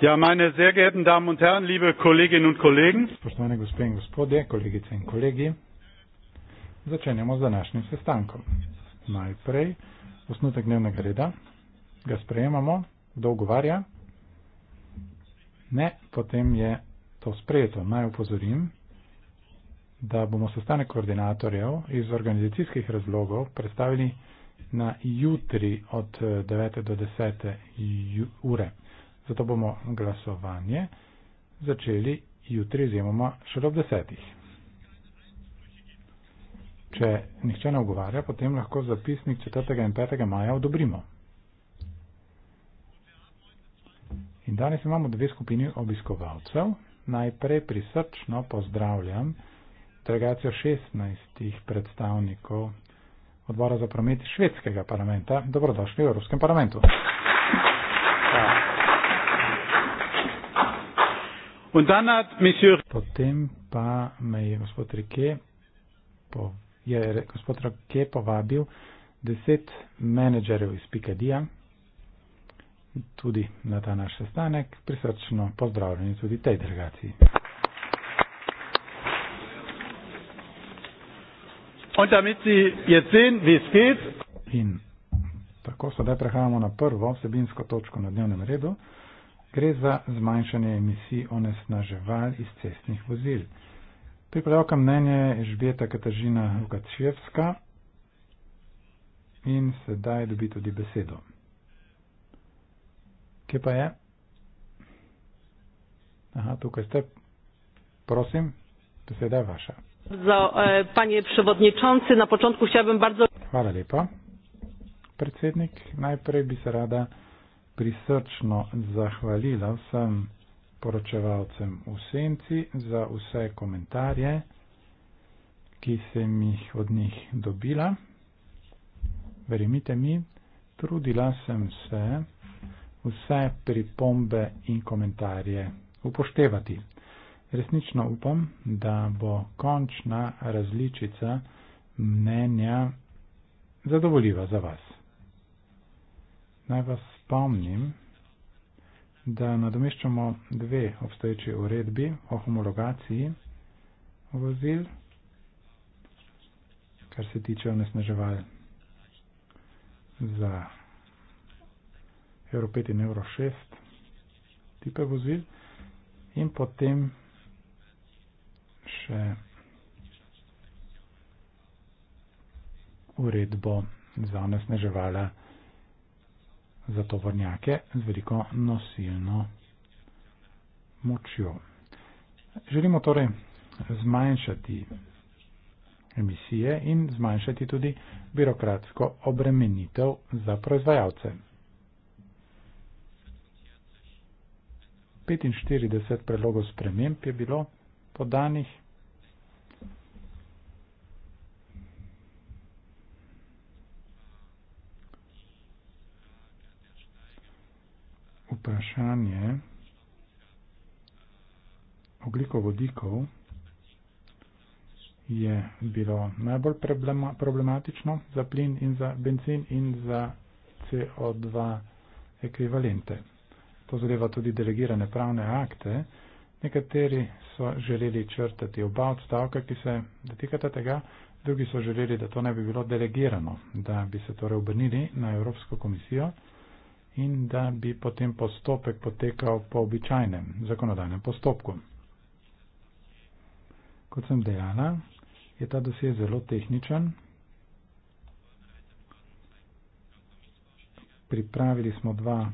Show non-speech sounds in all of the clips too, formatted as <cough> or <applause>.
Ja, meine sehr geehrten Damen und Herren, liebe Kolleginnen und Kollegen. Spoštovane gospe in gospodje, kolegice in kolegi, začenjamo z današnjim sestankom. Najprej osnutek dnevnega reda, ga sprejemamo, kdo ogovarja? Ne, potem je to sprejeto. Naj upozorim, da bomo sestanek koordinatorjev iz organizacijskih razlogov predstavili na jutri od 9. Eh, do 10. ure. Zato bomo glasovanje začeli jutri zimoma šele ob desetih. Če nihče ne ogovarja, potem lahko zapisnik 4. in 5. maja odobrimo. In danes imamo dve skupini obiskovalcev. Najprej prisrčno pozdravljam delegacijo 16 predstavnikov odbora za promet švedskega parlamenta. Dobrodošli v Evropskem parlamentu. Hvala. Ja. Potem pa me je gospod Rike, po, je gospod Rike povabil deset menedžerjev iz Pikadija, tudi na ta naš sestanek, prisrčno pozdravljeni tudi tej delegaciji. Und damit Sie jetzt sehen, wie es geht. In tako sedaj prehajamo na prvo vsebinsko točko na dnevnem redu. Gre za zmanjšanje emisij onesnaževal iz cestnih vozil. Pripravka mnenja je Žbeta Katažina Vgačevska in sedaj dobi tudi besedo. Kje pa je? Aha, tukaj ste. Prosim, beseda je vaša. Za, e, panie przewodniczący, na początku chciałbym bardzo... Hvala lepa. Predsednik, najprej bi se rada prisrčno zahvalila vsem poročevalcem v senci za vse komentarje, ki sem jih od njih dobila. Verjemite mi, trudila sem se vse pripombe in komentarje upoštevati. Resnično upam, da bo končna različica mnenja zadovoljiva za vas. Naj vas spomnim, da nadomeščamo dve obstoječe uredbi o homologaciji vozil, kar se tiče onesnaževal za Euro 5 in Euro 6 tipe vozil in potem še uredbo za onesnaževala vozil za tovornjake z veliko nosilno močjo. Želimo torej zmanjšati emisije in zmanjšati tudi birokratsko obremenitev za proizvajalce. 45 predlogov sprememb je bilo podanih. vprašanje oglikovodikov je bilo najbolj problematično za plin in za benzin in za CO2 ekvivalente. To zadeva tudi delegirane pravne akte. Nekateri so želeli črtati oba odstavka, ki se dotikata tega, drugi so želeli, da to ne bi bilo delegirano, da bi se torej obrnili na Evropsko komisijo in da bi potem postopek potekal po običajnem zakonodajnem postopku. Kot sem dejala, je ta dosje zelo tehničen. Pripravili smo dva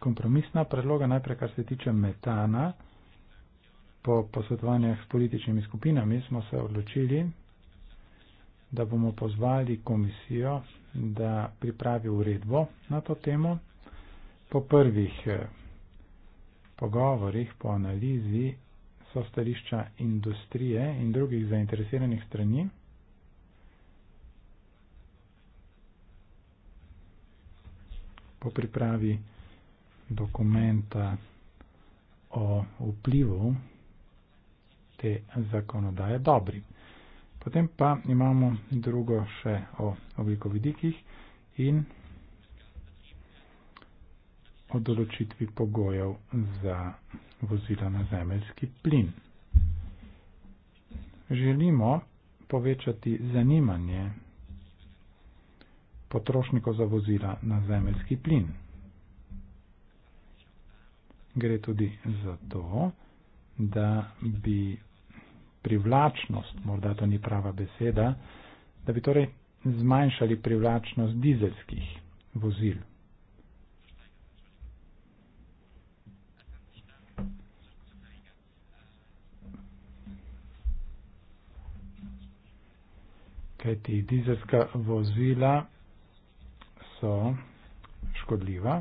kompromisna predloga, najprej kar se tiče metana. Po posvetovanjah s političnimi skupinami smo se odločili, da bomo pozvali komisijo, da pripravi uredbo na to temo. Po prvih eh, pogovorih, po analizi so stališča industrije in drugih zainteresiranih strani. Po pripravi dokumenta o vplivu te zakonodaje dobri. Potem pa imamo drugo še o oblikovidikih in o določitvi pogojev za vozila na zemeljski plin. Želimo povečati zanimanje potrošnikov za vozila na zemeljski plin. Gre tudi za to, da bi privlačnost, morda to ni prava beseda, da bi torej zmanjšali privlačnost dizelskih vozil kajti dizelska vozila so škodljiva.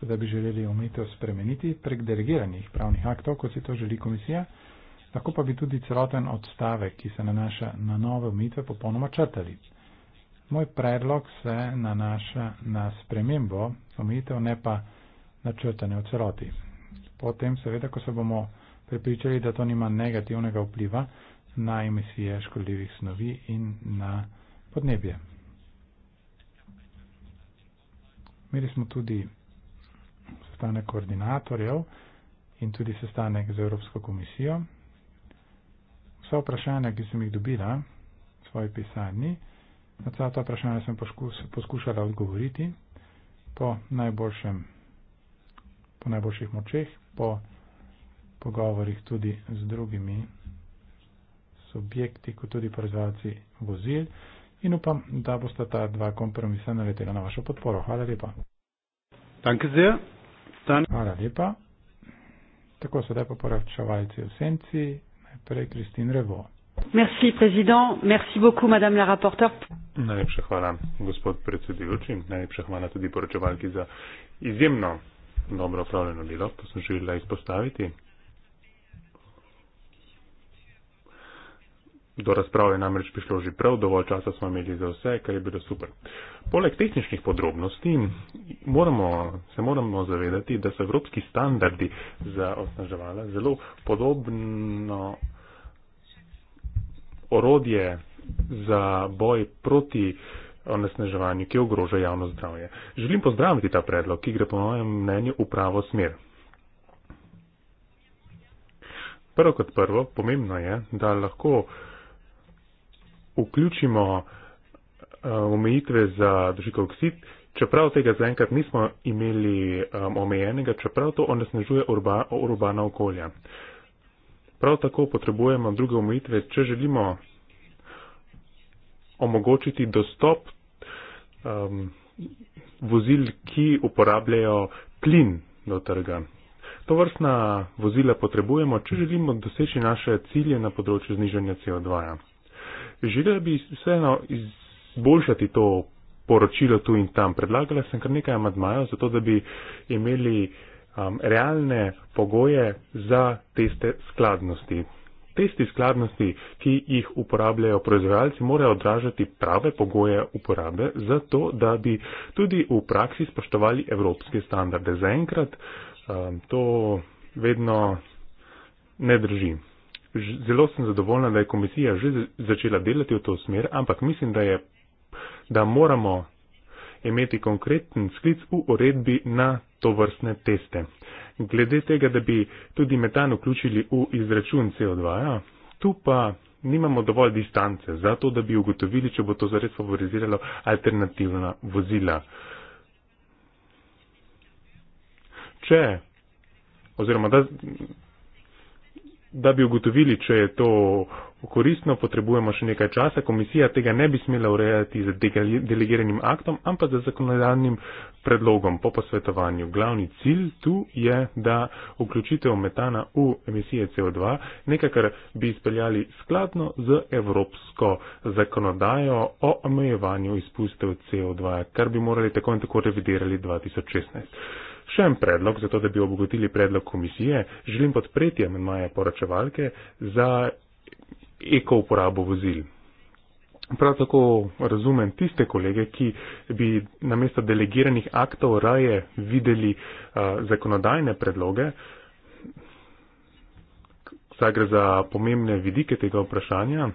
Sedaj bi želeli omejitev spremeniti prek delegiranih pravnih aktov, ko si to želi komisija. Lahko pa bi tudi celoten odstavek, ki se nanaša na nove omejitve, popolnoma črtali. Moj predlog se nanaša na spremembo omejitev, ne pa na črtanje v celoti. Potem, seveda, ko se bomo prepričali, da to nima negativnega vpliva na emisije škodljivih snovi in na podnebje. Imeli smo tudi sestanek koordinatorjev in tudi sestanek z Evropsko komisijo. Vsa vprašanja, ki sem jih dobila v svoji pisarni, na vsa ta vprašanja sem poskušala odgovoriti po, najboljšem, po najboljših močeh, po najboljših močeh pogovorih tudi z drugimi subjekti, kot tudi proizvajalci vozil in upam, da bosta ta dva kompromisa naletela na vašo podporo. Hvala lepa. Hvala lepa. Tako sedaj pa poravčevalci v senci, najprej Kristin Revo. Merci, prezident. Merci beaucoup, madame la rapporteur. Najlepša hvala, gospod predsedujoči. Najlepša hvala tudi poročevalki za izjemno dobro opravljeno delo. To sem želela izpostaviti. Do razprave namreč prišlo že prav, dovolj časa smo imeli za vse, kar je bilo super. Poleg tehničnih podrobnosti moramo, se moramo zavedati, da so evropski standardi za osnaževala zelo podobno orodje za boj proti onesnaževanju, ki ogroža javno zdravje. Želim pozdraviti ta predlog, ki gre po mojem mnenju v pravo smer. Prvo kot prvo, pomembno je, da lahko vključimo eh, omejitve za dušikov oksid, čeprav tega zaenkrat nismo imeli eh, omejenega, čeprav to onesnažuje urba, urbana okolja. Prav tako potrebujemo druge omejitve, če želimo omogočiti dostop um, vozil, ki uporabljajo plin do trga. To vrstna vozila potrebujemo, če želimo doseči naše cilje na področju znižanja CO2. -ja želela bi vseeno izboljšati to poročilo tu in tam. Predlagala sem kar nekaj amadmajev, zato da bi imeli um, realne pogoje za teste skladnosti. Testi skladnosti, ki jih uporabljajo proizvajalci, morajo odražati prave pogoje uporabe, zato da bi tudi v praksi spoštovali evropske standarde. Zaenkrat um, to vedno ne drži zelo sem zadovoljna, da je komisija že začela delati v to smer, ampak mislim, da, je, da moramo imeti konkreten sklic v uredbi na to vrstne teste. Glede tega, da bi tudi metan vključili v izračun CO2, ja, tu pa nimamo dovolj distance za to, da bi ugotovili, če bo to zares favoriziralo alternativna vozila. Če, oziroma da, da bi ugotovili, če je to koristno, potrebujemo še nekaj časa. Komisija tega ne bi smela urejati z delegiranim aktom, ampak z zakonodajnim predlogom po posvetovanju. Glavni cilj tu je, da vključitev metana v emisije CO2, nekaj, kar bi izpeljali skladno z evropsko zakonodajo o omejevanju izpustov CO2, kar bi morali tako in tako revidirali 2016. Še en predlog, zato da bi obogotili predlog komisije, želim podpreti amenmaje poročevalke za eko uporabo vozil. Prav tako razumem tiste kolege, ki bi namesto delegiranih aktov raje videli uh, zakonodajne predloge. Vsak gre za pomembne vidike tega vprašanja.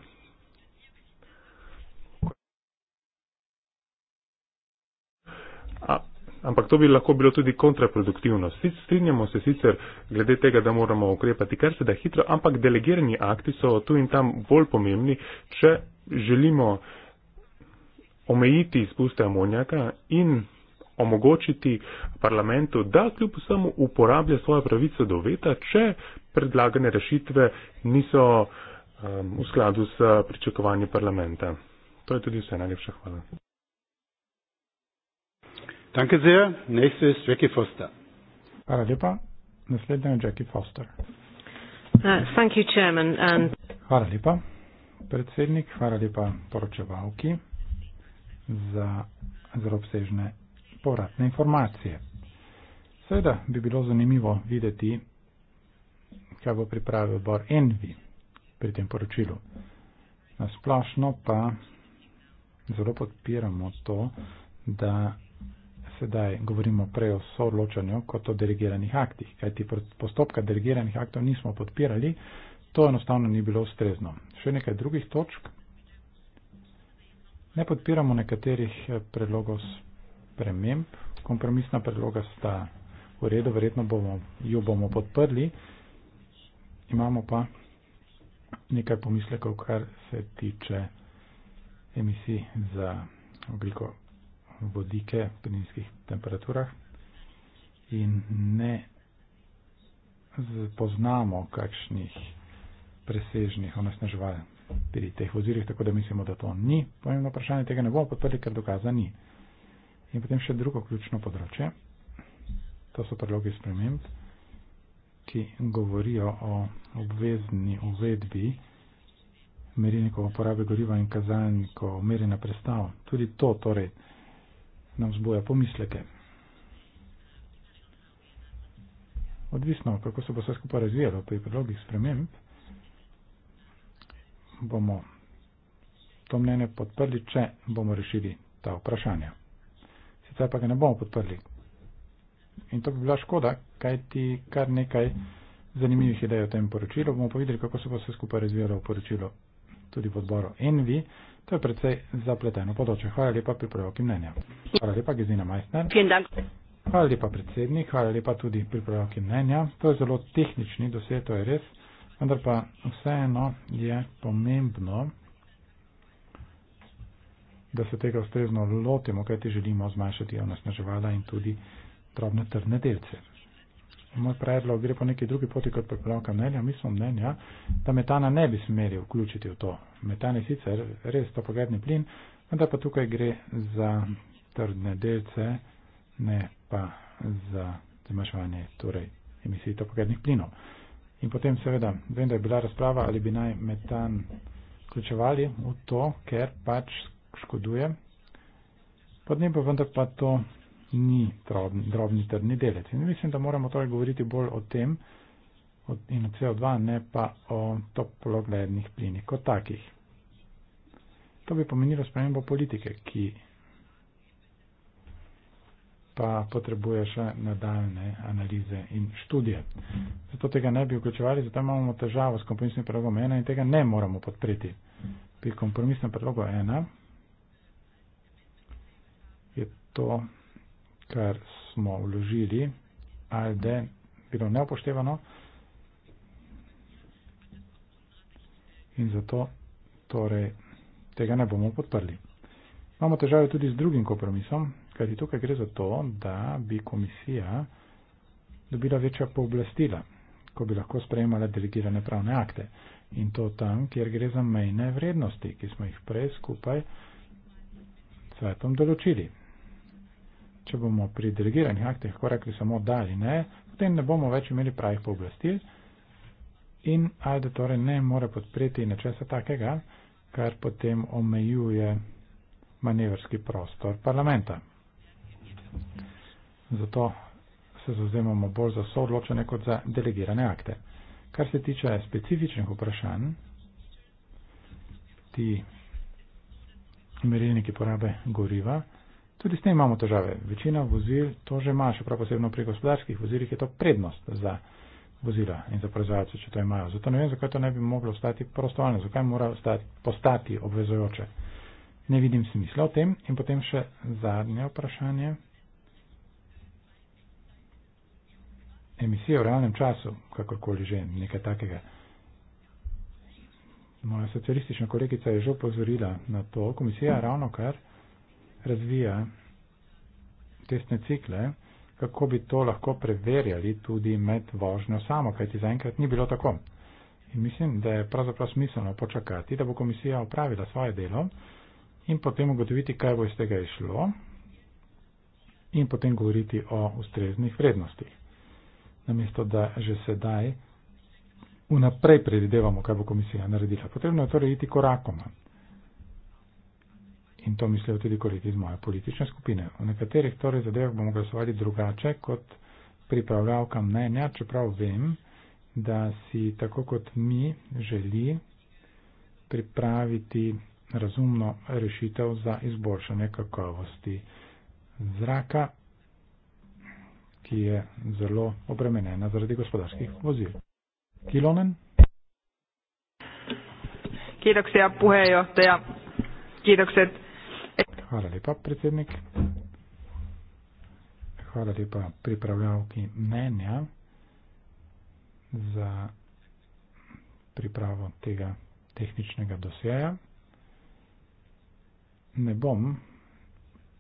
ampak to bi lahko bilo tudi kontraproduktivno. Strinjamo se sicer glede tega, da moramo ukrepati kar se da hitro, ampak delegirani akti so tu in tam bolj pomembni, če želimo omejiti izpuste amonjaka in omogočiti parlamentu, da kljub vsemu uporablja svojo pravico do veta, če predlagane rešitve niso um, v skladu s pričakovanji parlamenta. To je tudi vse. Najlepša hvala. Danke sehr. Nächste ist Jackie Foster. Hvala lepa. Naslednja je Jackie Foster. Uh, thank you, chairman, and... Hvala lepa, predsednik. Hvala lepa poročevalki za zelo obsežne povratne informacije. Seveda bi bilo zanimivo videti, kaj bo pripravil bor Envi pri tem poročilu. Nasplošno pa zelo podpiramo to, da sedaj govorimo prej o soodločanju kot o delegiranih aktih, kajti postopka delegiranih aktov nismo podpirali, to enostavno ni bilo ustrezno. Še nekaj drugih točk. Ne podpiramo nekaterih eh, predlogov sprememb, kompromisna predloga sta v redu, verjetno bomo, jo bomo podprli, imamo pa nekaj pomislekov, kar se tiče emisij za ogliko vodike pri nizkih temperaturah in ne poznamo kakšnih presežnih onesnaževanj pri teh vozilih, tako da mislimo, da to ni pomembno vprašanje, tega ne bomo podprli, ker dokaza ni. In potem še drugo ključno področje, to so predlogi sprememb, ki govorijo o obvezni uvedbi merilnikov uporabe goriva in kazalnikov merjena prestav. Tudi to, torej, nam zboja pomisleke. Odvisno, kako se bo vse skupaj razvijalo pri predlogih sprememb, bomo to mnenje podprli, če bomo rešili ta vprašanja. Sicer pa ga ne bomo podprli. In to bi bila škoda, kaj ti kar nekaj zanimivih idej o tem poročilu. Bomo povedali, kako se bo vse skupaj razvijalo v poročilu tudi v odboru Envi. To je predvsej zapleteno področje. Hvala lepa pri prvokim mnenja. Hvala lepa, Gizina Majsner. Hvala lepa, predsednik. Hvala lepa tudi pri prvokim mnenja. To je zelo tehnični dosed, to je res. Vendar pa vseeno je pomembno, da se tega ustrezno lotimo, kajti želimo zmanjšati onesnaževala in tudi drobne trdne delce moj predlog gre po neki drugi poti kot pripravka mnenja, mi smo mnenja, da metana ne bi smeli vključiti v to. Metan je sicer res topogedni plin, vendar pa tukaj gre za trdne delce, ne pa za zmanjševanje torej, emisij topogednih plinov. In potem seveda, vem, da je bila razprava, ali bi naj metan vključevali v to, ker pač škoduje podnebje, vendar pa to ni drobni, drobni trdni delec. In mislim, da moramo torej govoriti bolj o tem in o CO2, ne pa o toploglednih plinih kot takih. To bi pomenilo spremembo politike, ki pa potrebuje še nadaljne analize in študije. Zato tega ne bi vključevali, zato imamo težavo s kompromisnim predlogom 1 in tega ne moramo podpreti. Pri kompromisnem predlogu 1 je to kar smo vložili, ali da je bilo neupoštevano in zato torej tega ne bomo podprli. Imamo težave tudi z drugim kompromisom, kajti tukaj gre za to, da bi komisija dobila večja pooblastila, ko bi lahko sprejemala delegirane pravne akte. In to tam, kjer gre za mejne vrednosti, ki smo jih prej skupaj s svetom določili če bomo pri delegiranih aktih korakli samo dali, ne, potem ne bomo več imeli pravih pooblastil in ajde torej ne more podpreti nečesa takega, kar potem omejuje manevrski prostor parlamenta. Zato se zauzemamo bolj za soodločene kot za delegirane akte. Kar se tiče specifičnih vprašanj, ti merilniki porabe goriva, Tudi s tem imamo težave. Večina vozil to že ima, še prav posebno pri gospodarskih vozilih je to prednost za vozila in za proizvajalce, če to imajo. Zato ne vem, zakaj to ne bi moglo ostati prostovoljno, zakaj mora ostati, postati obvezojoče. Ne vidim smisla o tem. In potem še zadnje vprašanje. Emisije v realnem času, kakorkoli že, nekaj takega. Moja socialistična kolegica je že upozorila na to, komisija ravno kar razvija testne cikle, kako bi to lahko preverjali tudi med vožnjo samo, kajti zaenkrat ni bilo tako. In mislim, da je pravzaprav smiselno počakati, da bo komisija opravila svoje delo in potem ugotoviti, kaj bo iz tega išlo in potem govoriti o ustreznih vrednostih. Namesto, da že sedaj unaprej predvidevamo, kaj bo komisija naredila. Potrebno je torej iti korakoma in to mislijo tudi kolegi iz moje politične skupine. V nekaterih torej zadevah bomo glasovali drugače kot pripravljavka mnenja, čeprav vem, da si tako kot mi želi pripraviti razumno rešitev za izboljšanje kakovosti zraka, ki je zelo obremenjena zaradi gospodarskih vozil. Kilonen? Kiitoksia puheenjohtaja. Kiitokset. Hvala lepa, predsednik. Hvala lepa pripravljavki mnenja za pripravo tega tehničnega dosjeja. Ne bom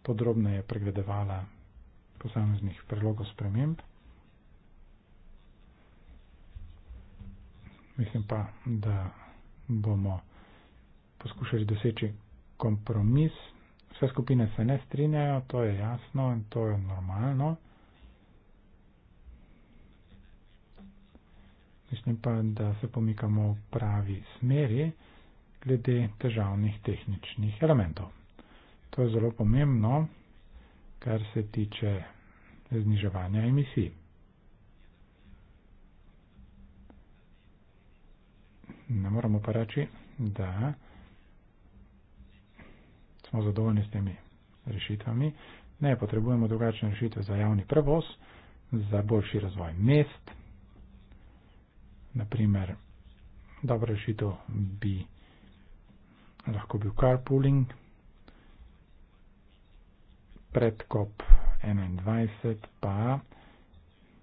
podrobneje pregledevala posameznih predlogov sprememb. Mislim pa, da bomo poskušali doseči kompromis Vse skupine se ne strinjajo, to je jasno in to je normalno. Mislim pa, da se pomikamo v pravi smeri glede težavnih tehničnih elementov. To je zelo pomembno, kar se tiče zniževanja emisij. Ne moramo pa reči, da smo zadovoljni s temi rešitvami. Ne potrebujemo drugačne rešitve za javni prevoz, za boljši razvoj mest. Naprimer, dobro rešitev bi lahko bil carpooling, pred COP21 pa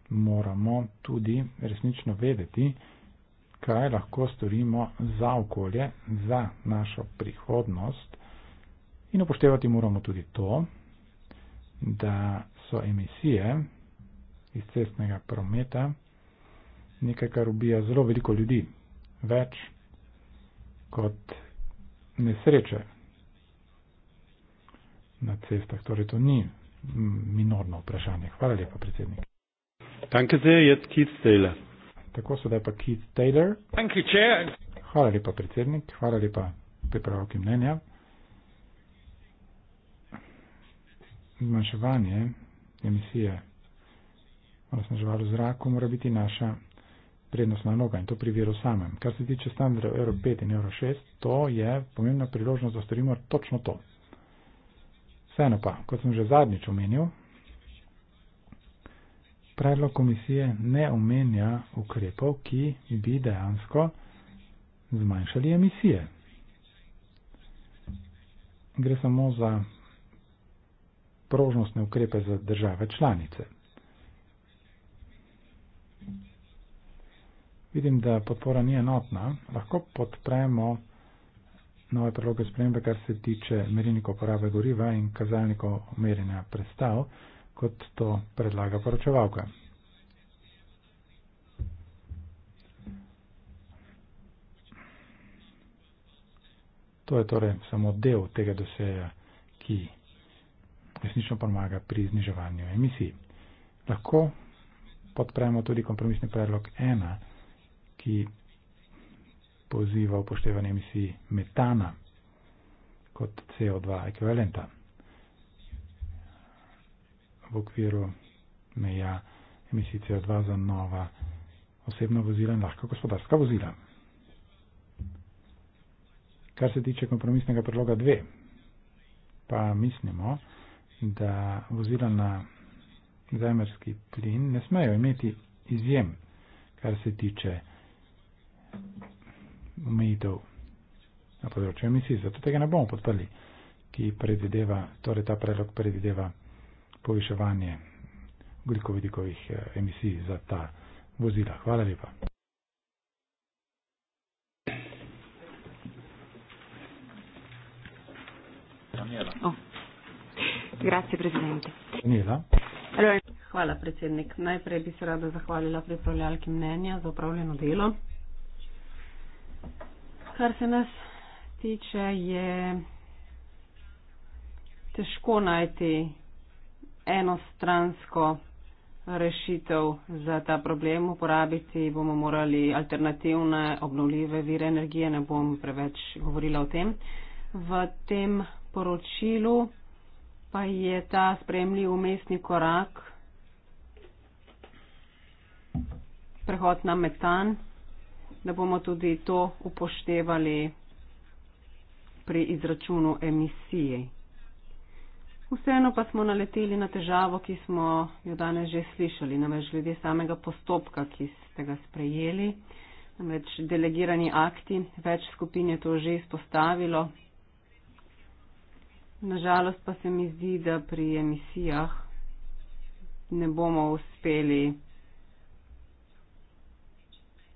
moramo tudi resnično vedeti, kaj lahko storimo za okolje, za našo prihodnost. In upoštevati moramo tudi to, da so emisije iz cestnega prometa nekaj, kar ubija zelo veliko ljudi, več kot nesreče na cestah. Torej, to ni minorno vprašanje. Hvala lepa, predsednik. Danke sehr, jetzt Keith Taylor. Tako sedaj pa Keith Taylor. Danke, chair. Hvala lepa, predsednik. Hvala lepa, pripravljam mnenja. zmanjševanje emisije onesnaževalo zraku mora biti naša prednostna naloga in to pri viru samem. Kar se tiče standardov Euro 5 in Euro 6, to je pomembna priložnost, da storimo točno to. Vseeno pa, kot sem že zadnjič omenil, predlog komisije ne omenja ukrepov, ki bi dejansko zmanjšali emisije. Gre samo za prožnostne ukrepe za države članice. Vidim, da podpora ni enotna. Lahko podpremo nove predloge spremembe, kar se tiče merilnikov porabe goriva in kazalnikov merjenja prestav, kot to predlaga poročevalka. To je torej samo del tega doseja, ki resnično pomaga pri zniževanju emisij. Lahko podpremo tudi kompromisni predlog 1, ki poziva upoštevanje emisij metana kot CO2 ekvivalenta v okviru meja emisij CO2 za nova osebna vozila in lahko gospodarska vozila. Kar se tiče kompromisnega predloga 2, pa mislimo, da vozila na zemerski plin ne smeju imeti izjem, kar se tiče omejitev na področju emisij. Zato tega ne bomo podprli, ki predvideva, torej ta predlog predvideva poviševanje glikovidikovih eh, emisij za ta vozila. Hvala lepa. Daniela. Oh. Grazie, presidente. Allora, hvala, predsednik. Najprej bi se rada zahvalila pripravljalki mnenja za upravljeno delo. Kar se nas tiče, je težko najti enostransko rešitev za ta problem. Uporabiti bomo morali alternativne obnovljive vire energije. Ne bom preveč govorila o tem. V tem poročilu pa je ta spremljiv umestni korak, prehod na metan, da bomo tudi to upoštevali pri izračunu emisije. Vseeno pa smo naleteli na težavo, ki smo jo danes že slišali, namreč glede samega postopka, ki ste ga sprejeli, namreč delegirani akti, več skupin je to že izpostavilo, Nažalost pa se mi zdi, da pri emisijah ne bomo uspeli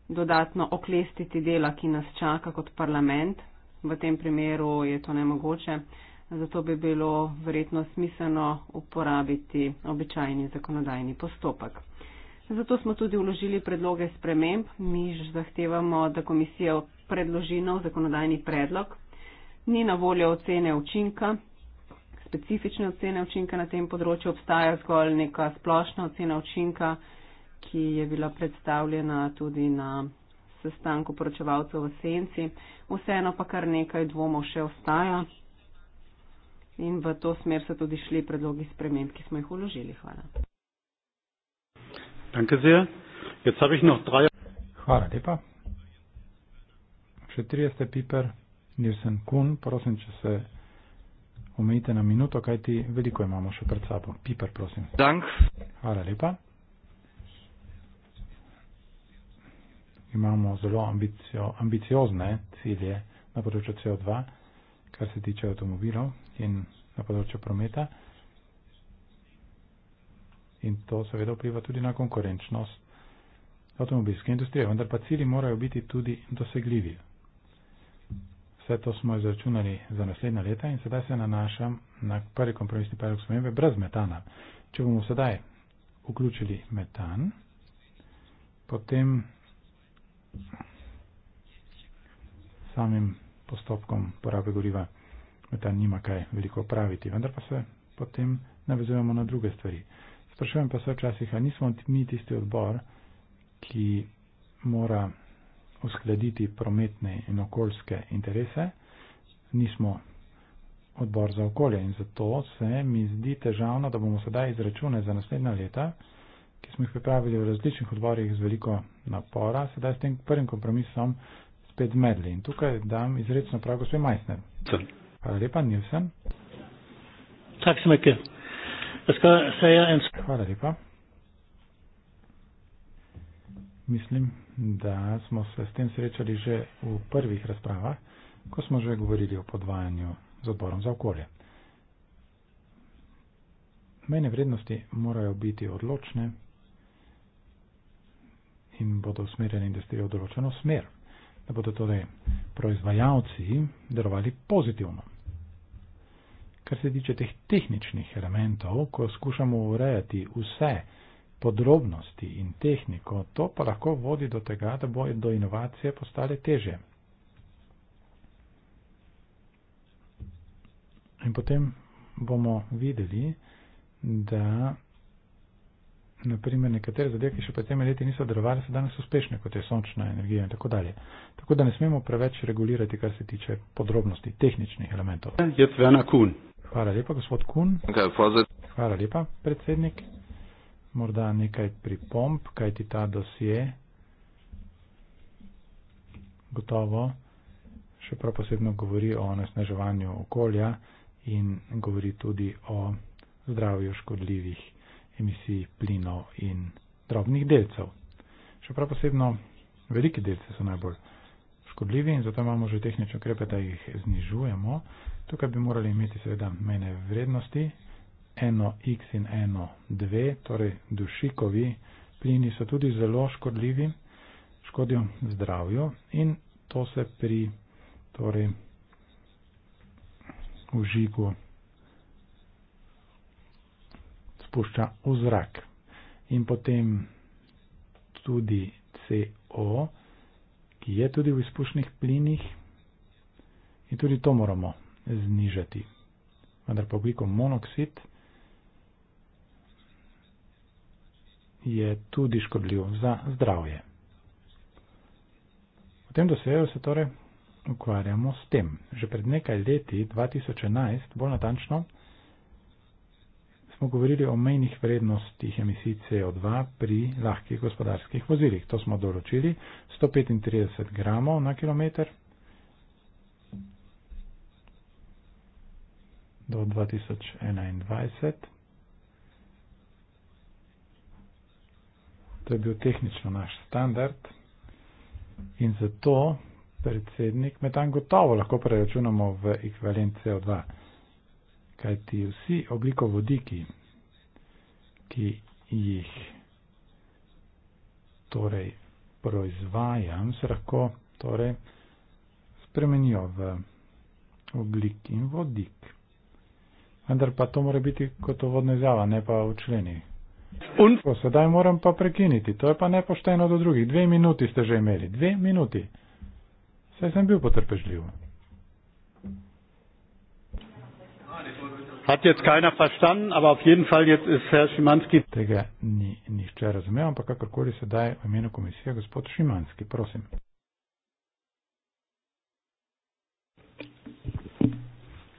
dodatno oklestiti dela, ki nas čaka kot parlament. V tem primeru je to nemogoče, zato bi bilo verjetno smiselno uporabiti običajni zakonodajni postopek. Zato smo tudi uložili predloge sprememb. Mi že zahtevamo, da komisija predloži nov zakonodajni predlog. Ni na voljo ocene učinka, specifične ocene učinka na tem področju, obstaja zgolj neka splošna ocena učinka, ki je bila predstavljena tudi na sestanku poročevalcev v senci. Vseeno pa kar nekaj dvomov še ostaja in v to smer so tudi šli predlogi sprememb, ki smo jih uložili. Hvala. Hvala lepa. Še 30. piper, Nilsen Kun, prosim, če se omejite na minuto, kajti veliko imamo še pred sabo. Piper, prosim. Dank. Hvala lepa. Imamo zelo ambicio, ambiciozne cilje na področju CO2, kar se tiče avtomobilov in na področju prometa. In to seveda vpliva tudi na konkurenčnost avtomobilske industrije, vendar pa cilji morajo biti tudi dosegljivi vse to smo izračunali za naslednje leta in sedaj se nanašam na prvi kompromisni predlog spremembe brez metana. Če bomo sedaj vključili metan, potem samim postopkom porabe goriva metan nima kaj veliko praviti, vendar pa se potem navezujemo na druge stvari. Sprašujem pa se včasih, ali nismo mi tisti odbor, ki mora uskladiti prometne in okoljske interese. Nismo odbor za okolje in zato se mi zdi težavno, da bomo sedaj izračune za naslednja leta, ki smo jih pripravili v različnih odborih z veliko napora, sedaj s tem prvim kompromisom spet zmedli. In tukaj dam izredno prav gospod Majsner. Hvala lepa, Nilsen. Tak sem ja Hvala lepa. Mislim, da smo se s tem srečali že v prvih razpravah, ko smo že govorili o podvajanju z odborom za okolje. Mene vrednosti morajo biti odločne in bodo usmerjene industrije v določeno smer, da bodo torej proizvajalci delovali pozitivno. Kar se tiče teh tehničnih elementov, ko skušamo urejati vse, podrobnosti in tehniko, to pa lahko vodi do tega, da bo do inovacije postale teže. In potem bomo videli, da naprimer nekatere zadeve, ki še pred temi leti niso delovali, so danes uspešne, kot je sončna energija in tako dalje. Tako da ne smemo preveč regulirati, kar se tiče podrobnosti, tehničnih elementov. Hvala lepa, gospod Kun. Hvala lepa, predsednik morda nekaj pripomp, kaj ti ta dosje. Gotovo še prav posebno govori o nasneževanju okolja in govori tudi o zdravju škodljivih emisij plinov in drobnih delcev. Še prav posebno veliki delci so najbolj škodljivi in zato imamo že tehnične ukrepe, da jih znižujemo. Tukaj bi morali imeti seveda mejne vrednosti, 1x in 12, torej dušikovi plini so tudi zelo škodljivi, škodijo zdravju in to se pri torej, užigu spušča v zrak. In potem tudi CO, ki je tudi v izpušnih plinih in tudi to moramo znižati. Vendar pa ugljikov monoksid je tudi škodljiv za zdravje. V tem dosedu se torej ukvarjamo s tem. Že pred nekaj leti, 2011, bolj natančno, smo govorili o mejnih vrednostih emisij CO2 pri lahkih gospodarskih vozilih. To smo določili 135 gramov na kilometr do 2021. To je bil tehnično naš standard in zato predsednik metan gotovo lahko preračunamo v ekvivalent CO2, kajti vsi oglikovodiki, ki jih torej proizvajam, se lahko torej spremenijo v oglik in vodik. Vendar pa to mora biti kot uvodna izjava, ne pa v členi Un... Ko, sedaj moram pa prekiniti, to je pa nepošteno do drugih. Dve minuti ste že imeli, dve minuti. Saj sem bil potrpežljiv. Tega ni nihče razumel, ampak kakorkoli sedaj v imenu komisije, gospod Šimanski, prosim.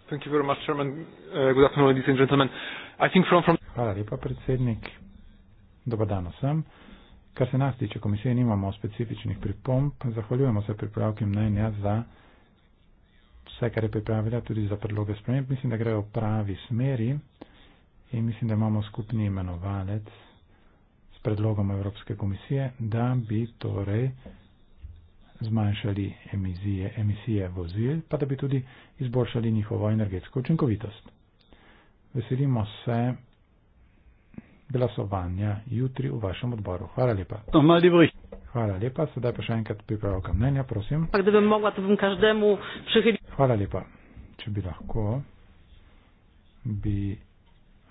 Thank you very much, Chairman. Uh, good afternoon, ladies and gentlemen. I think from, from Hvala lepa, predsednik. Dobar dan vsem. Kar se nas tiče komisije, nimamo specifičnih pripomb. Zahvaljujemo se pripravki mnenja za vse, kar je pripravila, tudi za predloge sprememb. Mislim, da grejo v pravi smeri in mislim, da imamo skupni imenovalec s predlogom Evropske komisije, da bi torej zmanjšali emizije, emisije vozil, pa da bi tudi izboljšali njihovo energetsko učinkovitost. Veselimo se glasovanja jutri v vašem odboru. Hvala lepa. No, Hvala lepa, sedaj pa še enkrat pripravljam mnenja, prosim. Hvala lepa. Če bi lahko, bi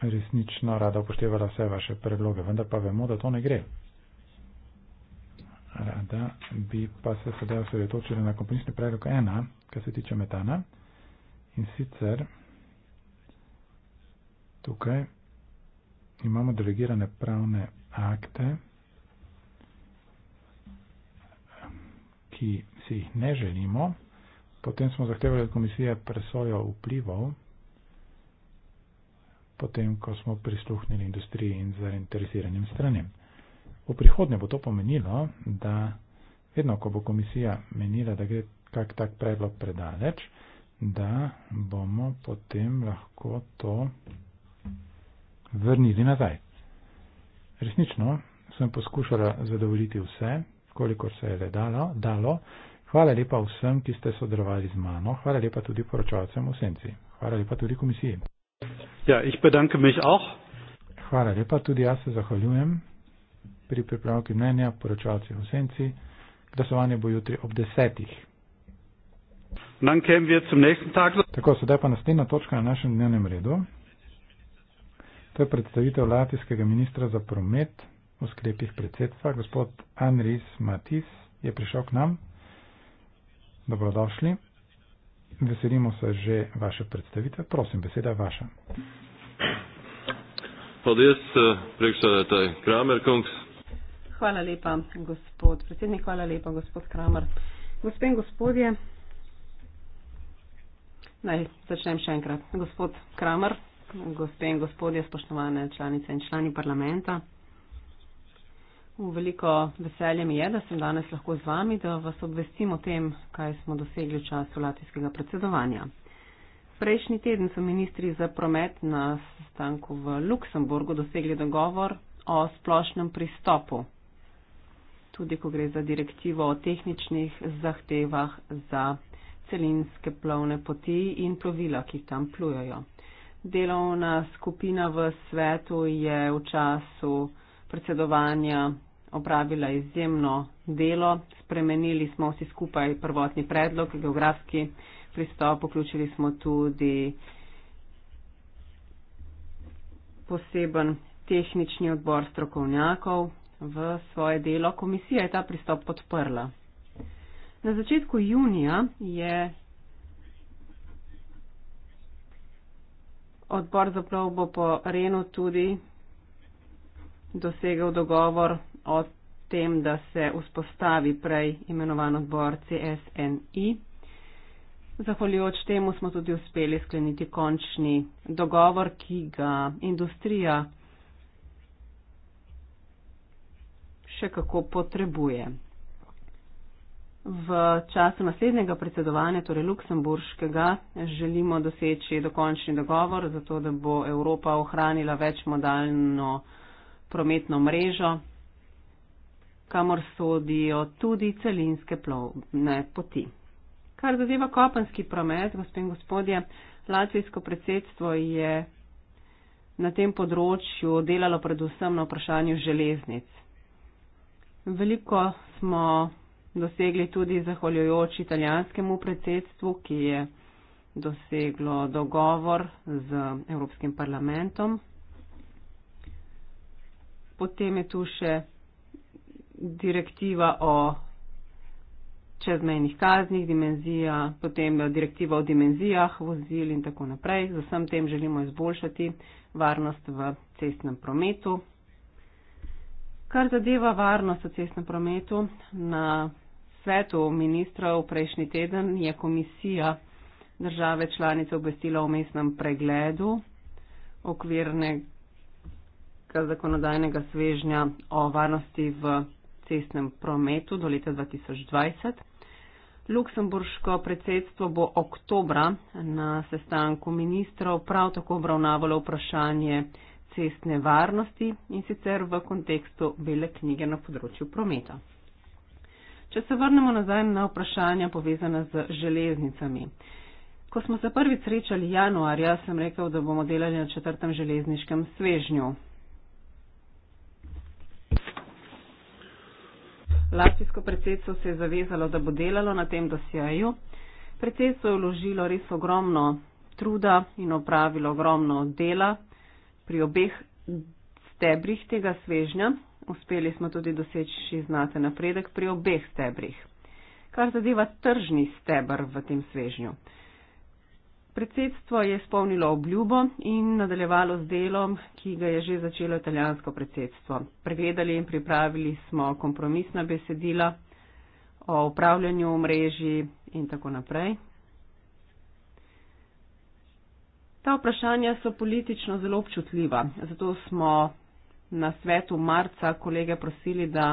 resnično rada upoštevala vse vaše predloge, vendar pa vemo, da to ne gre rada bi pa se sedaj osredotočila na kompromisni predlog ena, kar se tiče metana. In sicer tukaj imamo delegirane pravne akte, ki si jih ne želimo. Potem smo zahtevali od komisije presojo vplivov, potem ko smo prisluhnili industriji in zainteresiranim stranim. V prihodnje bo to pomenilo, da vedno, ko bo komisija menila, da gre kak tak predlog predaleč, da bomo potem lahko to vrnili nazaj. Resnično sem poskušala zadovoljiti vse, kolikor se je le dalo. dalo. Hvala lepa vsem, ki ste sodelovali z mano. Hvala lepa tudi poročalcem v senci. Hvala lepa tudi komisiji. Ja, ich bedanke mich auch. Hvala lepa, tudi jaz se zahvaljujem pri pripravki mnenja, poročalci v senci. Glasovanje bo jutri ob desetih. Tako, sedaj pa naslednja točka na našem dnevnem redu. To je predstavitev latijskega ministra za promet v sklepih predsedstva. Gospod Anris Matis je prišel k nam. Dobrodošli. Veselimo se že vaše predstavitve. Prosim, beseda je vaša. Hvala lepa, eh, predsednik Kramer Kongs. Hvala lepa, gospod predsednik, hvala lepa, gospod Kramer. Gospe in gospodje, naj začnem še enkrat. Gospod Kramer, gospe in gospodje, spoštovane članice in člani parlamenta. Veliko veselje mi je, da sem danes lahko z vami, da vas obvestim o tem, kaj smo dosegli v času latvijskega predsedovanja. Prejšnji teden so ministri za promet na sestanku v Luksemburgu dosegli dogovor o splošnem pristopu tudi ko gre za direktivo o tehničnih zahtevah za celinske plovne poti in plovila, ki tam plujajo. Delovna skupina v svetu je v času predsedovanja opravila izjemno delo. Spremenili smo vsi skupaj prvotni predlog, geografski pristop, vključili smo tudi poseben tehnični odbor strokovnjakov, v svoje delo. Komisija je ta pristop podprla. Na začetku junija je odbor za plovbo po Renu tudi dosegel dogovor o tem, da se vzpostavi prej imenovan odbor CSNI. Zahvaljujoč temu smo tudi uspeli skleniti končni dogovor, ki ga industrija še kako potrebuje. V času naslednjega predsedovanja, torej Luksemburškega, želimo doseči dokončni dogovor, zato da bo Evropa ohranila večmodalno prometno mrežo, kamor sodijo tudi celinske plovne poti. Kar zadeva kopenski promet, gospod in gospodje, latvijsko predsedstvo je na tem področju delalo predvsem na vprašanju železnic. Veliko smo dosegli tudi zahvaljujoč italijanskemu predsedstvu, ki je doseglo dogovor z Evropskim parlamentom. Potem je tu še direktiva o čezmejnih kaznih, dimenzija, potem direktiva o dimenzijah vozil in tako naprej. Z vsem tem želimo izboljšati varnost v cestnem prometu. Kar zadeva varnost v cestnem prometu, na svetu ministrov prejšnji teden je komisija države članice obvestila o mestnem pregledu okvirnega zakonodajnega svežnja o varnosti v cestnem prometu do leta 2020. Luksemburško predsedstvo bo oktobra na sestanku ministrov prav tako obravnavalo vprašanje cestne varnosti in sicer v kontekstu bele knjige na področju prometa. Če se vrnemo nazaj na vprašanja povezana z železnicami. Ko smo se prvi srečali januarja, sem rekel, da bomo delali na četrtem železniškem svežnju. Latvijsko predsedstvo se je zavezalo, da bo delalo na tem dosjeju. Predsedstvo je vložilo res ogromno truda in opravilo ogromno dela pri obeh stebrih tega svežnja. Uspeli smo tudi doseči znaten napredek pri obeh stebrih. Kar zadeva tržni stebr v tem svežnju. Predsedstvo je spomnilo obljubo in nadaljevalo z delom, ki ga je že začelo italijansko predsedstvo. Pregledali in pripravili smo kompromisna besedila o upravljanju omrežji in tako naprej. Ta vprašanja so politično zelo občutljiva, zato smo na svetu marca kolege prosili, da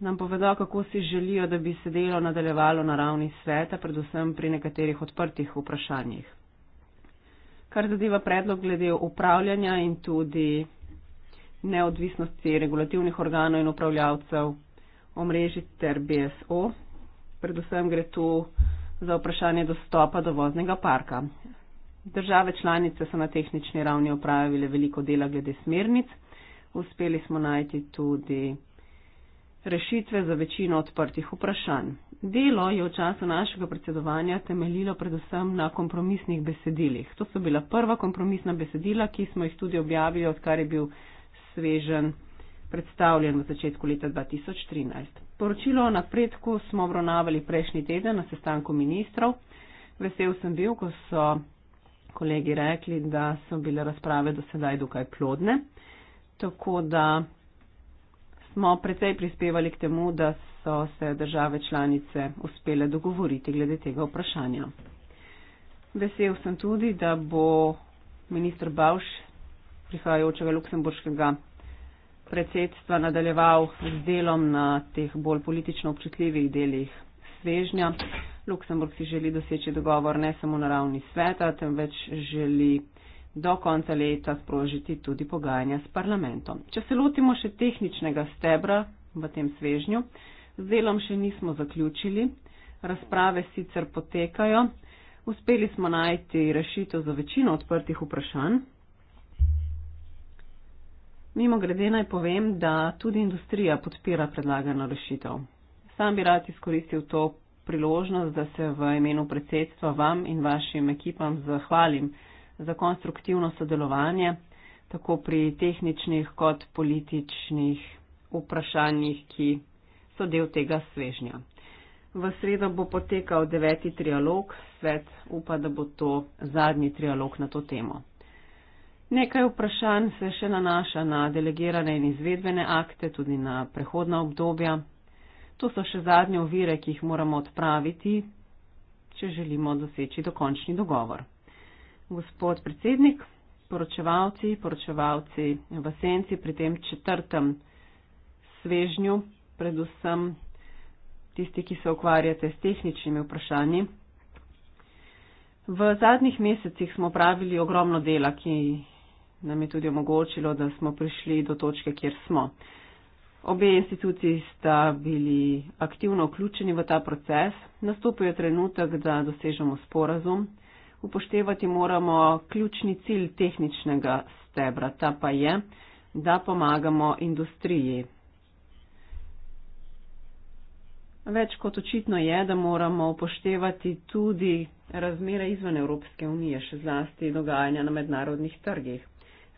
nam povedo, kako si želijo, da bi se delo nadaljevalo na ravni sveta, predvsem pri nekaterih odprtih vprašanjih. Kar zadeva predlog glede upravljanja in tudi neodvisnosti regulativnih organov in upravljavcev omrežij ter BSO. Predvsem gre tu za vprašanje dostopa do voznega parka. Države članice so na tehnični ravni opravile veliko dela glede smernic. Uspeli smo najti tudi rešitve za večino odprtih vprašanj. Delo je v času našega predsedovanja temeljilo predvsem na kompromisnih besedilih. To so bila prva kompromisna besedila, ki smo jih tudi objavili, odkar je bil svežen predstavljen v začetku leta 2013. Poročilo o napredku smo obravnavali prejšnji teden na sestanku ministrov. Vesel sem bil, ko so kolegi rekli, da so bile razprave do sedaj dokaj plodne, tako da smo precej prispevali k temu, da so se države članice uspele dogovoriti glede tega vprašanja. Vesel sem tudi, da bo ministr Bavš prihajajočega luksemburškega predsedstva nadaljeval z delom na teh bolj politično občutljivih delih svežnja. Luksemburg si želi doseči dogovor ne samo na ravni sveta, temveč želi do konca leta sprožiti tudi pogajanja s parlamentom. Če se lotimo še tehničnega stebra v tem svežnju, z delom še nismo zaključili, razprave sicer potekajo, uspeli smo najti rešitev za večino odprtih vprašanj. Mimo grede naj povem, da tudi industrija podpira predlagano rešitev. Sam bi rad izkoristil to priložnost, da se v imenu predsedstva vam in vašim ekipam zahvalim za konstruktivno sodelovanje, tako pri tehničnih kot političnih vprašanjih, ki so del tega svežnja. V sredo bo potekal deveti trialog, svet upa, da bo to zadnji trialog na to temo. Nekaj vprašanj se še nanaša na delegirane in izvedbene akte, tudi na prehodna obdobja, To so še zadnje ovire, ki jih moramo odpraviti, če želimo doseči dokončni dogovor. Gospod predsednik, poročevalci, poročevalci v Senci pri tem četrtem svežnju, predvsem tisti, ki se ukvarjate s tehničnimi vprašanji. V zadnjih mesecih smo pravili ogromno dela, ki nam je tudi omogočilo, da smo prišli do točke, kjer smo. Obe instituciji sta bili aktivno vključeni v ta proces. Nastopil je trenutek, da dosežemo sporazum. Upoštevati moramo ključni cilj tehničnega stebra, ta pa je, da pomagamo industriji. Več kot očitno je, da moramo upoštevati tudi razmere izven Evropske unije, še zlasti dogajanja na mednarodnih trgih.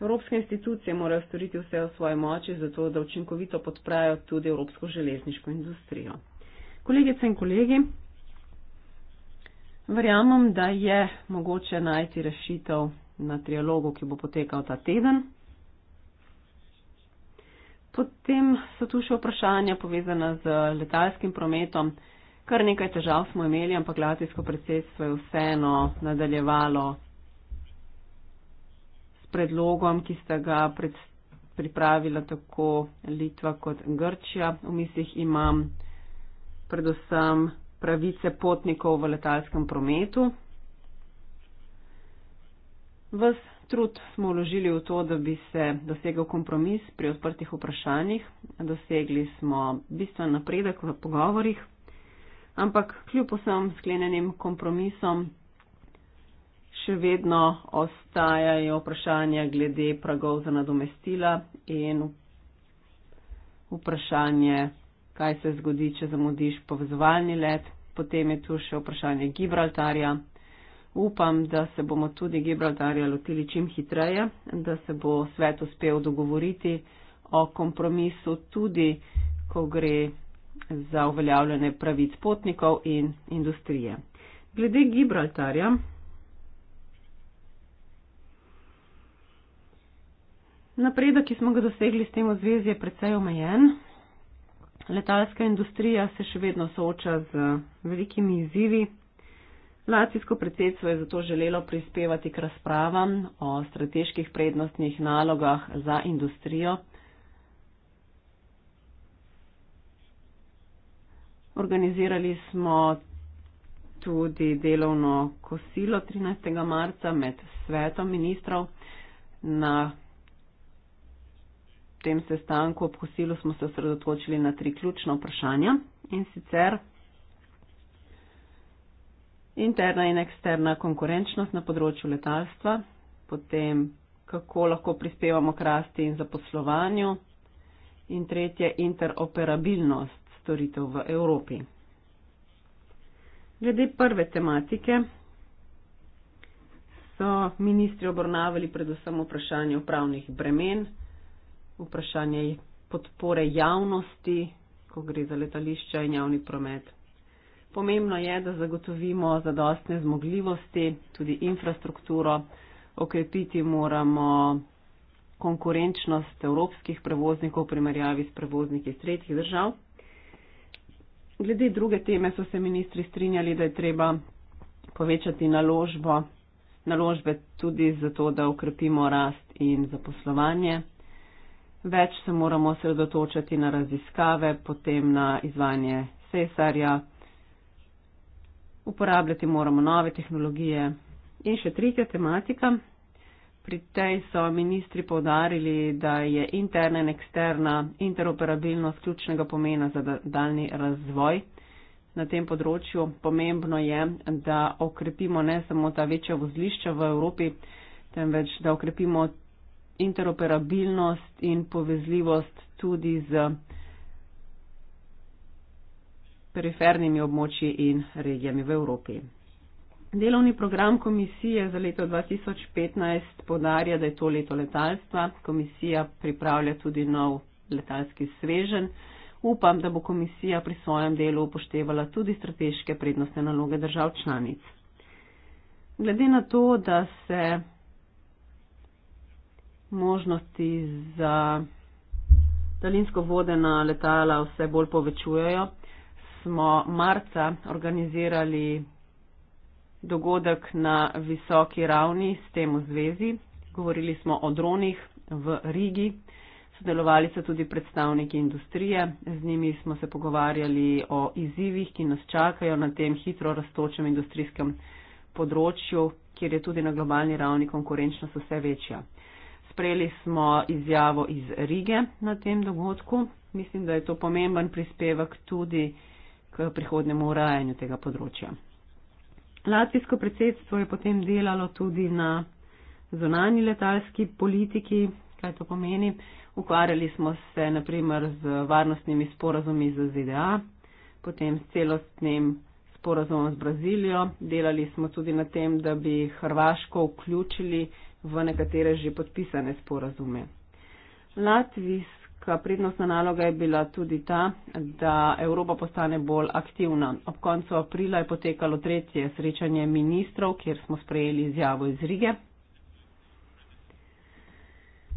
Evropske institucije morajo storiti vse v svoji moči, zato da učinkovito podprajo tudi evropsko železniško industrijo. Kolegice in kolegi, verjamem, da je mogoče najti rešitev na trialogu, ki bo potekal ta teden. Potem so tu še vprašanja povezana z letalskim prometom. Kar nekaj težav smo imeli, ampak latijsko predsedstvo je vseeno nadaljevalo predlogom, ki sta ga pred, pripravila tako Litva kot Grčija. V mislih imam predvsem pravice potnikov v letalskem prometu. Ves trud smo vložili v to, da bi se dosegel kompromis pri odprtih vprašanjih. Dosegli smo bistven napredek v pogovorih, ampak kljub vsem sklenenim kompromisom še vedno ostajajo vprašanja glede pragov za nadomestila in vprašanje, kaj se zgodi, če zamudiš povezovalni let. Potem je tu še vprašanje Gibraltarja. Upam, da se bomo tudi Gibraltarja lotili čim hitreje, da se bo svet uspel dogovoriti o kompromisu tudi, ko gre za uveljavljanje pravic potnikov in industrije. Glede Gibraltarja Napredek, ki smo ga dosegli s tem v zvezi, je precej omejen. Letalska industrija se še vedno sooča z velikimi izzivi. Latvijsko predsedstvo je zato želelo prispevati k razpravam o strateških prednostnih nalogah za industrijo. Organizirali smo tudi delovno kosilo 13. marca med svetom ministrov na tem sestanku ob kosilu smo se osredotočili na tri ključna vprašanja in sicer interna in eksterna konkurenčnost na področju letalstva, potem kako lahko prispevamo k rasti in zaposlovanju in tretje interoperabilnost storitev v Evropi. Glede prve tematike so ministri obravnavali predvsem vprašanje upravnih bremen, vprašanje podpore javnosti, ko gre za letališča in javni promet. Pomembno je, da zagotovimo zadostne zmogljivosti, tudi infrastrukturo, okrepiti moramo konkurenčnost evropskih prevoznikov v primerjavi s prevozniki iz tretjih držav. Glede druge teme so se ministri strinjali, da je treba povečati naložbo, naložbe tudi zato, da okrepimo rast in zaposlovanje več se moramo sredotočati na raziskave, potem na izvajanje sesarja, uporabljati moramo nove tehnologije. In še tretja tematika. Pri tej so ministri povdarili, da je interna in eksterna interoperabilnost ključnega pomena za daljni razvoj na tem področju. Pomembno je, da okrepimo ne samo ta večja vozlišča v Evropi, temveč da okrepimo interoperabilnost in povezljivost tudi z perifernimi območji in regijami v Evropi. Delovni program komisije za leto 2015 podarja, da je to leto letalstva. Komisija pripravlja tudi nov letalski svežen. Upam, da bo komisija pri svojem delu upoštevala tudi strateške prednostne naloge držav članic. Glede na to, da se možnosti za daljinsko vodena letala vse bolj povečujejo, smo marca organizirali dogodek na visoki ravni s tem v zvezi. Govorili smo o dronih v Rigi, sodelovali so tudi predstavniki industrije, z njimi smo se pogovarjali o izzivih, ki nas čakajo na tem hitro raztočem industrijskem področju, kjer je tudi na globalni ravni konkurenčnost vse večja. Sprejeli smo izjavo iz Rige na tem dogodku. Mislim, da je to pomemben prispevek tudi k prihodnemu urajanju tega področja. Latvijsko predsedstvo je potem delalo tudi na zonani letalski politiki, kaj to pomeni. Ukvarjali smo se naprimer z varnostnimi sporazumi z ZDA, potem s celostnim sporazumom z Brazilijo. Delali smo tudi na tem, da bi Hrvaško vključili v nekatere že podpisane sporazume. Latvijska prednostna naloga je bila tudi ta, da Evropa postane bolj aktivna. Ob koncu aprila je potekalo tretje srečanje ministrov, kjer smo sprejeli izjavo iz Rige.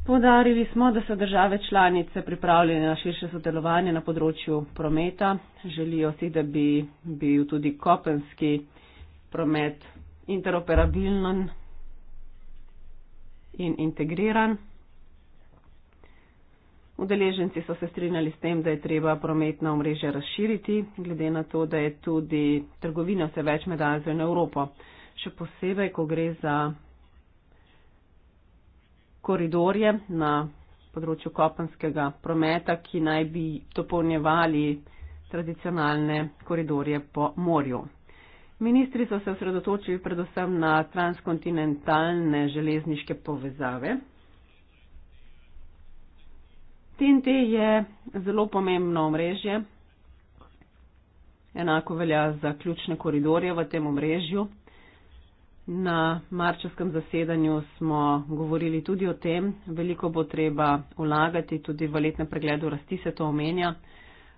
Podarili smo, da so države članice pripravljene na širše sodelovanje na področju prometa. Želijo si, da bi bil tudi kopenski promet interoperabilen in integriran. Udeleženci so se strinjali s tem, da je treba prometna omrežja razširiti, glede na to, da je tudi trgovina vse več med Azijo in Evropo. Še posebej, ko gre za koridorje na področju kopenskega prometa, ki naj bi dopolnjevali tradicionalne koridorje po morju. Ministri so se osredotočili predvsem na transkontinentalne železniške povezave. TNT je zelo pomembno omrežje, enako velja za ključne koridorje v tem omrežju. Na marčevskem zasedanju smo govorili tudi o tem, veliko bo treba vlagati, tudi v letnem pregledu rasti se to omenja.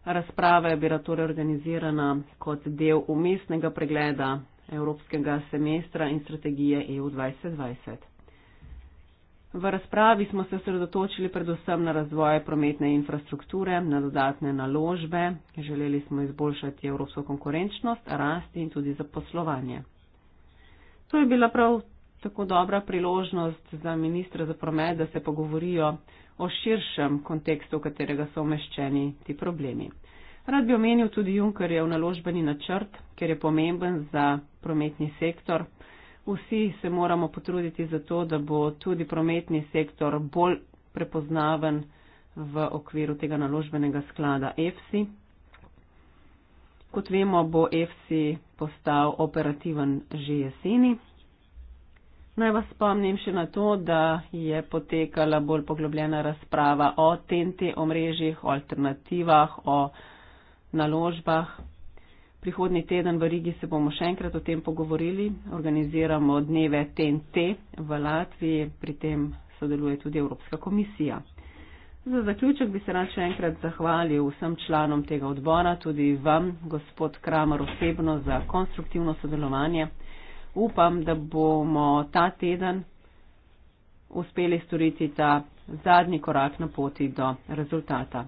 Razprava je bila torej organizirana kot del umestnega pregleda Evropskega semestra in strategije EU 2020. V razpravi smo se sredotočili predvsem na razvoje prometne infrastrukture, na dodatne naložbe, želeli smo izboljšati evropsko konkurenčnost, rasti in tudi zaposlovanje. To je bila prav tako dobra priložnost za ministra za promet, da se pogovorijo o širšem kontekstu, v katerega so umeščeni ti problemi. Rad bi omenil tudi Junkerjev naložbeni načrt, ker je pomemben za prometni sektor. Vsi se moramo potruditi za to, da bo tudi prometni sektor bolj prepoznaven v okviru tega naložbenega sklada EFSI. Kot vemo, bo EFSI postal operativen že jeseni. Naj vas spomnim še na to, da je potekala bolj poglobljena razprava o TNT omrežjih, o alternativah, o naložbah. Prihodni teden v Rigi se bomo še enkrat o tem pogovorili. Organiziramo dneve TNT v Latviji, pri tem sodeluje tudi Evropska komisija. Za zaključek bi se rad še enkrat zahvalil vsem članom tega odbora, tudi vam, gospod Kramer, osebno za konstruktivno sodelovanje upam, da bomo ta teden uspeli storiti ta zadnji korak na poti do rezultata.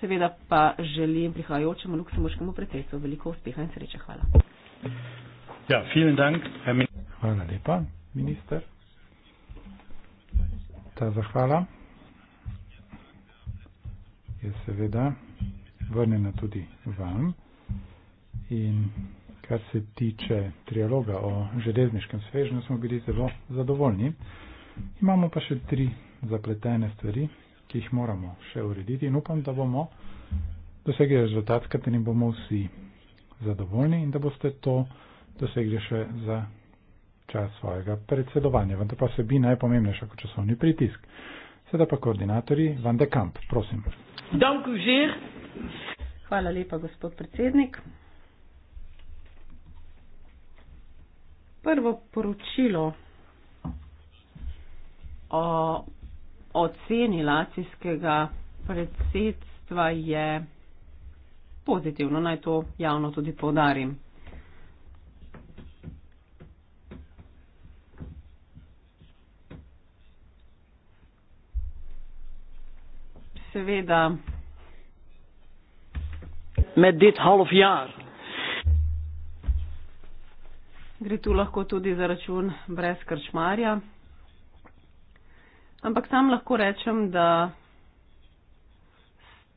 Seveda pa želim prihajajočemu luksemburškemu predsedstvu veliko uspeha in sreče. Hvala. Ja, vielen Dank, Herr Minister. Hvala lepa, minister. Ta zahvala je seveda vrnjena tudi vam. In kar se tiče trialoga o železniškem svežnju, smo bili zelo zadovoljni. Imamo pa še tri zapletene stvari, ki jih moramo še urediti in upam, da bomo dosegli rezultat, katerim bomo vsi zadovoljni in da boste to dosegli še za čas svojega predsedovanja. Vendar pa se bi najpomembnejša kot časovni pritisk. Sedaj pa koordinatorji Van de Kamp, prosim. Hvala lepa, gospod predsednik. prvo poročilo o oceni lacijskega predsedstva je pozitivno, naj to javno tudi povdarim. Seveda. Met dit half jaar gre tu lahko tudi za račun brez krčmarja. Ampak sam lahko rečem, da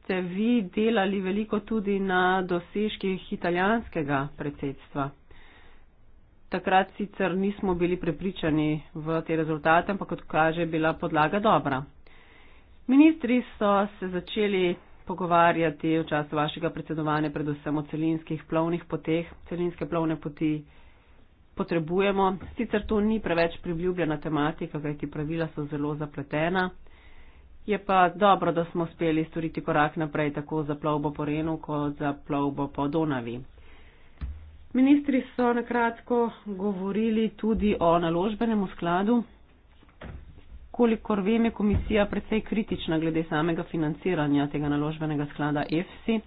ste vi delali veliko tudi na dosežkih italijanskega predsedstva. Takrat sicer nismo bili prepričani v te rezultate, ampak kot kaže, bila podlaga dobra. Ministri so se začeli pogovarjati v času vašega predsedovanja predvsem o celinskih plovnih poteh, celinske plovne poti potrebujemo. Sicer to ni preveč priljubljena tematika, kaj ti pravila so zelo zapletena. Je pa dobro, da smo uspeli storiti korak naprej tako za plovbo po Renu, kot za plovbo po Donavi. Ministri so nakratko govorili tudi o naložbenem skladu. Kolikor vem, je komisija precej kritična glede samega financiranja tega naložbenega sklada EFSI.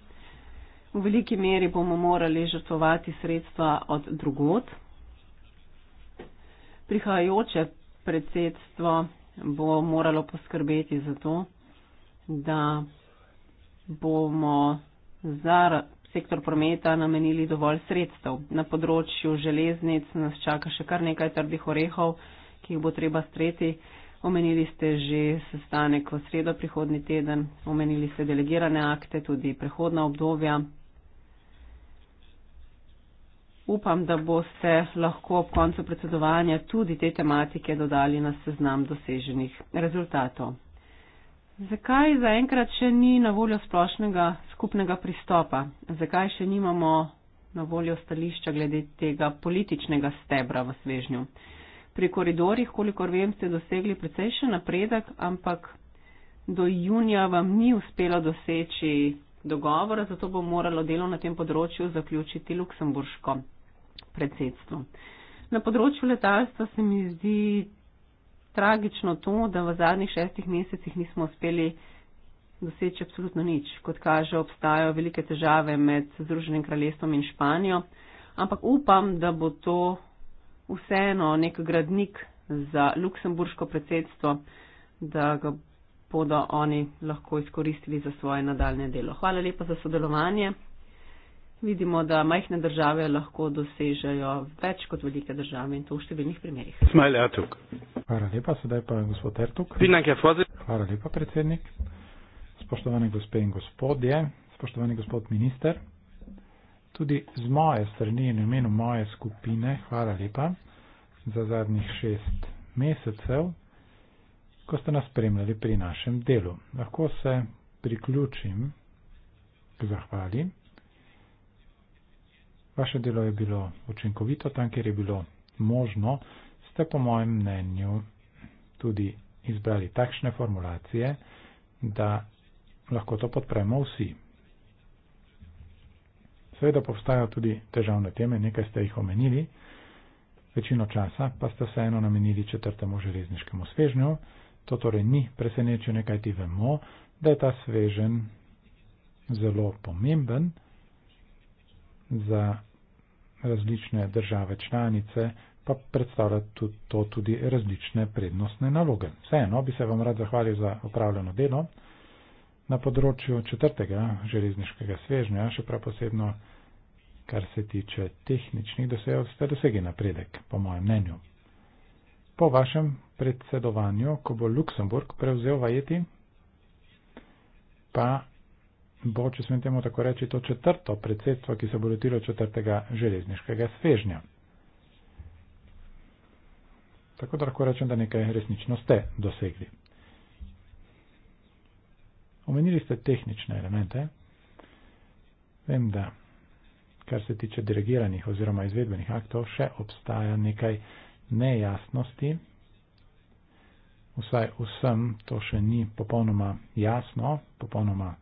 V veliki meri bomo morali žrtvovati sredstva od drugot prihajajoče predsedstvo bo moralo poskrbeti za to, da bomo za sektor prometa namenili dovolj sredstev. Na področju železnic nas čaka še kar nekaj trdih orehov, ki jih bo treba streti. Omenili ste že sestanek v sredo prihodni teden, omenili ste delegirane akte, tudi prehodna obdobja, upam, da boste lahko ob koncu predsedovanja tudi te tematike dodali na seznam doseženih rezultatov. Zakaj zaenkrat še ni na voljo splošnega skupnega pristopa? Zakaj še nimamo na voljo stališča glede tega političnega stebra v svežnju? Pri koridorjih, kolikor vem, ste dosegli precejšen napredek, ampak do junija vam ni uspelo doseči dogovora, zato bo moralo delo na tem področju zaključiti Luksemburško predsedstvu. Na področju letalstva se mi zdi tragično to, da v zadnjih šestih mesecih nismo uspeli doseči absolutno nič. Kot kaže, obstajajo velike težave med Združenim kraljestvom in Španijo, ampak upam, da bo to vseeno nek gradnik za luksemburško predsedstvo, da ga bodo oni lahko izkoristili za svoje nadaljne delo. Hvala lepa za sodelovanje. Vidimo, da majhne države lahko dosežejo več kot velike države in to v številnih primerjih. Smajle Atuk. Ja, hvala lepa, sedaj pa je gospod Ertuk. Ja, hvala lepa, predsednik. Spoštovane gospe in gospodje, spoštovani gospod minister. Tudi z moje strani in imenu moje skupine, hvala lepa za zadnjih šest mesecev, ko ste nas spremljali pri našem delu. Lahko se priključim k zahvalim Vaše delo je bilo učinkovito tam, kjer je bilo možno, ste po mojem mnenju tudi izbrali takšne formulacije, da lahko to podpremo vsi. Seveda povstajajo tudi težavne teme, nekaj ste jih omenili, večino časa pa ste vseeno namenili četrtemu železniškemu svežnju. To torej ni presenečenje, kaj ti vemo, da je ta svežen zelo pomemben za različne države članice pa predstavlja to tudi različne prednostne naloge. Vseeno bi se vam rad zahvalil za opravljeno delo na področju četrtega železniškega svežnja, še prav posebno, kar se tiče tehničnih dosegov, ste dosegli napredek, po mojem mnenju. Po vašem predsedovanju, ko bo Luksemburg prevzel vajeti, pa bo, če smem temu tako reči, to četrto predsedstvo, ki se bo lotilo četrtega železniškega svežnja. Tako da lahko rečem, da nekaj resnično ste dosegli. Omenili ste tehnične elemente. Vem, da kar se tiče dirigiranih oziroma izvedbenih aktov, še obstaja nekaj nejasnosti. Vsaj vsem to še ni popolnoma jasno, popolnoma jasno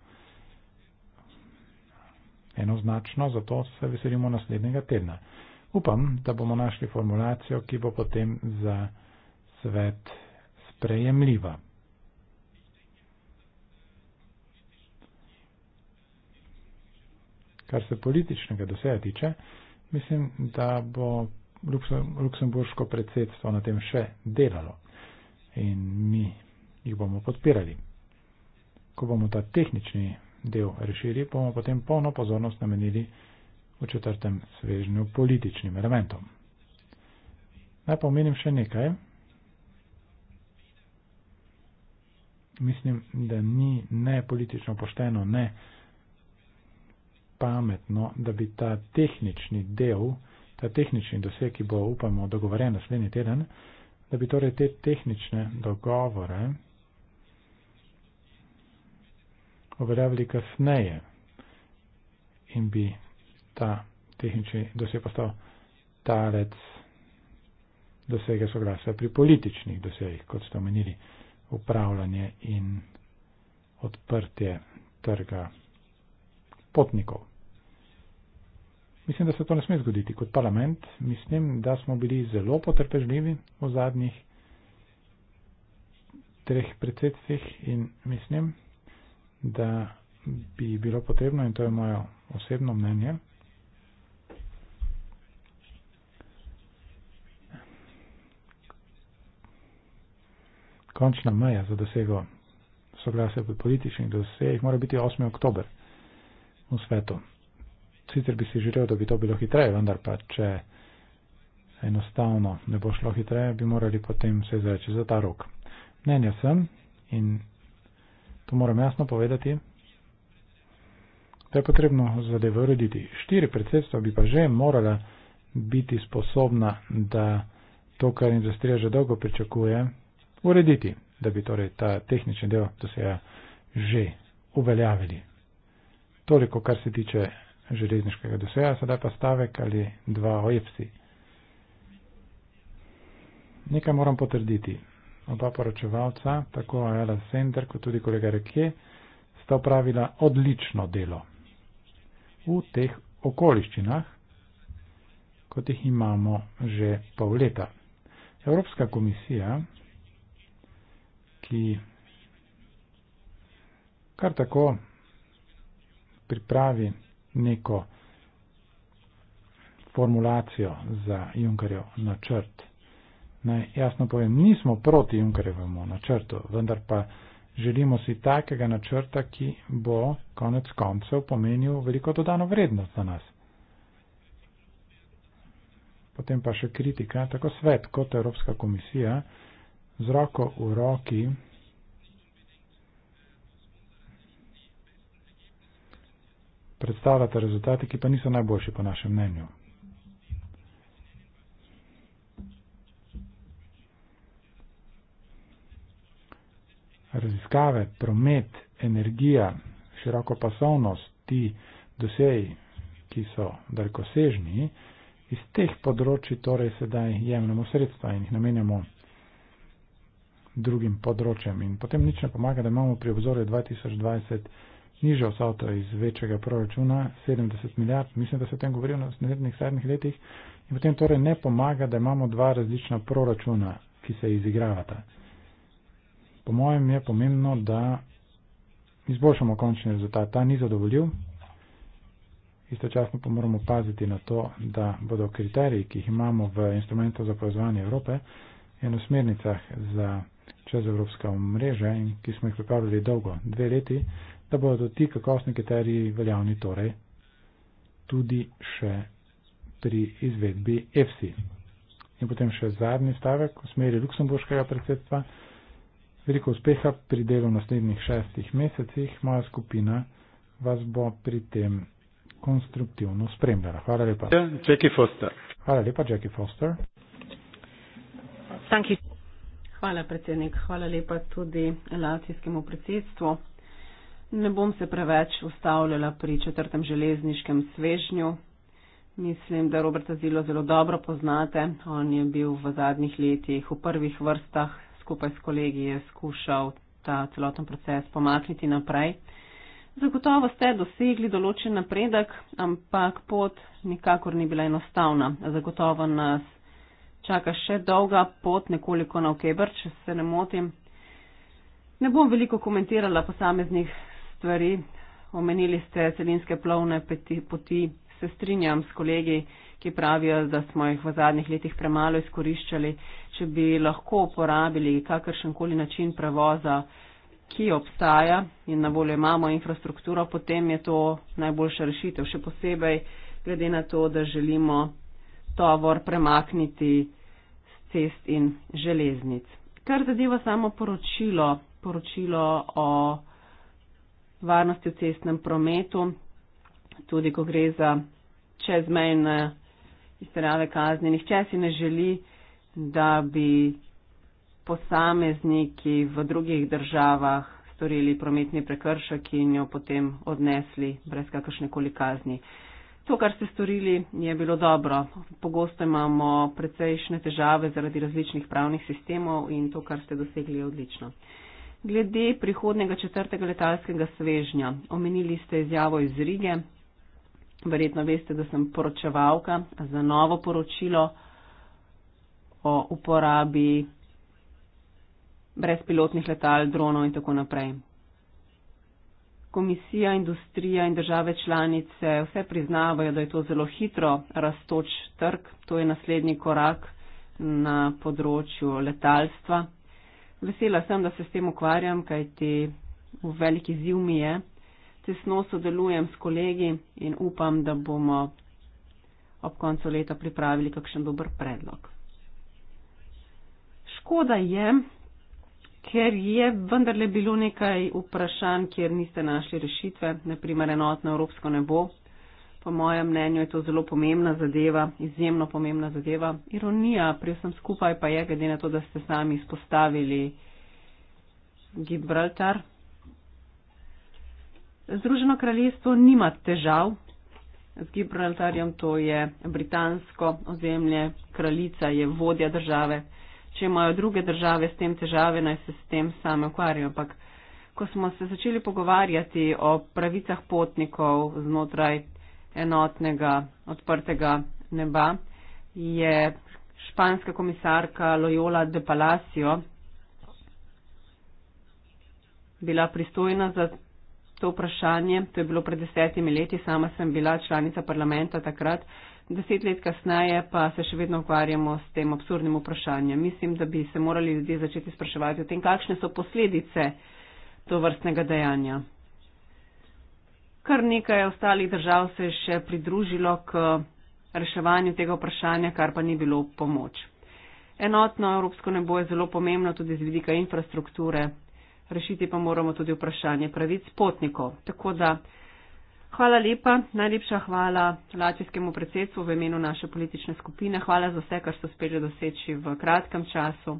enoznačno, zato se veselimo naslednjega tedna. Upam, da bomo našli formulacijo, ki bo potem za svet sprejemljiva. Kar se političnega doseja tiče, mislim, da bo luksemburško predsedstvo na tem še delalo in mi jih bomo podpirali. Ko bomo ta tehnični del reširi, bomo potem polno pozornost namenili v četrtem svežnju političnim elementom. Naj pomenim še nekaj. Mislim, da ni ne politično pošteno, ne pametno, da bi ta tehnični del, ta tehnični doseg, ki bo, upamo, dogovorjen naslednji teden, da bi torej te tehnične dogovore uveljavili kasneje in bi ta tehnični doseg postal talec dosega soglasja pri političnih dosegih, kot ste omenili, upravljanje in odprtje trga potnikov. Mislim, da se to ne sme zgoditi kot parlament. Mislim, da smo bili zelo potrpežljivi v zadnjih treh predsedstvih in mislim, da bi bilo potrebno, in to je moje osebno mnenje, končna meja za dosego soglasja pri političnih dosegih mora biti 8. oktober v svetu. Sicer bi si želel, da bi to bilo hitreje, vendar pa če enostavno ne bo šlo hitreje, bi morali potem se izreči za ta rok. Mnenja sem in To moram jasno povedati. To je potrebno zadevo urediti. Štiri predsedstva bi pa že morala biti sposobna, da to, kar industrija že dolgo pričakuje, urediti, da bi torej ta tehnični del, da se je že uveljavili. Toliko, kar se tiče železniškega doseja, sedaj pa stavek ali dva o EPSI. Nekaj moram potrditi oba poročevalca, tako Ayala Sender kot tudi kolega Rekje, sta opravila odlično delo. V teh okoliščinah, kot jih imamo že pol leta. Evropska komisija, ki kar tako pripravi neko formulacijo za Junkarjev načrt, Naj jasno povem, nismo proti Junkerjevemu načrtu, vendar pa želimo si takega načrta, ki bo konec koncev pomenil veliko dodano vrednost za nas. Potem pa še kritika, tako svet kot Evropska komisija, z roko v roki predstavljate rezultate, ki pa niso najboljši po našem mnenju. raziskave, promet, energija, široko pasovnost, ti doseji, ki so dalekosežni, iz teh področji torej sedaj jemljamo sredstva in jih namenjamo drugim področjem. In potem nič ne pomaga, da imamo pri obzorju 2020 nižjo vsoto iz večjega proračuna, 70 milijard, mislim, da se o tem govorijo na naslednjih sedmih letih, in potem torej ne pomaga, da imamo dva različna proračuna, ki se izigravata po mojem je pomembno, da izboljšamo končni rezultat. Ta ni zadovoljiv. Istočasno pa moramo paziti na to, da bodo kriteriji, ki jih imamo v instrumentu za povezovanje Evrope in v smernicah za čez Evropska mreža, in ki smo jih pripravili dolgo, dve leti, da bodo ti kakostni kriteriji veljavni torej tudi še pri izvedbi EFSI. In potem še zadnji stavek v smeri luksemburškega predsedstva. Veliko uspeha pri delu v naslednjih šestih mesecih. Moja skupina vas bo pri tem konstruktivno spremljala. Hvala lepa. Jackie Foster. Hvala lepa, Jackie Foster. Hvala, predsednik. Hvala lepa tudi latvijskemu predsedstvu. Ne bom se preveč ustavljala pri četrtem železniškem svežnju. Mislim, da Roberta Zilo zelo dobro poznate. On je bil v zadnjih letih v prvih vrstah skupaj s kolegi je skušal ta celoten proces pomakniti naprej. Zagotovo ste dosegli določen napredek, ampak pot nikakor ni bila enostavna. Zagotovo nas čaka še dolga pot, nekoliko na okebr, če se ne motim. Ne bom veliko komentirala posameznih stvari, omenili ste celinske plovne poti, se strinjam s kolegi, ki pravijo, da smo jih v zadnjih letih premalo izkoriščali če bi lahko uporabili kakršenkoli način prevoza, ki obstaja in na voljo imamo infrastrukturo, potem je to najboljša rešitev. Še posebej glede na to, da želimo tovor premakniti z cest in železnic. Kar zadeva samo poročilo, poročilo o varnosti v cestnem prometu, tudi ko gre za čezmejne izterjave kazni, nihče si ne želi, da bi posamezniki v drugih državah storili prometni prekršek in jo potem odnesli brez kakršne koli kazni. To, kar ste storili, je bilo dobro. Pogosto imamo precejšne težave zaradi različnih pravnih sistemov in to, kar ste dosegli, je odlično. Glede prihodnega četrtega letalskega svežnja, omenili ste izjavo iz Rige. Verjetno veste, da sem poročevalka za novo poročilo o uporabi brezpilotnih letal, dronov in tako naprej. Komisija, industrija in države članice vse priznavajo, da je to zelo hitro raztoč trg, to je naslednji korak na področju letalstva. Vesela sem, da se s tem ukvarjam, kajti v veliki ziv mi je. Tesno sodelujem s kolegi in upam, da bomo ob koncu leta pripravili kakšen dober predlog škoda je, ker je vendarle bilo nekaj vprašanj, kjer niste našli rešitve, naprimer enotno evropsko nebo. Po mojem mnenju je to zelo pomembna zadeva, izjemno pomembna zadeva. Ironija pri vsem skupaj pa je, glede na to, da ste sami izpostavili Gibraltar. Združeno kraljestvo nima težav z Gibraltarjem, to je britansko ozemlje, kraljica je vodja države če imajo druge države s tem težave, naj se s tem same ukvarjajo. Ampak ko smo se začeli pogovarjati o pravicah potnikov znotraj enotnega odprtega neba, je španska komisarka Loyola de Palacio bila pristojna za to vprašanje. To je bilo pred desetimi leti, sama sem bila članica parlamenta takrat deset let kasneje pa se še vedno ukvarjamo s tem absurdnim vprašanjem. Mislim, da bi se morali ljudje začeti spraševati o tem, kakšne so posledice to vrstnega dejanja. Kar nekaj ostalih držav se je še pridružilo k reševanju tega vprašanja, kar pa ni bilo pomoč. Enotno evropsko nebo je zelo pomembno tudi z vidika infrastrukture. Rešiti pa moramo tudi vprašanje pravic potnikov. Tako da Hvala lepa, najlepša hvala latvijskemu predsedstvu v imenu naše politične skupine. Hvala za vse, kar ste uspeli doseči v kratkem času.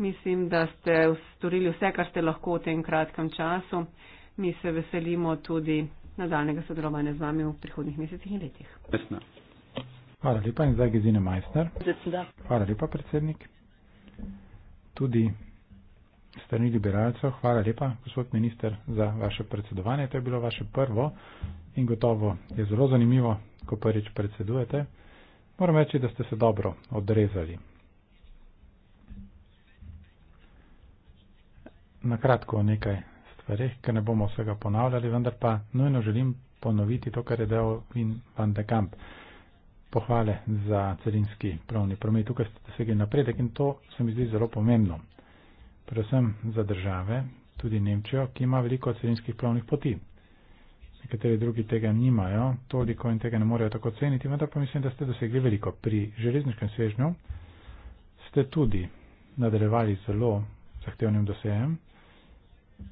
Mislim, da ste storili vse, kar ste lahko v tem kratkem času. Mi se veselimo tudi nadaljnega sodelovanja z vami v prihodnih mesecih in letih. Hvala lepa in zdaj Gizine Majster. Hvala lepa, predsednik. Tudi strani liberalcev. Hvala lepa, gospod minister, za vaše predsedovanje. To je bilo vaše prvo in gotovo je zelo zanimivo, ko prvič predsedujete. Moram reči, da ste se dobro odrezali. Na kratko o nekaj stvarih, ker ne bomo vsega ponavljali, vendar pa nujno želim ponoviti to, kar je del in van de Kamp. Pohvale za celinski pravni promet, tukaj ste dosegli napredek in to se mi zdi zelo pomembno predvsem za države, tudi Nemčijo, ki ima veliko celinskih plovnih poti. Nekateri drugi tega nimajo, toliko in tega ne morejo tako ceniti, vendar pa mislim, da ste dosegli veliko. Pri železniškem svežnju ste tudi nadaljevali zelo zahtevnim dosejem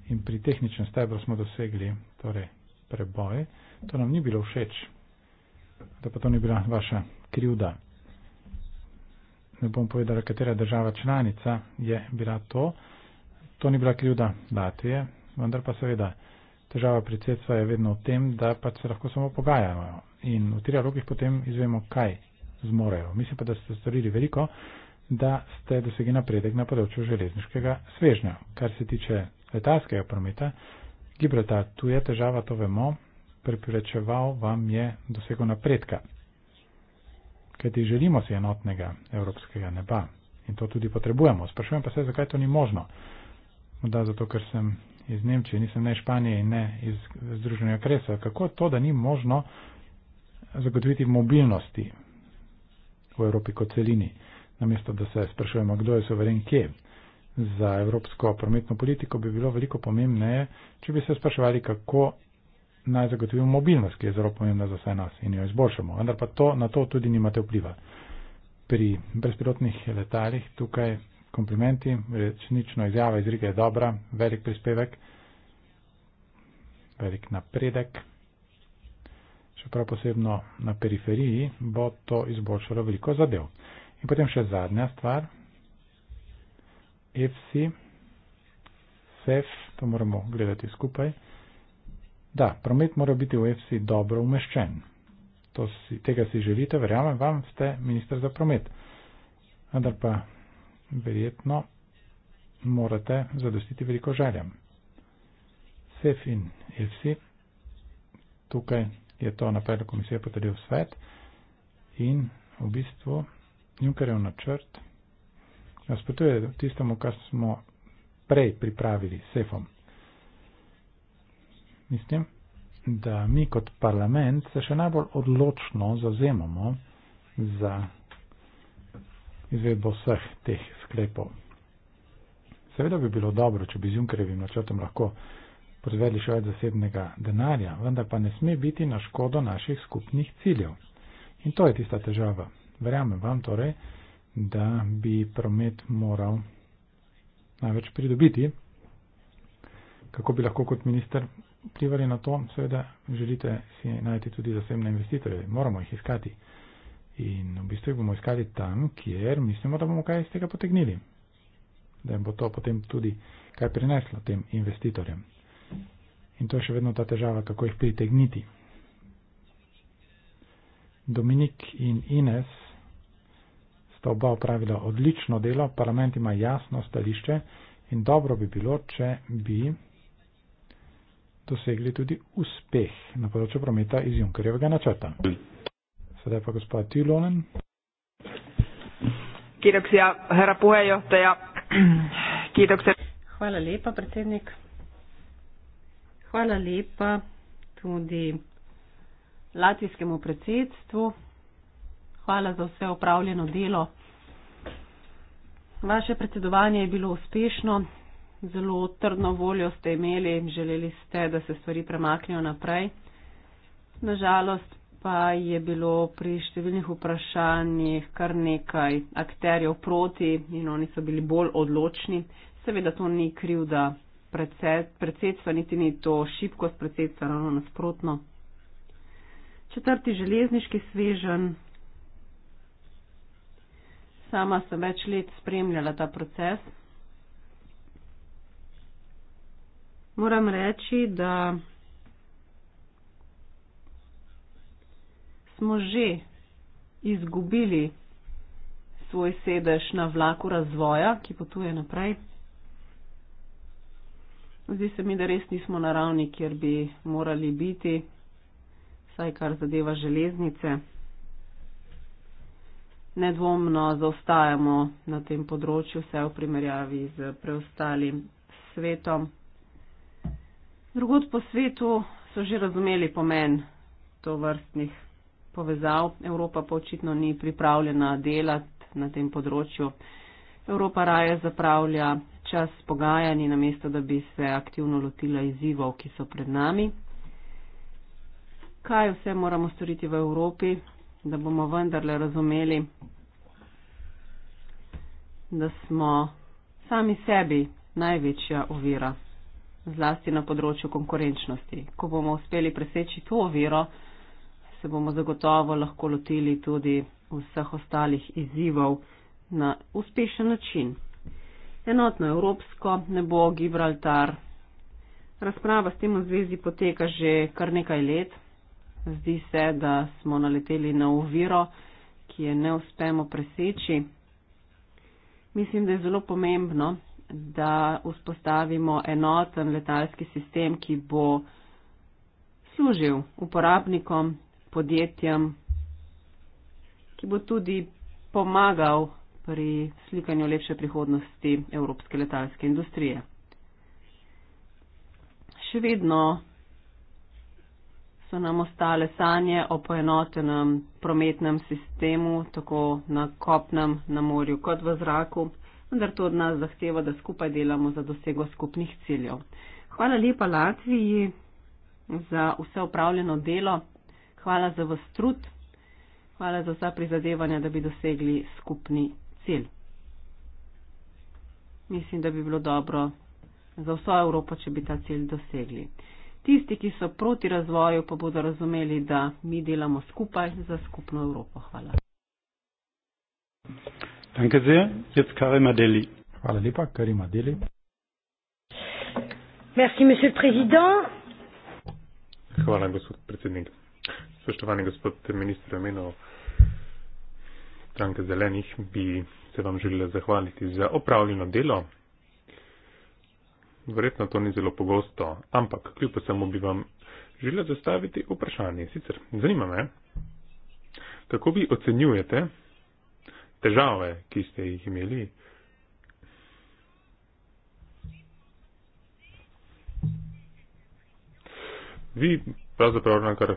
in pri tehničnem stebru smo dosegli torej, preboj. To nam ni bilo všeč, da pa to ni bila vaša krivda ne bom povedala, katera država članica je bila to. To ni bila krivda Latvije, vendar pa seveda težava predsedstva je vedno v tem, da pač se lahko samo pogajajo in v tri rokih potem izvemo, kaj zmorejo. Mislim pa, da ste storili veliko, da ste dosegli napredek na področju železniškega svežnja. Kar se tiče letalskega prometa, Gibraltar, tu je težava, to vemo, priprečeval vam je dosego napredka kajti želimo si enotnega evropskega neba in to tudi potrebujemo. Sprašujem pa se, zakaj to ni možno. Morda zato, ker sem iz Nemčije, nisem ne iz Španije in ne iz Združenega kresa. Kako to, da ni možno zagotoviti mobilnosti v Evropi kot celini, namesto da se sprašujemo, kdo je soveren kje. Za evropsko prometno politiko bi bilo veliko pomembneje, če bi se spraševali, kako naj zagotovimo mobilnost, ki je zelo pomembna za vse nas in jo izboljšamo. Vendar pa to, na to tudi nimate vpliva. Pri brezpilotnih letalih tukaj komplimenti, resnično izjava iz Rige je dobra, velik prispevek, velik napredek. Še prav posebno na periferiji bo to izboljšalo veliko zadev. In potem še zadnja stvar. EFSI, SEF, to moramo gledati skupaj. Da, promet mora biti v EFSI dobro umeščen. To si, tega si želite, verjamem vam, ste minister za promet. Vendar pa verjetno morate zadostiti veliko željam. SEF in EFSI, tukaj je to na predlog komisije potrdil svet in v bistvu Junkerjev načrt nasprotuje tistemu, kar smo prej pripravili SEF-om mislim, da mi kot parlament se še najbolj odločno zazemamo za izvedbo vseh teh sklepov. Seveda bi bilo dobro, če bi z Junkerjevim načrtom lahko proizvedli še več zasebnega denarja, vendar pa ne sme biti na škodo naših skupnih ciljev. In to je tista težava. Verjamem vam torej, da bi promet moral največ pridobiti, kako bi lahko kot minister vplivali na to, seveda želite si najti tudi zasebne investitorje, moramo jih iskati. In v bistvu jih bomo iskali tam, kjer mislimo, da bomo kaj iz tega potegnili. Da jim bo to potem tudi kaj prineslo tem investitorjem. In to je še vedno ta težava, kako jih pritegniti. Dominik in Ines sta oba opravila odlično delo, parlament ima jasno stališče in dobro bi bilo, če bi dosegli tudi uspeh na področju prometa iz Junkerjevega načrta. Sedaj pa gospod Tilonen. Kiroksija, hera pojejo, te ja. Kiroksija. Hvala lepa, predsednik. Hvala lepa tudi latvijskemu predsedstvu. Hvala za vse upravljeno delo. Vaše predsedovanje je bilo uspešno, zelo trdno voljo ste imeli in želeli ste, da se stvari premaknijo naprej. Nažalost pa je bilo pri številnih vprašanjih kar nekaj akterjev proti in oni so bili bolj odločni. Seveda to ni kriv, da predsedstva niti ni to šibkost predsedstva, ravno nasprotno. Četrti železniški svežen. Sama sem več let spremljala ta proces, moram reči, da smo že izgubili svoj sedež na vlaku razvoja, ki potuje naprej. Zdi se mi, da res nismo na ravni, kjer bi morali biti, saj kar zadeva železnice. Nedvomno zaostajamo na tem področju, vse v primerjavi z preostalim svetom. Drugod po svetu so že razumeli pomen to vrstnih povezav. Evropa pa očitno ni pripravljena delati na tem področju. Evropa raje zapravlja čas pogajanji, namesto da bi se aktivno lotila izzivov, ki so pred nami. Kaj vse moramo storiti v Evropi, da bomo vendarle razumeli, da smo sami sebi največja ovira zlasti na področju konkurenčnosti. Ko bomo uspeli preseči to oviro, se bomo zagotovo lahko lotili tudi vseh ostalih izzivov na uspešen način. Enotno evropsko ne bo Gibraltar. Razprava s tem v zvezi poteka že kar nekaj let. Zdi se, da smo naleteli na oviro, ki je ne uspemo preseči. Mislim, da je zelo pomembno, da vzpostavimo enoten letalski sistem, ki bo služil uporabnikom, podjetjem, ki bo tudi pomagal pri slikanju lepše prihodnosti evropske letalske industrije. Še vedno so nam ostale sanje o poenotenem prometnem sistemu, tako na kopnem, na morju kot v zraku vendar to od nas zahteva, da skupaj delamo za dosego skupnih ciljev. Hvala lepa Latviji za vse upravljeno delo, hvala za vas trud, hvala za vsa prizadevanja, da bi dosegli skupni cilj. Mislim, da bi bilo dobro za vso Evropo, če bi ta cilj dosegli. Tisti, ki so proti razvoju, pa bodo razumeli, da mi delamo skupaj za skupno Evropo. Hvala. Danke sehr. Jetzt Karim Adeli. Hvala lepa, Karim Adeli. Merci, monsieur le président. Hvala, gospod predsednik. Spoštovani gospod minister, imeno stranke zelenih bi se vam želela zahvaliti za opravljeno delo. Verjetno to ni zelo pogosto, ampak kljub samo bi vam želela zastaviti vprašanje. Sicer zanima me, kako vi ocenjujete, težave, ki ste jih imeli. Vi pravzaprav nakar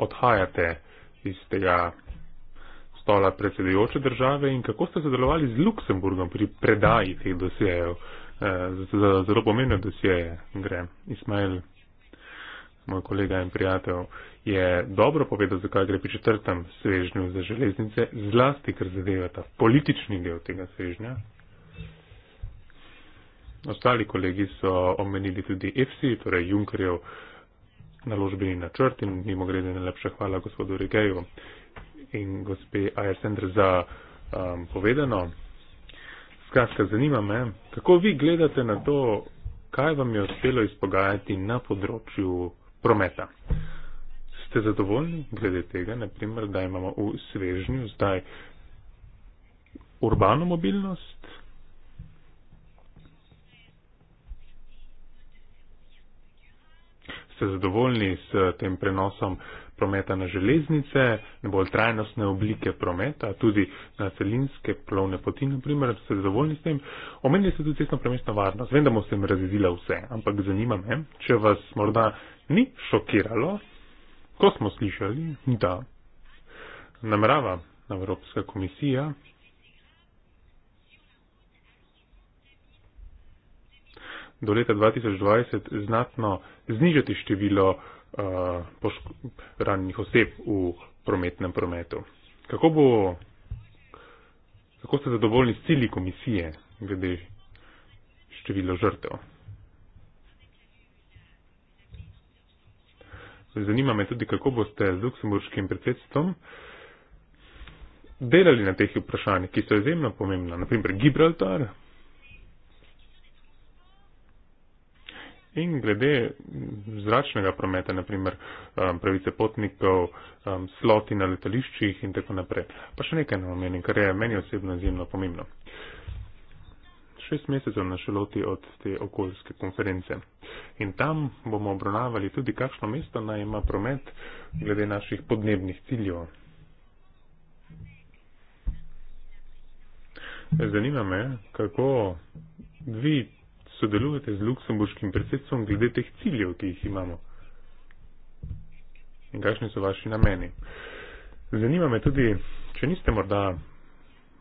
odhajate iz tega stola predsedujoče države in kako ste sodelovali z Luksemburgom pri predaji teh dosjejev, eh, zelo pomembne dosjeje, gre Ismail, moj kolega in prijatelj je dobro povedal, zakaj gre pri četrtem svežnju za železnice, zlasti, ker zadeva ta politični del tega svežnja. Ostali kolegi so omenili tudi EFSI, torej Junkerjev naložbeni načrt in mimo grede najlepša hvala gospodu Rigeju in gospe Ajersendr za um, povedano. Skratka, zanima me, kako vi gledate na to, kaj vam je uspelo izpogajati na področju prometa ste zadovoljni glede tega, naprimer, da imamo v svežnju zdaj urbano mobilnost? Ste zadovoljni s tem prenosom prometa na železnice, na bolj trajnostne oblike prometa, tudi na celinske plovne poti, naprimer, ste zadovoljni s tem? Omenili ste tudi cestno prometno varnost. Vem, da bom s tem razvila vse, ampak zanima me, če vas morda ni šokiralo, Ko smo slišali, da namerava Evropska komisija do leta 2020 znatno znižati število uh, ranjenih oseb v prometnem prometu. Kako, bo, kako ste zadovoljni s cilji komisije glede število žrtev? Torej, zanima me tudi, kako boste z luksemburškim predsedstvom delali na teh vprašanjih, ki so izjemno pomembna, naprimer Gibraltar. In glede zračnega prometa, naprimer um, pravice potnikov, um, sloti na letališčih in tako naprej. Pa še nekaj ne omenim, kar je meni osebno izjemno pomembno šest mesecev na šeloti od te okoljske konference. In tam bomo obravnavali tudi, kakšno mesto naj ima promet glede naših podnebnih ciljev. Zanima me, kako vi sodelujete z luksemburškim predsedstvom glede teh ciljev, ki jih imamo in kakšni so vaši nameni. Zanima me tudi, če niste morda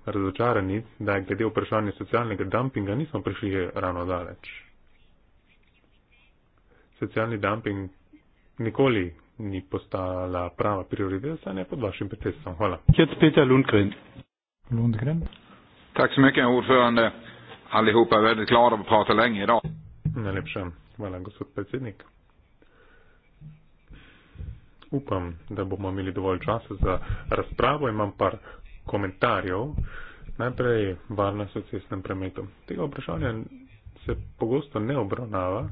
razočarani, da glede vprašanja socialnega dumpinga nismo prišli ravno daleč. Socialni dumping nikoli ni postala prava prioriteta, saj ne pod vašim predsedstvom. Hvala. Kjet Peter Lundgren. Lundgren. Tak smek je urfejande, ali hupa je vedno klaro, pa to lenje, da. Najlepša. Hvala, gospod predsednik. Upam, da bomo imeli dovolj časa za razpravo. Imam par komentarjev, najprej varnost v cestnem prometu. Tega vprašanja se pogosto ne obravnava,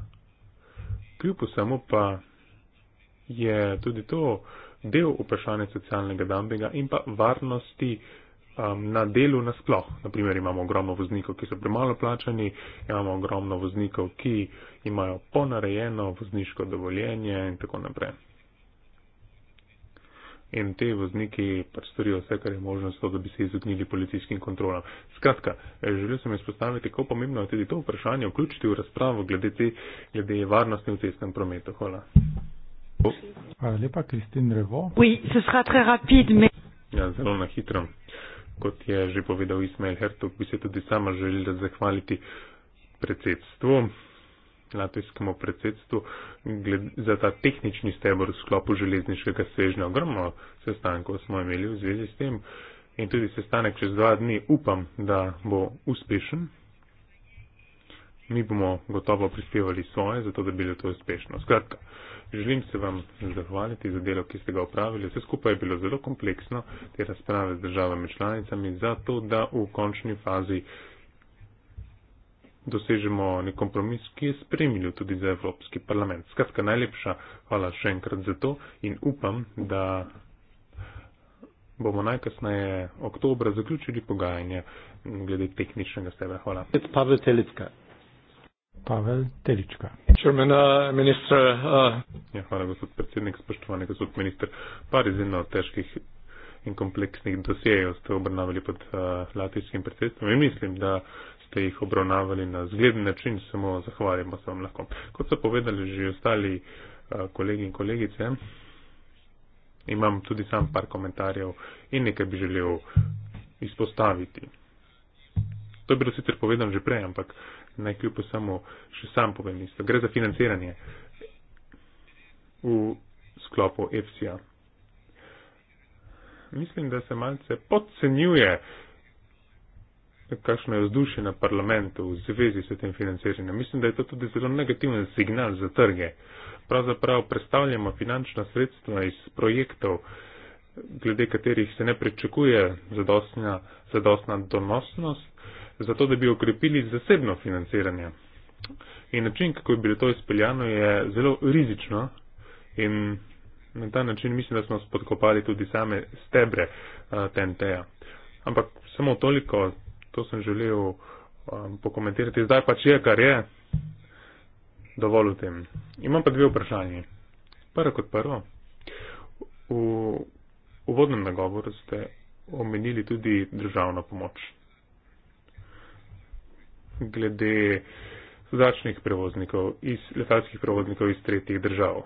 kljub vsemu pa je tudi to del vprašanja socialnega dambinga in pa varnosti um, na delu nasploh. Naprimer imamo ogromno voznikov, ki so premalo plačani, imamo ogromno voznikov, ki imajo ponarejeno vozniško dovoljenje in tako naprej in te vozniki pač storijo vse, kar je možno, so, da bi se izognili policijskim kontrolam. Skratka, želel sem izpostaviti, kako pomembno je tudi to vprašanje vključiti v razpravo glede, te, glede varnosti v cestnem prometu. Hvala. Hvala lepa, Kristin Revo. Ja, zelo na hitro. Kot je že povedal Ismail Hertog, bi se tudi sama želela zahvaliti predsedstvu latvijskemu predsedstvu za ta tehnični stebr v sklopu železniškega svežnja. Ogromno sestankov smo imeli v zvezi s tem in tudi sestanek čez dva dni upam, da bo uspešen. Mi bomo gotovo prispevali svoje, zato da bi bilo to uspešno. Skratka, želim se vam zahvaliti za delo, ki ste ga upravili. Vse skupaj je bilo zelo kompleksno, te razprave z državami članicami, zato da v končni fazi dosežemo nek kompromis, ki je spremljiv tudi za Evropski parlament. Skratka, najlepša hvala še enkrat za to in upam, da bomo najkasneje oktobra zaključili pogajanje glede tehničnega stebra. Hvala. Pavel Telicka. Pavel Telička. Čermena, uh, ministra. Uh... Ja, hvala, gospod predsednik, spoštovani gospod minister. Par izjemno težkih in kompleksnih dosjejev ste obrnavali pod uh, latvijskim predsednikom in mislim, da ste jih obravnavali na zgleden način, samo zahvaljamo se vam lahko. Kot so povedali že ostali eh, kolegi in kolegice, imam tudi sam par komentarjev in nekaj bi želel izpostaviti. To je bilo sicer povedano že prej, ampak najkljub samo še sam povem isto. Gre za financiranje v sklopu EFSI-a. Mislim, da se malce podcenjuje uh, kakšno je vzdušje na parlamentu v zvezi s tem financiranjem. Mislim, da je to tudi zelo negativen signal za trge. Pravzaprav predstavljamo finančna sredstva iz projektov, glede katerih se ne pričakuje zadostna, zadostna donosnost, zato da bi okrepili zasebno financiranje. In način, kako je bilo to izpeljano, je zelo rizično in na ta način mislim, da smo spodkopali tudi same stebre uh, eh, TNT-ja. Ampak samo toliko, to sem želel um, pokomentirati. Zdaj pa če je, kar je, dovolj v tem. Imam pa dve vprašanje. Prvo kot prvo. V uvodnem nagovoru ste omenili tudi državno pomoč. Glede zračnih prevoznikov, iz, letalskih prevoznikov iz tretjih držav.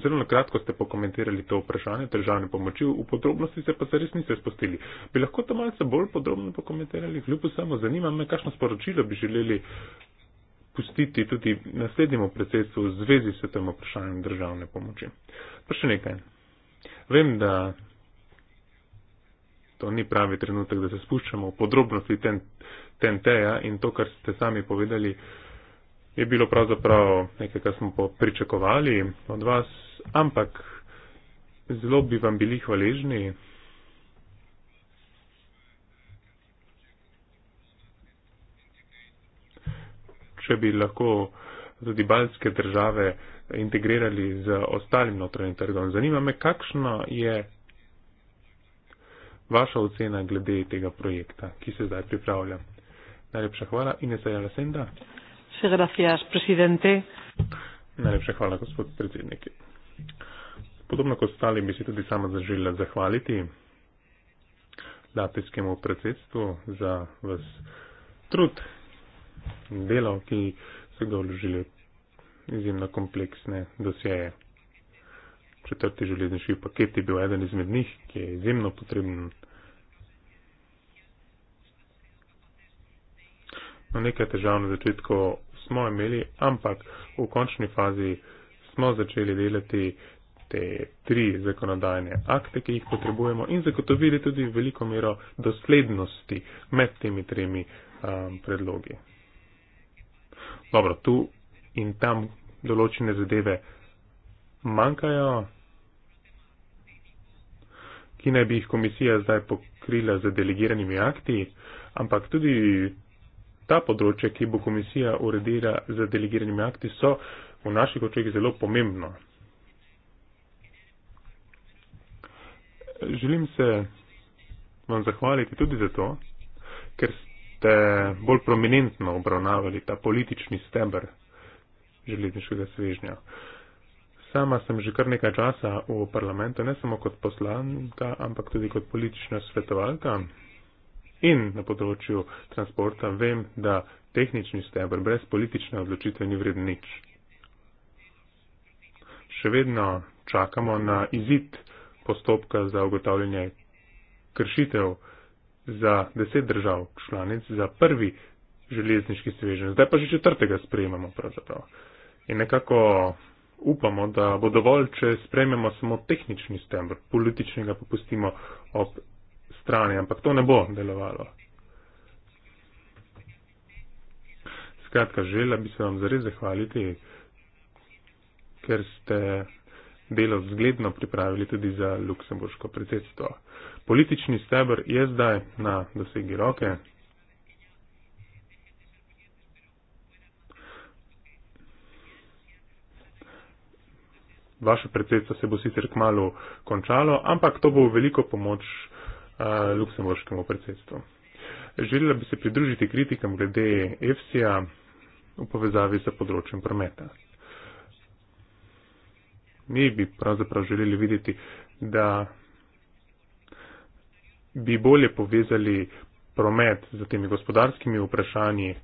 Zelo na kratko ste pokomentirali to vprašanje državne pomoči, v podrobnosti se pa se res niste spustili. Bi lahko to malce bolj podrobno pokomentirali? Kljub samo zanima me, kakšno sporočilo bi želeli pustiti tudi naslednjemu predsedstvu v zvezi s tem vprašanjem državne pomoči. Pa še nekaj. Vem, da to ni pravi trenutek, da se spuščamo v podrobnosti TNT-ja in to, kar ste sami povedali, je bilo pravzaprav nekaj, kar smo pričakovali od vas ampak zelo bi vam bili hvaležni. Če bi lahko tudi balske države integrirali z ostalim notranjim trgom. Zanima me, kakšna je vaša ocena glede tega projekta, ki se zdaj pripravlja. Najlepša hvala. Inesa Jalasenda. Najlepša hvala, gospod predsednik. Podobno kot stali bi se tudi sama zažila zahvaliti latvijskemu predsedstvu za vas trud in delo, ki so ga vložili izjemno kompleksne dosjeje. Četrti železniški paket je bil eden izmed njih, ki je izjemno potreben. No, nekaj težav na začetku smo imeli, ampak v končni fazi smo začeli delati te tri zakonodajne akte, ki jih potrebujemo in zagotovili tudi veliko mero doslednosti med temi tremi um, predlogi. Dobro, tu in tam določene zadeve manjkajo, ki naj bi jih komisija zdaj pokrila z delegiranimi akti, ampak tudi ta področja, ki bo komisija uredila z delegiranimi akti, so v naših očeh zelo pomembno. Želim se vam zahvaliti tudi za to, ker ste bolj prominentno obravnavali ta politični stebr železniškega svežnja. Sama sem že kar nekaj časa v parlamentu, ne samo kot poslanka, ampak tudi kot politična svetovalka in na področju transporta vem, da tehnični stebr brez politične odločitve ni vreden nič še vedno čakamo na izid postopka za ugotavljanje kršitev za deset držav članic za prvi železniški svežen. Zdaj pa že četrtega sprejemamo pravzaprav. In nekako upamo, da bo dovolj, če sprejmemo samo tehnični stembr, političnega pa pustimo ob strani, ampak to ne bo delovalo. Skratka, želela bi se vam zares zahvaliti ker ste delo zgledno pripravili tudi za luksemburško predsedstvo. Politični stebr je zdaj na dosegi roke. Vaše predsedstvo se bo sicer kmalo končalo, ampak to bo veliko pomoč a, eh, luksemburškemu predsedstvu. Želela bi se pridružiti kritikam glede EFSI-a v povezavi s področjem prometa mi bi pravzaprav želeli videti, da bi bolje povezali promet z temi gospodarskimi vprašanji,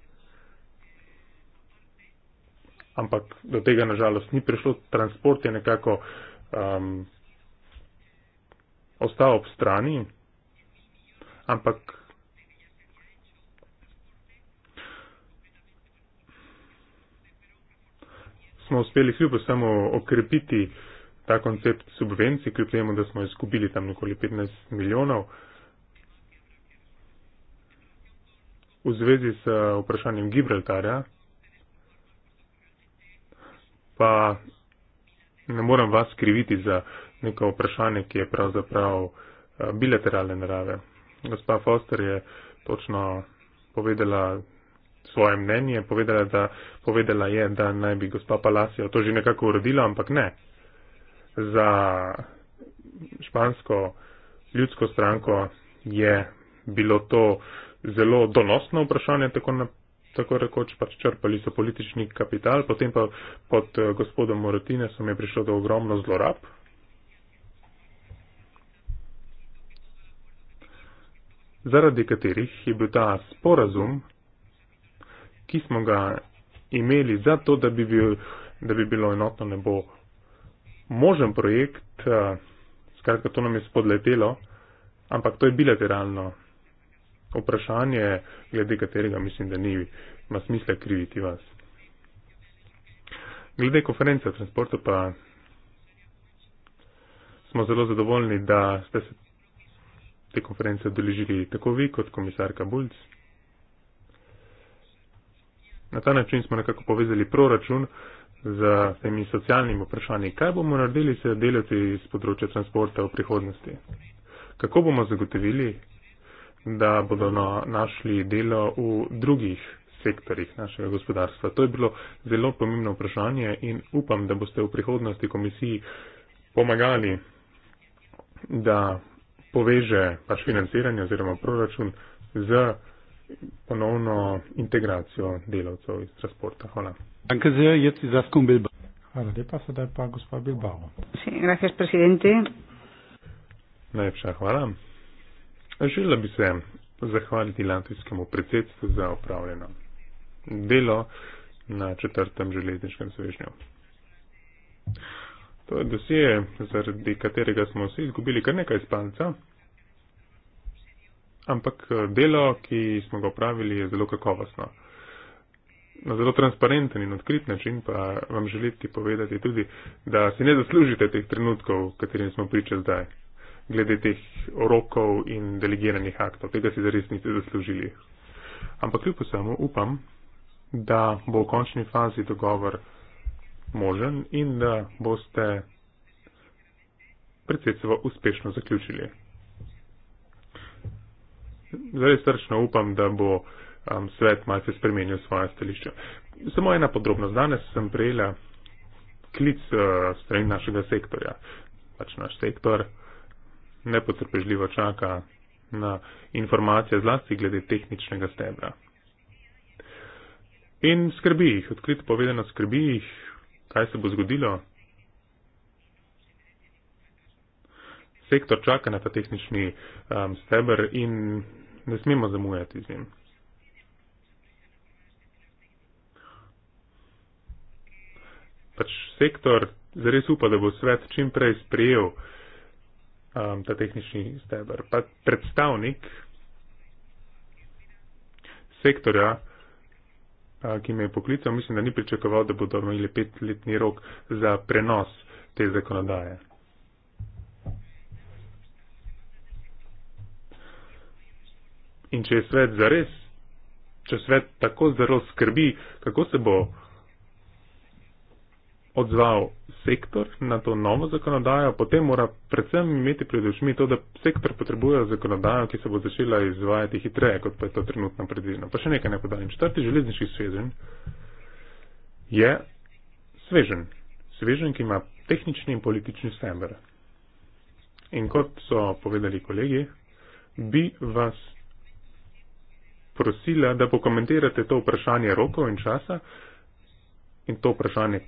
ampak do tega nažalost ni prišlo, transport je nekako um, ostal ob strani, ampak smo uspeli kljub vsemu okrepiti ta koncept subvencij, kljub temu, da smo izgubili tam nekoli 15 milijonov. V zvezi s eh, vprašanjem Gibraltarja pa ne moram vas kriviti za neko vprašanje, ki je pravzaprav eh, bilateralne narave. Gospa Foster je točno povedala svoje mnenje, povedala, da, povedala je, da naj bi gospa Palacio to že nekako uredila, ampak ne. Za špansko ljudsko stranko je bilo to zelo donosno vprašanje, tako, na, tako rekoč pač črpali so politični kapital, potem pa pod eh, gospodom Moratinesom je prišlo do ogromno zlorab. Zaradi katerih je bil ta sporazum ki smo ga imeli za to, da bi, bil, da bi bilo enotno nebo možen projekt, eh, skratka to nam je spodletelo, ampak to je bilateralno vprašanje, glede katerega mislim, da ni ima smisla kriviti vas. Glede konference o transportu pa smo zelo zadovoljni, da ste se te konference odeležili tako vi kot komisarka Bulc. Na ta način smo nekako povezali proračun z temi socialnimi vprašanji. Kaj bomo naredili se delati iz področja transporta v prihodnosti? Kako bomo zagotovili, da bodo na, našli delo v drugih sektorjih našega gospodarstva? To je bilo zelo pomembno vprašanje in upam, da boste v prihodnosti komisiji pomagali, da poveže pač financiranje oziroma proračun z ponovno integracijo delavcev iz transporta. Hvala. Hvala lepa, sedaj pa gospod Bilbao. Najlepša hvala. Želela bi se zahvaliti latvijskemu predsedstvu za opravljeno delo na četrtem železniškem svežnju. To je dosije, zaradi katerega smo vsi izgubili kar nekaj spanca ampak eh, delo, ki smo ga upravili, je zelo kakovostno. Na zelo transparenten in odkrit način pa vam želiti povedati tudi, da si ne zaslužite teh trenutkov, katerim smo priča zdaj, glede teh rokov in delegiranih aktov. Tega si zares niste zaslužili. Ampak kljub vsemu upam, da bo v končni fazi dogovor možen in da boste predsedstvo uspešno zaključili zelo srčno upam, da bo um, svet malce spremenil svoje stališče. Samo ena podrobnost. Danes sem prejela klic uh, strani našega sektorja. Pač naš sektor nepotrpežljivo čaka na informacije zlasti glede tehničnega stebra. In skrbi jih, odkrito povedano skrbi jih, kaj se bo zgodilo. Sektor čaka na ta tehnični um, steber in ne smemo zamujati z njim. Pač sektor zares upa, da bo svet čim prej sprejel um, ta tehnični steber. Pa predstavnik sektorja, a, uh, ki me je poklical, mislim, da ni pričakoval, da bodo imeli petletni rok za prenos te zakonodaje. in če je svet zares, če svet tako zelo skrbi, kako se bo odzval sektor na to novo zakonodajo, potem mora predvsem imeti pred očmi to, da sektor potrebuje zakonodajo, ki se bo začela izvajati hitreje, kot pa je to trenutno predvideno. Pa še nekaj ne podajam. Četrti železniški svežen je svežen. Svežen, ki ima tehnični in politični stebr. In kot so povedali kolegi, bi vas prosila, da pokomentirate to vprašanje rokov in časa in to vprašanje,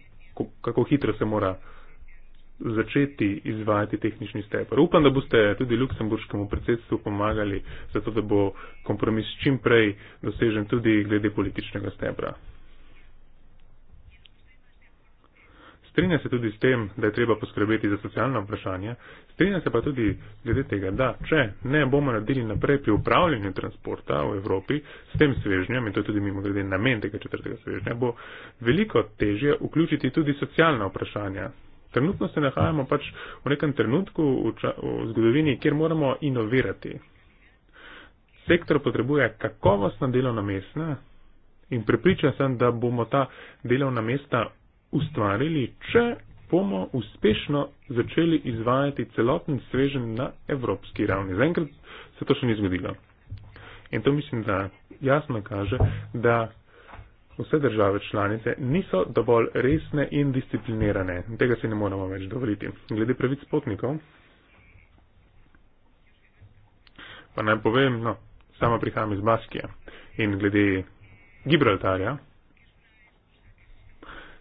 kako hitro se mora začeti izvajati tehnični stebr. Upam, da boste tudi Luksemburškemu predsedstvu pomagali, zato da bo kompromis čim prej dosežen tudi glede političnega stebra. strinja se tudi s tem, da je treba poskrbeti za socialno vprašanje, strinja se pa tudi glede tega, da če ne bomo naredili naprej pri upravljanju transporta v Evropi s tem svežnjem, in to je tudi mimo glede namen tega četrtega svežnja, bo veliko težje vključiti tudi socialna vprašanja. Trenutno se nahajamo pač v nekem trenutku v, ča, v zgodovini, kjer moramo inovirati. Sektor potrebuje kakovostna delovna mesta in prepričan sem, da bomo ta delovna mesta ustvarili, če bomo uspešno začeli izvajati celoten svežen na evropski ravni. Zaenkrat se to še ni zgodilo. In to mislim, da jasno kaže, da vse države članice niso dovolj resne in disciplinirane. Tega se ne moramo več dovoliti. Glede pravic potnikov, pa naj povem, no, sama prihajam iz Baskije in glede Gibraltarja,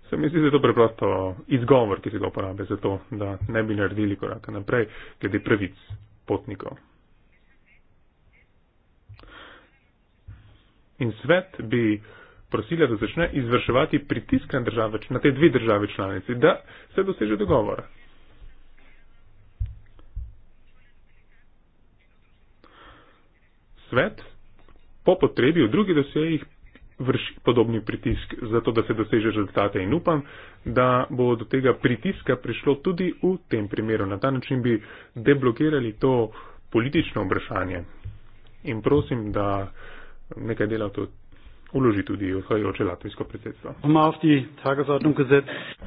se mi zdi, da je to preprosto izgovor, ki se ga uporablja za to, da ne bi naredili koraka naprej, glede pravic potnikov. In svet bi prosila, da začne izvrševati pritisk na, države, na te dve države članici, da se doseže dogovor. Svet po potrebi v drugih dosejih vrši podobni pritisk, zato da se doseže rezultate in upam, da bo do tega pritiska prišlo tudi v tem primeru. Na ta način bi deblokirali to politično vprašanje. In prosim, da nekaj dela to uloži tudi odhajajoče latvijsko predsedstvo.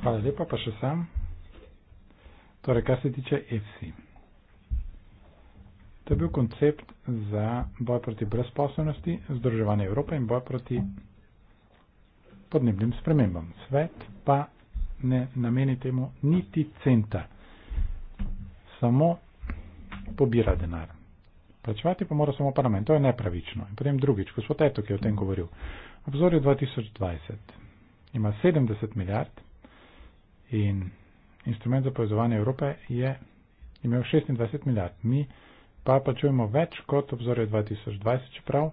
Hvala lepa, pa še sam. Torej, kar se tiče EFSI. To je bil koncept za boj proti brezposobnosti, združevanje Evrope in boj proti podnebnim spremembam. Svet pa ne nameni temu niti centa, samo pobira denar. Plačevati pa mora samo parlament, to je nepravično. In potem drugič, gospod Eto, ki je o tem govoril. Obzor je 2020, ima 70 milijard in instrument za povezovanje Evrope je imel 26 milijard. Mi pa pa čujemo več kot obzorje 2020, čeprav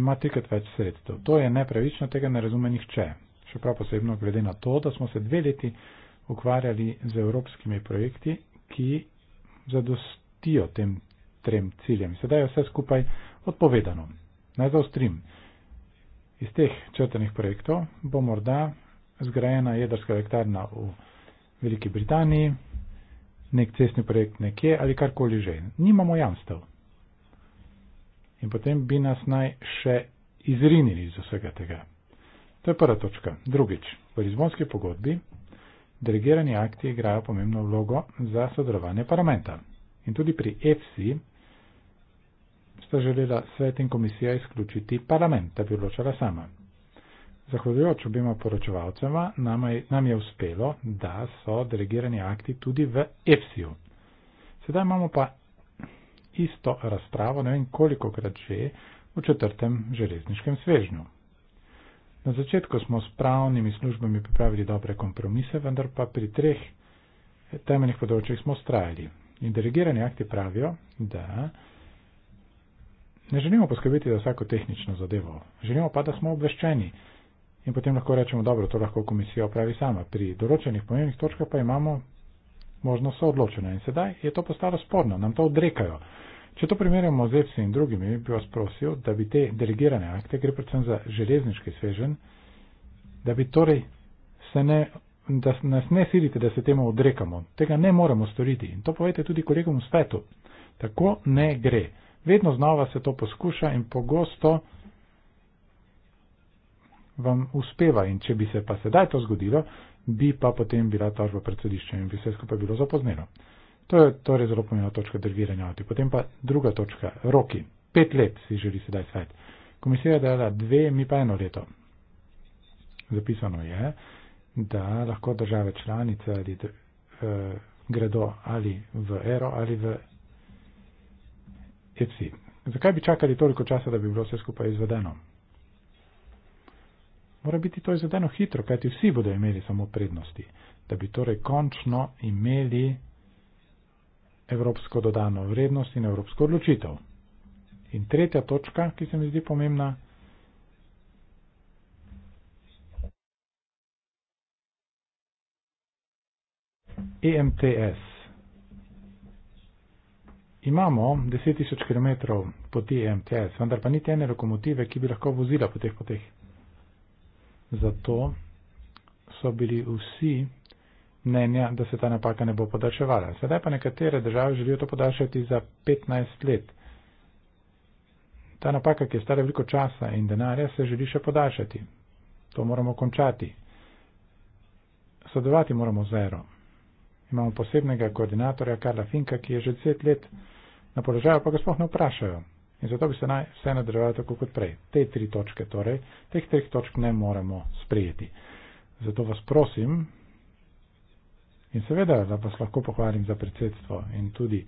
ima trikrat več sredstev. To je nepravično, tega ne razume nihče. Še prav posebno glede na to, da smo se dve leti ukvarjali z evropskimi projekti, ki zadostijo tem trem ciljem. Sedaj je vse skupaj odpovedano. Naj zaostrim. Iz teh črtenih projektov bo morda zgrajena jedrska elektrarna v Veliki Britaniji, nek cestni projekt nekje ali karkoli že. Nimamo jamstev. In potem bi nas naj še izrinili iz vsega tega. To je prva točka. Drugič, v Lizbonski pogodbi delegirani akti igrajo pomembno vlogo za sodelovanje parlamenta. In tudi pri EFSI sta želela svet in komisija izključiti parlament, da bi odločala sama. Zahvaljujoč obima poročevalcema, nam je, nam je uspelo, da so delegirani akti tudi v EPSI-u. Sedaj imamo pa isto razpravo, ne vem koliko krat že, v četrtem železniškem svežnju. Na začetku smo s pravnimi službami pripravili dobre kompromise, vendar pa pri treh temeljnih področjih smo ustrajali. In delegirani akti pravijo, da ne želimo poskrbeti za vsako tehnično zadevo, želimo pa, da smo obveščeni in potem lahko rečemo, dobro, to lahko komisija opravi sama. Pri določenih pomembnih točkah pa imamo možnost soodločenja in sedaj je to postalo sporno, nam to odrekajo. Če to primerjamo z EPS in drugimi, bi vas prosil, da bi te delegirane akte, gre predvsem za železniški svežen, da bi torej se ne, da nas ne silite, da se temu odrekamo. Tega ne moremo storiti in to povete tudi kolegom v svetu. Tako ne gre. Vedno znova se to poskuša in pogosto vam uspeva in če bi se pa sedaj to zgodilo, bi pa potem bila tožba pred sodiščem in bi vse skupaj bilo zapozneno. To je torej zelo pomembna točka delegiranja avtomobila. Potem pa druga točka, roki. Pet let si želi sedaj svet. Komisija je dala dve, mi pa eno leto. Zapisano je, da lahko države članice ali, eh, gredo ali v ERO ali v EPSI. Zakaj bi čakali toliko časa, da bi bilo vse skupaj izvedeno? mora biti to izvedeno hitro, kajti vsi bodo imeli samo prednosti, da bi torej končno imeli evropsko dodano vrednost in evropsko odločitev. In tretja točka, ki se mi zdi pomembna, EMTS. Imamo 10.000 km poti EMTS, vendar pa niti ene lokomotive, ki bi lahko vozila po teh poteh. Zato so bili vsi mnenja, da se ta napaka ne bo podaljševala. Sedaj pa nekatere države želijo to podaljšati za 15 let. Ta napaka, ki je stara veliko časa in denarja, se želi še podaljšati. To moramo končati. Sodelovati moramo z ERO. Imamo posebnega koordinatorja Karla Finka, ki je že 10 let na položaju, pa ga sploh ne vprašajo. In zato bi se naj vse nadržavalo tako kot prej. Te tri točke torej, teh treh točk ne moremo sprejeti. Zato vas prosim in seveda, da vas lahko pohvalim za predsedstvo in tudi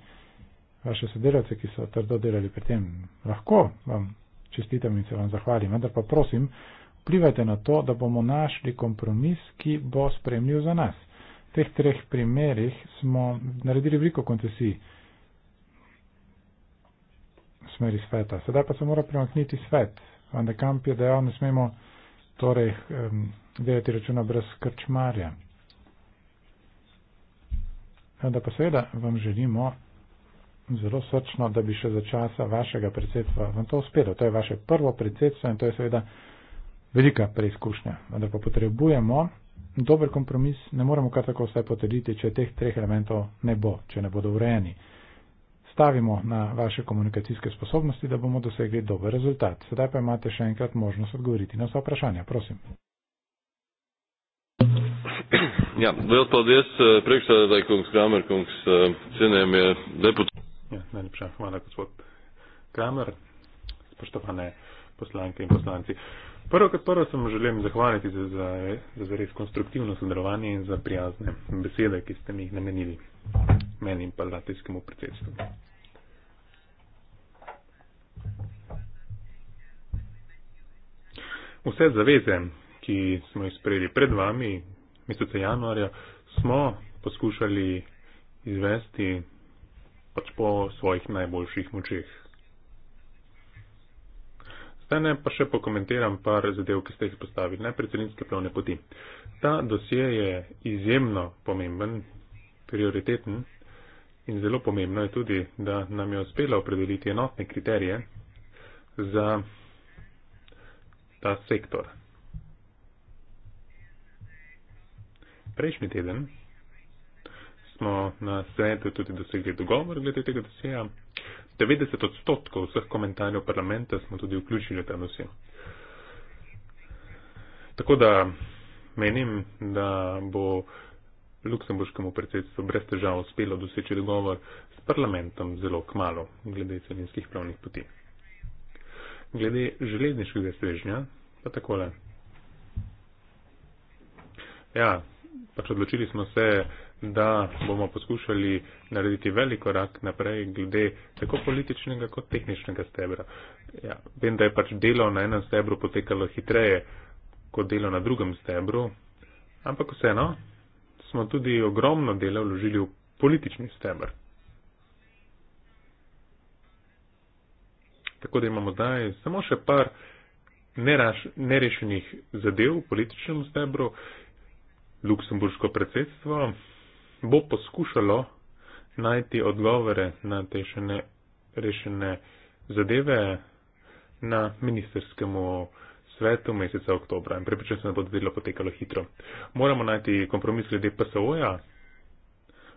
vaše sodelavce, ki so trdo delali pri tem, lahko vam čestitam in se vam zahvalim, vendar pa prosim, vplivajte na to, da bomo našli kompromis, ki bo spremljiv za nas. V teh treh primerih smo naredili veliko koncesij smeri sveta. Sedaj pa se mora premakniti svet. Van de Kamp je dejal, ne smemo torej um, delati računa brez krčmarja. Da pa seveda vam želimo zelo srčno, da bi še za časa vašega predsedstva vam to uspelo. To je vaše prvo predsedstvo in to je seveda velika preizkušnja. Da pa potrebujemo dober kompromis, ne moremo kar tako vse potrditi, če teh treh elementov ne bo, če ne bodo urejeni stavimo na vaše komunikacijske sposobnosti, da bomo dosegli dober rezultat. Sedaj pa imate še enkrat možnost odgovoriti na vsa vprašanja. Prosim. Ja, vel pa jaz prekšta, da je kongs Kramer, kongs cenem eh, je lepo. Ja, najlepša hvala, gospod Kramer, spoštovane poslanke in poslanci. Uh, Prvo kot prvo sem želim zahvaliti za, za, za, za res konstruktivno sodelovanje in za prijazne besede, ki ste mi jih namenili meni in pa latijskemu predsedstvu. Vse zaveze, ki smo jih sprejeli pred vami, mesece januarja, smo poskušali izvesti pač po svojih najboljših močeh. Vseeno pa še pokomentiram par zadev, ki ste jih postavili, najprej celinske plovne poti. Ta dosje je izjemno pomemben, prioriteten in zelo pomembno je tudi, da nam je uspelo opredeliti enotne kriterije za ta sektor. Prejšnji teden smo na svetu tudi dosegli dogovor glede tega dosjeja. 90 odstotkov vseh komentarjev parlamenta smo tudi vključili v ta dosje. Tako da menim, da bo luksemburškemu predsedstvu brez težav uspelo doseči dogovor s parlamentom zelo kmalo glede celinskih pravnih poti. Glede železniškega svežnja pa takole. Ja, pač odločili smo se, da bomo poskušali narediti velik korak naprej glede tako političnega kot tehničnega stebra. Ja, vem, da je pač delo na enem stebru potekalo hitreje kot delo na drugem stebru, ampak vseeno smo tudi ogromno dela vložili v politični stebr. Tako da imamo zdaj samo še par neraš, nerešenih zadev v političnem stebru. Luksemburško predsedstvo, bo poskušalo najti odgovore na te še ne rešene zadeve na ministerskemu svetu meseca oktobra. In prepričan sem, da bo delo potekalo hitro. Moramo najti kompromis glede PSO-ja,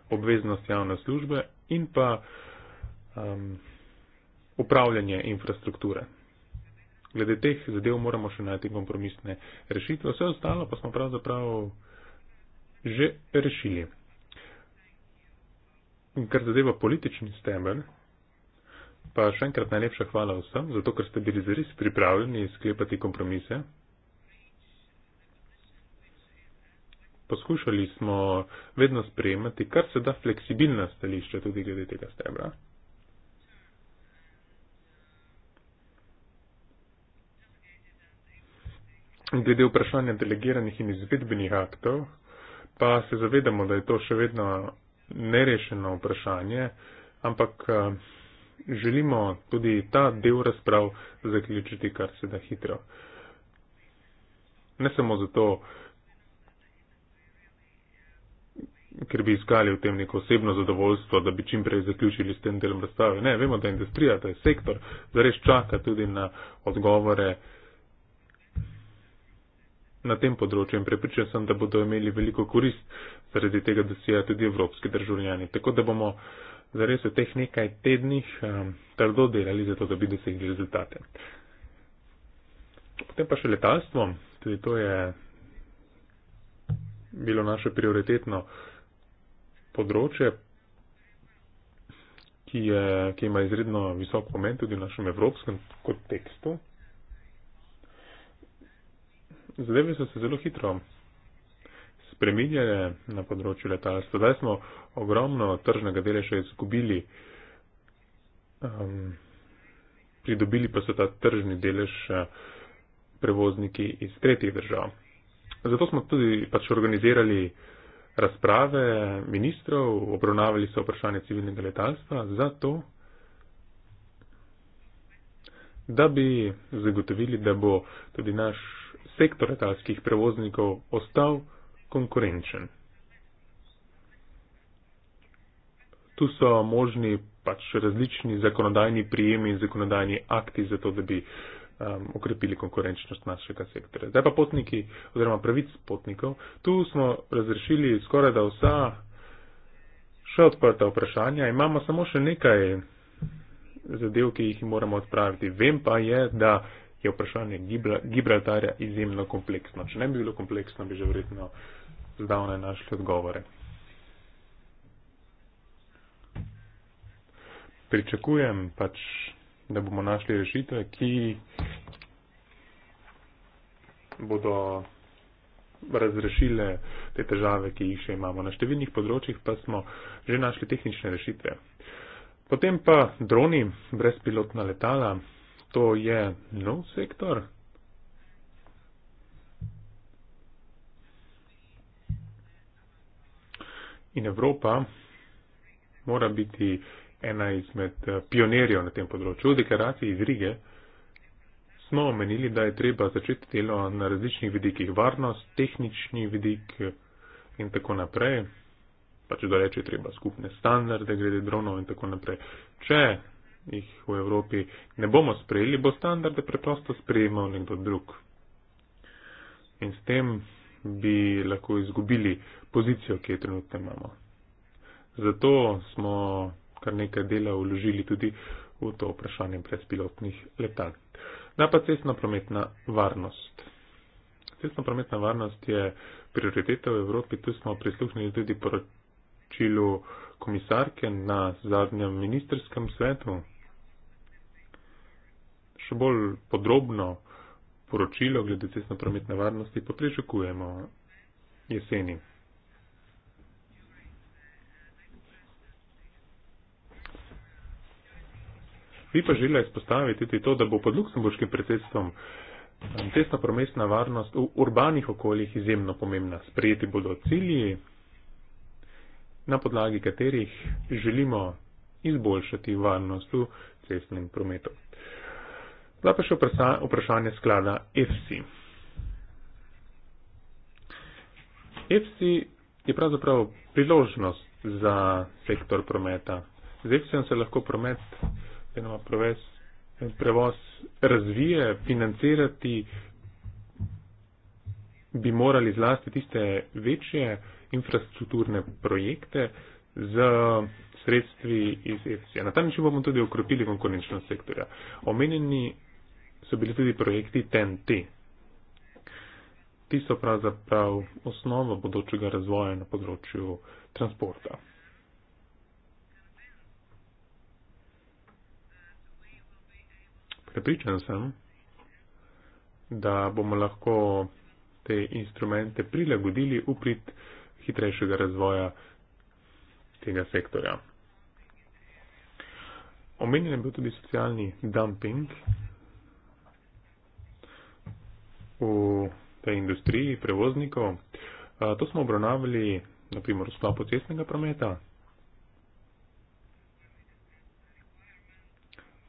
obveznost javne službe in pa um, upravljanje infrastrukture. Glede teh zadev moramo še najti kompromisne rešitve. Vse ostalo pa smo pravzaprav že rešili kar zadeva politični stemelj, pa še enkrat najlepša hvala vsem, zato ker ste bili zares pripravljeni sklepati kompromise. Poskušali smo vedno sprejemati kar se da fleksibilna stališča tudi glede tega stebra. Glede vprašanja delegiranih in izvedbenih aktov, pa se zavedamo, da je to še vedno nerešeno vprašanje, ampak eh, želimo tudi ta del razprav zaključiti kar se da hitro. Ne samo zato, ker bi iskali v tem neko osebno zadovoljstvo, da bi čim prej zaključili s tem delom razstave. Ne, vemo, da industrija, da je sektor, da res čaka tudi na odgovore uh, na tem področju in prepričan sem, da bodo imeli veliko korist zaradi tega, da si jo tudi evropski državljani. Tako da bomo zares v teh nekaj tednih um, trdo delali, zato da bi dosegli rezultate. Potem pa še letalstvo, tudi to je bilo naše prioritetno področje, ki, je, ki ima izredno visok pomen tudi v našem evropskem kontekstu zadeve so se zelo hitro spreminjale na področju letalstva. Zdaj smo ogromno tržnega dele še izgubili. Um, pridobili pa so ta tržni delež eh, prevozniki iz tretjih držav. Zato smo tudi pač organizirali razprave ministrov, obravnavali so vprašanje civilnega letalstva, zato, da bi zagotovili, da bo tudi naš sektor letalskih prevoznikov ostal konkurenčen. Tu so možni pač različni zakonodajni prijemi in zakonodajni akti za to, da bi um, okrepili konkurenčnost našega sektora. Zdaj pa potniki oziroma pravic potnikov. Tu smo razrešili skoraj da vsa še odprta vprašanja. Imamo samo še nekaj zadev, ki jih moramo odpraviti. Vem pa je, da je vprašanje Gibraltarja izjemno kompleksno. Če ne bi bilo kompleksno, bi že verjetno zdavne našli odgovore. Pričakujem pač, da bomo našli rešitve, ki bodo razrešile te težave, ki jih še imamo. Na številnih področjih pa smo že našli tehnične rešitve. Potem pa droni, brezpilotna letala, to je nov sektor. In Evropa mora biti ena izmed eh, pionirjev na tem področju. V deklaraciji iz Rige smo omenili, da je treba začeti delo na različnih vidikih. Varnost, tehnični vidik eh, in tako naprej. Pa če doreče, treba skupne standarde glede dronov in tako naprej. Če jih v Evropi ne bomo sprejeli, bo standarde preprosto sprejemal nekdo drug. In s tem bi lahko izgubili pozicijo, ki jo trenutno imamo. Zato smo kar nekaj dela uložili tudi v to vprašanje brezpilotnih letal. Na pa cestno-prometna varnost. Cestno-prometna varnost je prioriteta v Evropi. Tu smo prisluhnili tudi poročilu komisarke na zadnjem ministerskem svetu, še bolj podrobno poročilo glede cestno-prometne varnosti pa pričakujemo jeseni. Bi pa želela izpostaviti tudi to, da bo pod luksemburškim predsedstvom eh, cestno-prometna varnost v urbanih okoljih izjemno pomembna. Sprejeti bodo cilji, na podlagi katerih želimo izboljšati varnost v cestnem prometu. Zdaj pa še vprašanje sklada FC. FC je pravzaprav priložnost za sektor prometa. Z FC-om se lahko promet, enoma prevez, prevoz razvije, financirati bi morali zlasti tiste večje infrastrukturne projekte z sredstvi iz FC-a. Na ta način bomo tudi okropili konkurenčnost sektorja. Omenjeni so bili tudi projekti TNT. Ti so pravzaprav osnova bodočega razvoja na področju transporta. Prepričan sem, da bomo lahko te instrumente prilagodili v prid hitrejšega razvoja tega sektorja. Omenjen je bil tudi socialni dumping, v tej industriji prevoznikov. To smo obravnavali naprimer v sklopu cestnega prometa.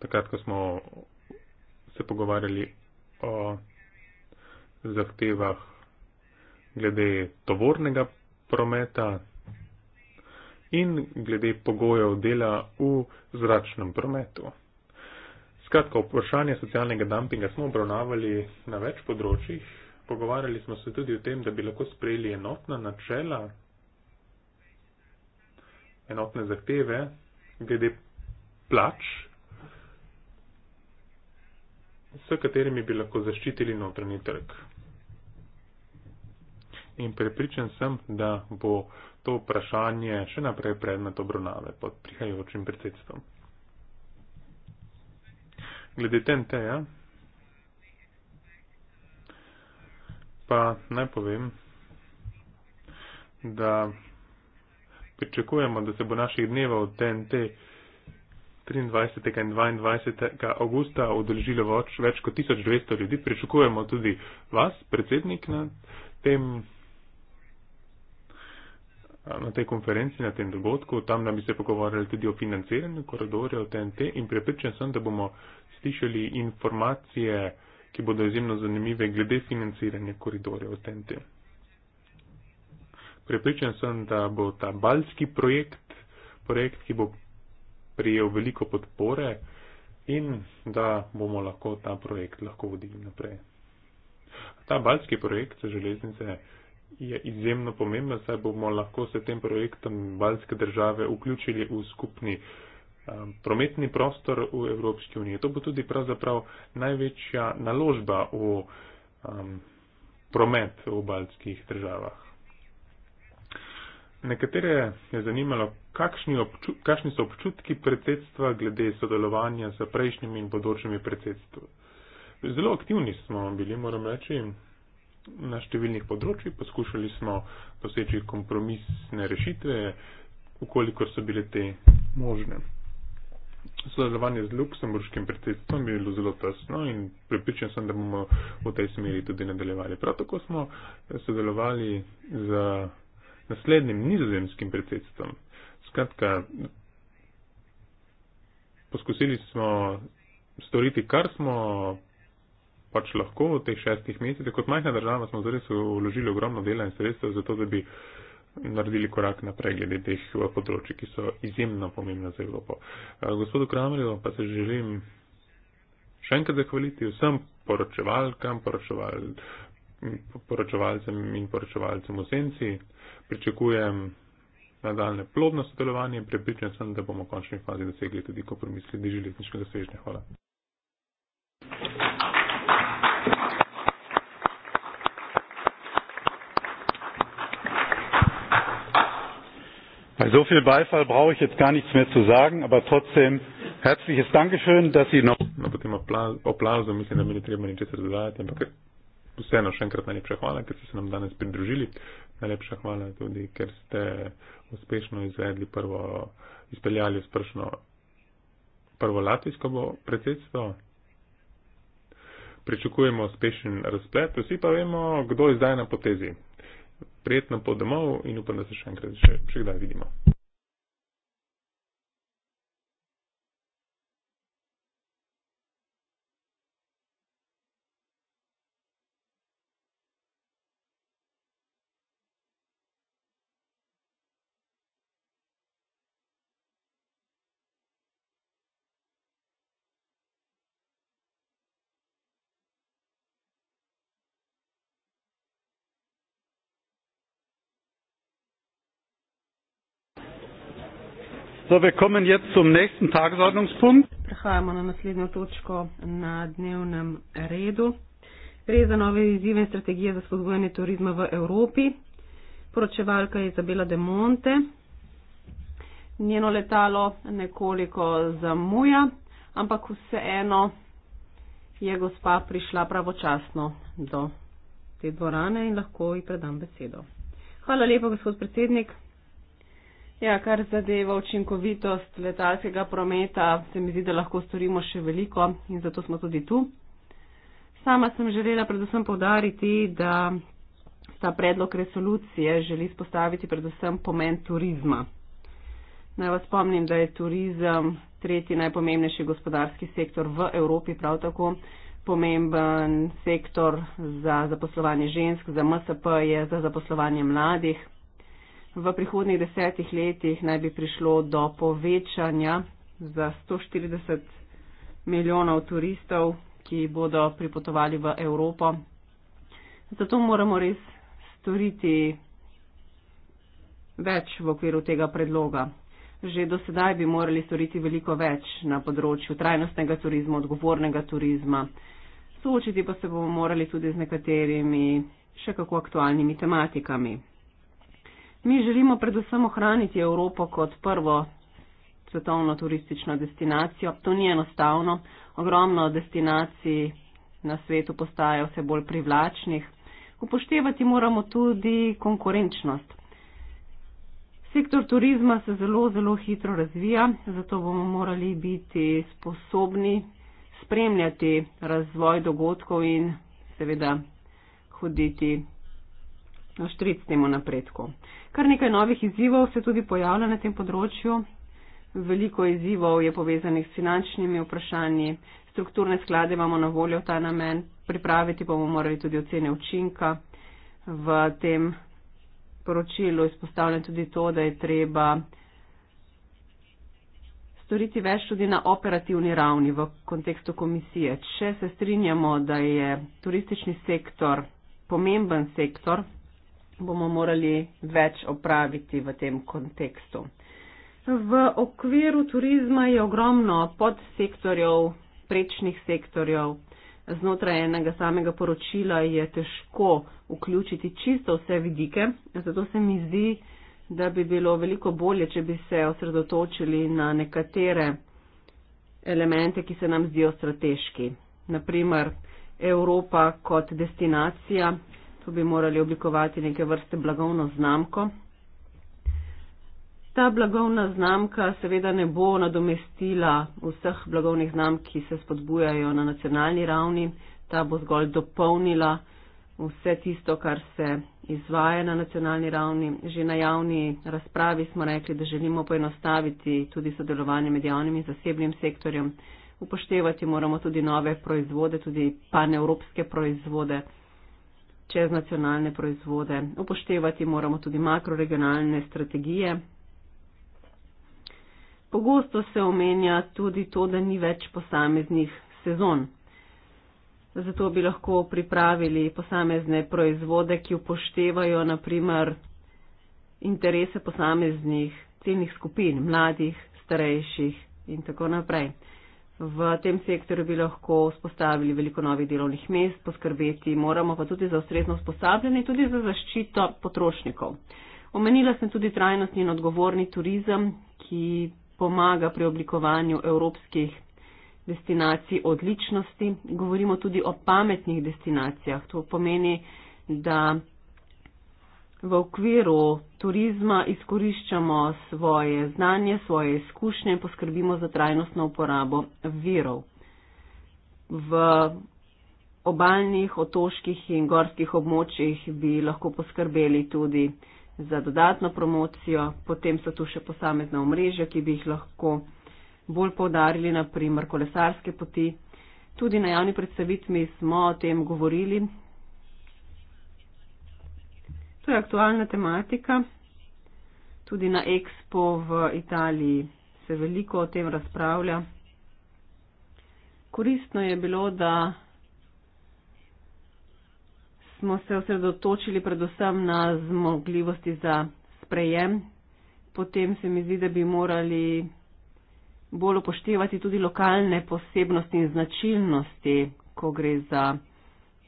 Takrat, ko smo se pogovarjali o zahtevah glede tovornega prometa in glede pogojev dela v zračnem prometu. Skratka, vprašanje socialnega dumpinga smo obravnavali na več področjih. Pogovarjali smo se tudi o tem, da bi lahko sprejeli enotna načela, enotne zahteve glede plač, s katerimi bi lahko zaščitili notranji trg. In prepričan sem, da bo to vprašanje še naprej predmet obravnave pod prihajajočim predsedstvom glede TNT-ja. Pa naj povem, da pričakujemo, da se bo naših dneva od TNT 23. in 22. augusta odeležilo več, več kot 1200 ljudi. Pričakujemo tudi vas, predsednik, na, tem, na tej konferenci, na tem dogodku. Tam nam bi se pogovarjali tudi o financiranju koridorja od TNT in prepričan sem, da bomo slišali informacije, ki bodo izjemno zanimive glede financiranja koridorjev TNT. Prepričan sem, da bo ta balski projekt, projekt, ki bo prijel veliko podpore in da bomo lahko ta projekt lahko vodili naprej. Ta balski projekt za železnice je izjemno pomembno, saj bomo lahko se tem projektom balske države vključili v skupni uh, Um, prometni prostor v Evropski uniji. To bo tudi pravzaprav največja naložba v um, promet v baltskih državah. Nekatere je zanimalo, kakšni, obču, kakšni so občutki predsedstva glede sodelovanja z prejšnjimi in bodočimi predsedstvi. Zelo aktivni smo bili, moram reči, na številnih področjih. Poskušali smo doseči kompromisne rešitve, ukoliko so bile te možne naše sodelovanje z luksemburškim predsedstvom je bilo zelo tesno in pripričan sem, da bomo v tej smeri tudi nadaljevali. Prav tako smo sodelovali z naslednjim nizozemskim predsedstvom. Skratka, poskusili smo storiti, kar smo pač lahko v teh šestih mesecih. Kot majhna država smo zares vložili ogromno dela in sredstva za to, da bi naredili korak naprej glede teh eh, področji, ki so izjemno pomembna za Evropo. Eh, gospodu Kramerju pa se želim še enkrat zahvaliti vsem poročevalkam, poročeval, poročevalcem in poročevalcem v senci. Pričakujem nadaljne plodno sodelovanje in prepričan sem, da bomo v končni fazi dosegli tudi kompromis glede železniškega svežnja. Hvala. Bei so viel Beifall brauche ich jetzt gar nichts mehr zu sagen, aber trotzdem herzliches Dankeschön, dass Sie noch. No, potem aplauzu, mislim, da mi ne treba nič se dodajati, ampak vseeno še enkrat najlepša hvala, ker ste se nam danes pridružili. Najlepša hvala tudi, ker ste uspešno izvedli prvo, izpeljali spršno prvo latvijsko predsedstvo. Pričakujemo uspešen razplet, vsi pa vemo, kdo je zdaj na potezi prijetno pot domov in upam, da se še enkrat, še, še kdaj vidimo. So, wir kommen jetzt zum nächsten Tagesordnungspunkt. Prehajamo na naslednjo točko na dnevnem redu. Gre za nove izzive in strategije za spodbujanje turizma v Evropi. Poročevalka je Izabela de Monte. Njeno letalo nekoliko zamuja, ampak vseeno je gospa prišla pravočasno do te dvorane in lahko ji predam besedo. Hvala lepa, gospod predsednik. Ja, kar zadeva učinkovitost letalskega prometa, se mi zdi, da lahko storimo še veliko in zato smo tudi tu. Sama sem želela predvsem povdariti, da ta predlog resolucije želi spostaviti predvsem pomen turizma. Naj vas spomnim, da je turizem tretji najpomembnejši gospodarski sektor v Evropi, prav tako pomemben sektor za zaposlovanje žensk, za MSP je za zaposlovanje mladih. V prihodnih desetih letih naj bi prišlo do povečanja za 140 milijonov turistov, ki bodo pripotovali v Evropo. Zato moramo res storiti več v okviru tega predloga. Že do sedaj bi morali storiti veliko več na področju trajnostnega turizma, odgovornega turizma. Soočiti pa se bomo morali tudi z nekaterimi še kako aktualnimi tematikami. Mi želimo predvsem ohraniti Evropo kot prvo svetovno turistično destinacijo. To ni enostavno. Ogromno destinacij na svetu postaje vse bolj privlačnih. Upoštevati moramo tudi konkurenčnost. Sektor turizma se zelo, zelo hitro razvija, zato bomo morali biti sposobni spremljati razvoj dogodkov in seveda hoditi na štric temu napredku. Kar nekaj novih izzivov se tudi pojavlja na tem področju. Veliko izzivov je povezanih s finančnimi vprašanji. Strukturne sklade imamo na voljo v ta namen. Pripraviti bomo morali tudi ocene učinka. V tem poročilu izpostavljam tudi to, da je treba storiti več tudi na operativni ravni v kontekstu komisije. Če se strinjamo, da je turistični sektor pomemben sektor, bomo morali več opraviti v tem kontekstu. V okviru turizma je ogromno podsektorjev, prečnih sektorjev. Znotraj enega samega poročila je težko vključiti čisto vse vidike, zato se mi zdi, da bi bilo veliko bolje, če bi se osredotočili na nekatere elemente, ki se nam zdijo strateški. Naprimer, Evropa kot destinacija, bistvu bi morali oblikovati neke vrste blagovno znamko. Ta blagovna znamka seveda ne bo nadomestila vseh blagovnih znamk, ki se spodbujajo na nacionalni ravni. Ta bo zgolj dopolnila vse tisto, kar se izvaja na nacionalni ravni. Že na javni razpravi smo rekli, da želimo poenostaviti tudi sodelovanje med javnim in zasebnim sektorjem. Upoštevati moramo tudi nove proizvode, tudi paneuropske proizvode čez nacionalne proizvode. Upoštevati moramo tudi makroregionalne strategije. Pogosto se omenja tudi to, da ni več posameznih sezon. Zato bi lahko pripravili posamezne proizvode, ki upoštevajo naprimer interese posameznih ciljnih skupin, mladih, starejših in tako naprej. V tem sektorju bi lahko vzpostavili veliko novih delovnih mest, poskrbeti moramo pa tudi za ustrezno usposabljanje, tudi za zaščito potrošnikov. Omenila sem tudi trajnostni in odgovorni turizem, ki pomaga pri oblikovanju evropskih destinacij odličnosti. Govorimo tudi o pametnih destinacijah. To pomeni, da v okviru turizma izkoriščamo svoje znanje, svoje izkušnje in poskrbimo za trajnostno uporabo virov. V obaljnih, otoških in gorskih območjih bi lahko poskrbeli tudi za dodatno promocijo, potem so tu še posamezna omrežja, ki bi jih lahko bolj povdarili, naprimer kolesarske poti. Tudi na javni predstavitvi smo o tem govorili, To je aktualna tematika. Tudi na Expo v Italiji se veliko o tem razpravlja. Koristno je bilo, da smo se osredotočili predvsem na zmogljivosti za sprejem. Potem se mi zdi, da bi morali bolj upoštevati tudi lokalne posebnosti in značilnosti, ko gre za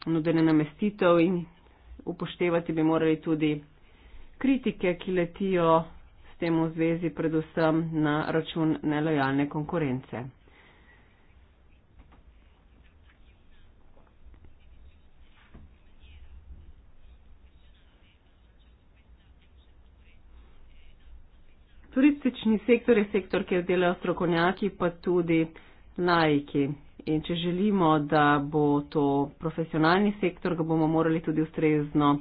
nudene namestitev in upoštevati bi morali tudi kritike, ki letijo s tem v zvezi predvsem na račun nelojalne konkurence. Turistični sektor je sektor, kjer delajo strokovnjaki, pa tudi laiki in če želimo, da bo to profesionalni sektor, ga bomo morali tudi ustrezno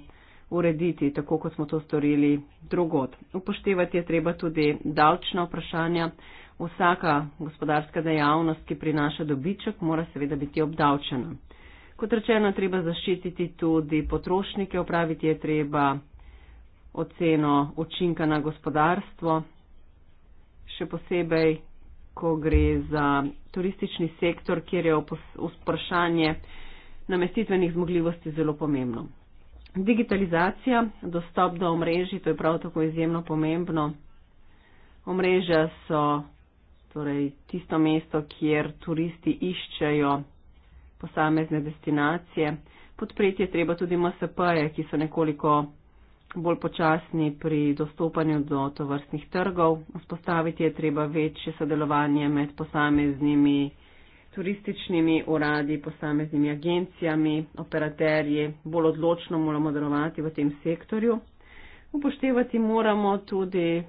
urediti, tako kot smo to storili drugod. Upoštevati je treba tudi davčna vprašanja. Vsaka gospodarska dejavnost, ki prinaša dobiček, mora seveda biti obdavčena. Kot rečeno, treba zaščititi tudi potrošnike, opraviti je treba oceno učinka na gospodarstvo, še posebej ko gre za turistični sektor, kjer je vprašanje namestitvenih zmogljivosti zelo pomembno. Digitalizacija, dostop do omrežji, to je prav tako izjemno pomembno. Omrežja so torej, tisto mesto, kjer turisti iščejo posamezne destinacije. Podpreti je treba tudi MSP-je, ki so nekoliko bolj počasni pri dostopanju do tovrstnih trgov. Vzpostaviti je treba večje sodelovanje med posameznimi turističnimi uradi, posameznimi agencijami, operaterji. Bolj odločno moramo delovati v tem sektorju. Upoštevati moramo tudi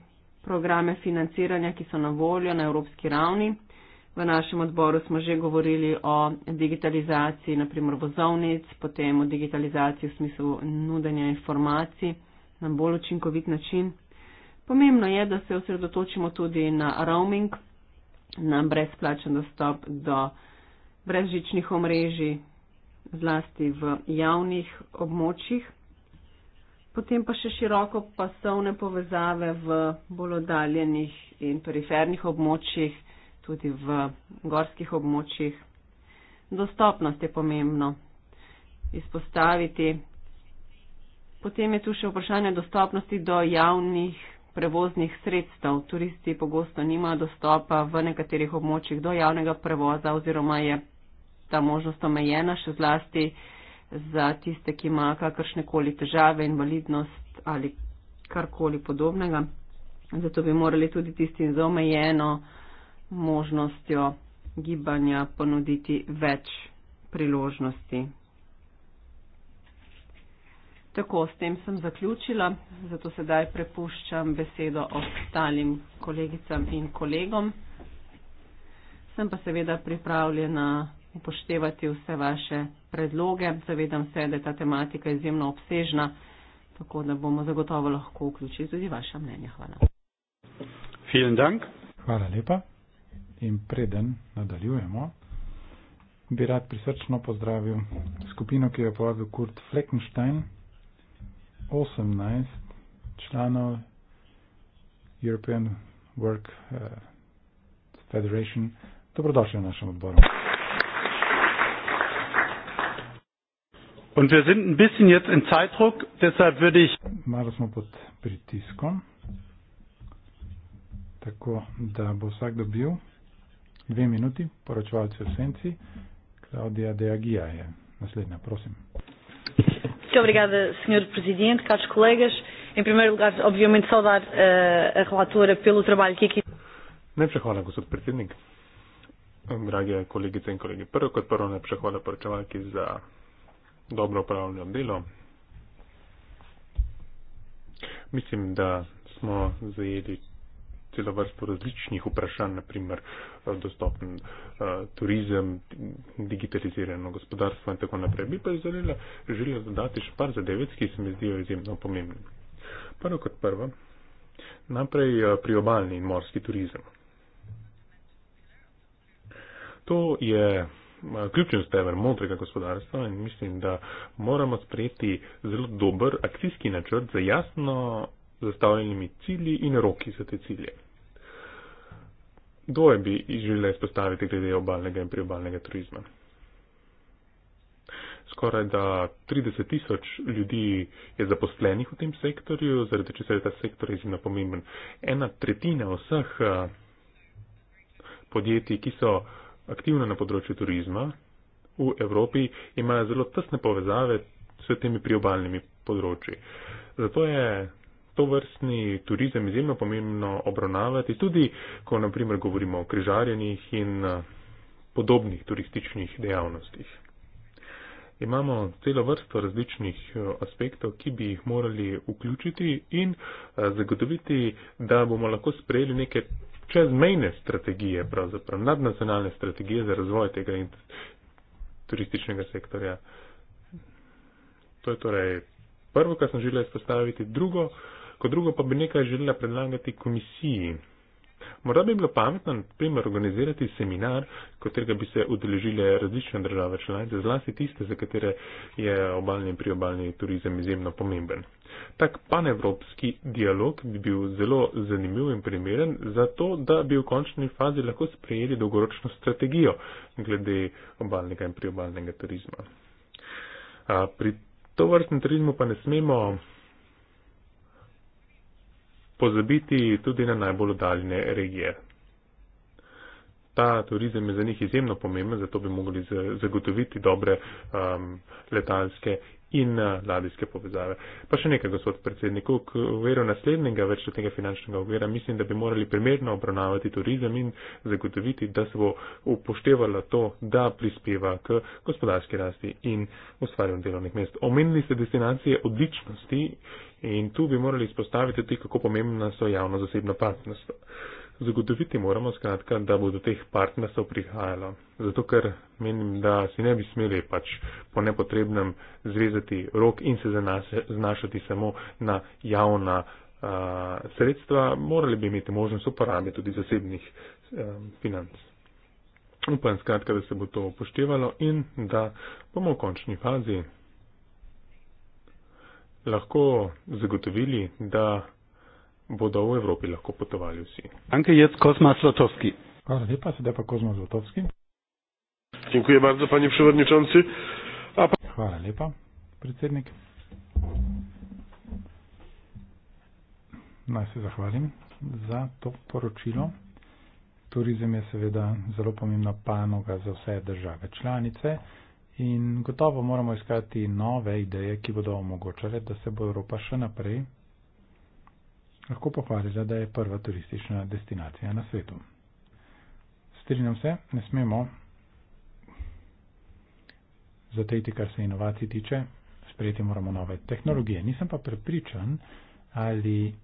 programe financiranja, ki so na voljo na evropski ravni. V našem odboru smo že govorili o digitalizaciji, naprimer vozovnic, potem o digitalizaciji v smislu nudenja informacij na bolj učinkovit način. Pomembno je, da se osredotočimo tudi na roaming, na brezplačen dostop do brezžičnih omrežij, zlasti v javnih območjih. Potem pa še široko pasovne povezave v bolj oddaljenih in perifernih območjih, tudi v gorskih območjih. Dostopnost je pomembno izpostaviti, Potem je tu še vprašanje dostopnosti do javnih prevoznih sredstev. Turisti pogosto nimajo dostopa v nekaterih območjih do javnega prevoza oziroma je ta možnost omejena še zlasti za tiste, ki ima kakršnekoli težave, invalidnost ali karkoli podobnega. Zato bi morali tudi tistim z omejeno možnostjo gibanja ponuditi več priložnosti Tako, s tem sem zaključila, zato sedaj prepuščam besedo ostalim kolegicam in kolegom. Sem pa seveda pripravljena upoštevati vse vaše predloge. Zavedam se, da je ta tematika izjemno obsežna, tako da bomo zagotovo lahko vključili tudi vaše mnenje. Hvala. Hvala lepa. In preden nadaljujemo, bi rad prisrčno pozdravil skupino, ki jo je povedal Kurt Fleckenstein. 18 članov European Work uh, Federation. Dobrodošli v našem odboru. Und wir sind ein bisschen jetzt in Zeitdruck, deshalb würde ich. Malo smo pod pritiskom, tako da bo vsak dobil dve minuti, poročevalci v senci, Klaudija Deagija je naslednja, prosim. Muito obrigada, Sr. Presidente, caros colegas. Em primeiro lugar, obviamente, saudar a, eh, a relatora pelo trabalho que aqui. Najprej hvala, gospod predsednik. Drage kolegice in kolegi, prvo kot prvo najprej hvala poročevalki za dobro upravljeno delo. Mislim, da smo zajeli celo vrsto različnih vprašanj, naprimer eh, dostopen uh, turizem, digitalizirano gospodarstvo in tako naprej. Bi pa želela, želela dodati še par zadevic, ki se mi zdijo izjemno pomembne. Prvo kot prvo, najprej uh, priobalni in morski turizem. To je ključen stever modrega gospodarstva in mislim, da moramo sprejeti zelo dober akcijski načrt za jasno zastavljenimi cilji in roki za te cilje dvoje bi želela izpostaviti glede obalnega in priobalnega turizma. Skoraj da 30 tisoč ljudi je zaposlenih v tem sektorju, zaradi česar je ta sektor izjemno pomemben. Ena tretjina vseh eh, podjetij, ki so aktivna na področju turizma v Evropi, imajo zelo tesne povezave s temi priobalnimi področji. Zato je to vrstni turizem izjemno pomembno obravnavati, tudi ko naprimer govorimo o križarjenih in eh, podobnih turističnih dejavnostih. Imamo celo vrsto različnih eh, aspektov, ki bi jih morali vključiti in eh, zagotoviti, da bomo lahko sprejeli neke čezmejne strategije, pravzaprav nadnacionalne strategije za razvoj tega in turističnega sektorja. To je torej prvo, kar sem želel izpostaviti. Drugo, uh, kot drugo pa bi nekaj želela predlagati komisiji. Morda bi bilo pametno, na primer, organizirati seminar, katerega bi se udeležile različne države članice, zlasti tiste, za katere je obaljni in priobaljni turizem izjemno pomemben. Tak panevropski dialog bi bil zelo zanimiv in primeren za to, da bi v končni fazi lahko sprejeli dolgoročno strategijo glede obaljnega in priobaljnega turizma. A pri tovrstnem turizmu pa ne smemo pozabiti tudi na najbolj oddaljene regije. Ta turizem je za njih izjemno pomemben, zato bi mogli zagotoviti dobre um, letalske in eh, ladijske povezave. Pa še nekaj, gospod predsednik, v veru naslednjega večletnega finančnega ogvira mislim, da bi morali primerno obravnavati turizem in zagotoviti, da se bo upoštevalo to, da prispeva k gospodarski rasti in ustvarjanju delovnih mest. Omenili ste destinacije odličnosti in tu bi morali izpostaviti tudi, kako pomembna so javno-zasebna partnerstva zagotoviti moramo skratka, da bo do teh partnerstv prihajalo. Zato ker menim, da si ne bi smeli pač po nepotrebnem zvezati rok in se zanašati samo na javna uh, sredstva, morali bi imeti možnost uporabe tudi zasebnih um, financ. Upam skratka, da se bo to upoštevalo in da bomo v končni fazi lahko zagotovili, da bodo v Evropi lahko potovali vsi. Anke jaz, Kozma Zlotovski. Hvala lepa, sedaj pa Kozma Zlotovski. Dziękuję bardzo, panie przewodniczący. A pa... Hvala lepa, predsednik. Naj se zahvalim za to poročilo. Turizem je seveda zelo pomembna panoga za vse države članice in gotovo moramo iskati nove ideje, ki bodo omogočale, da se bo Evropa še naprej lahko pohvalila, da je prva turistična destinacija na svetu. Strinjam se, ne smemo zatejti, kar se inovacij tiče, sprejeti moramo nove tehnologije. Nisem pa prepričan, ali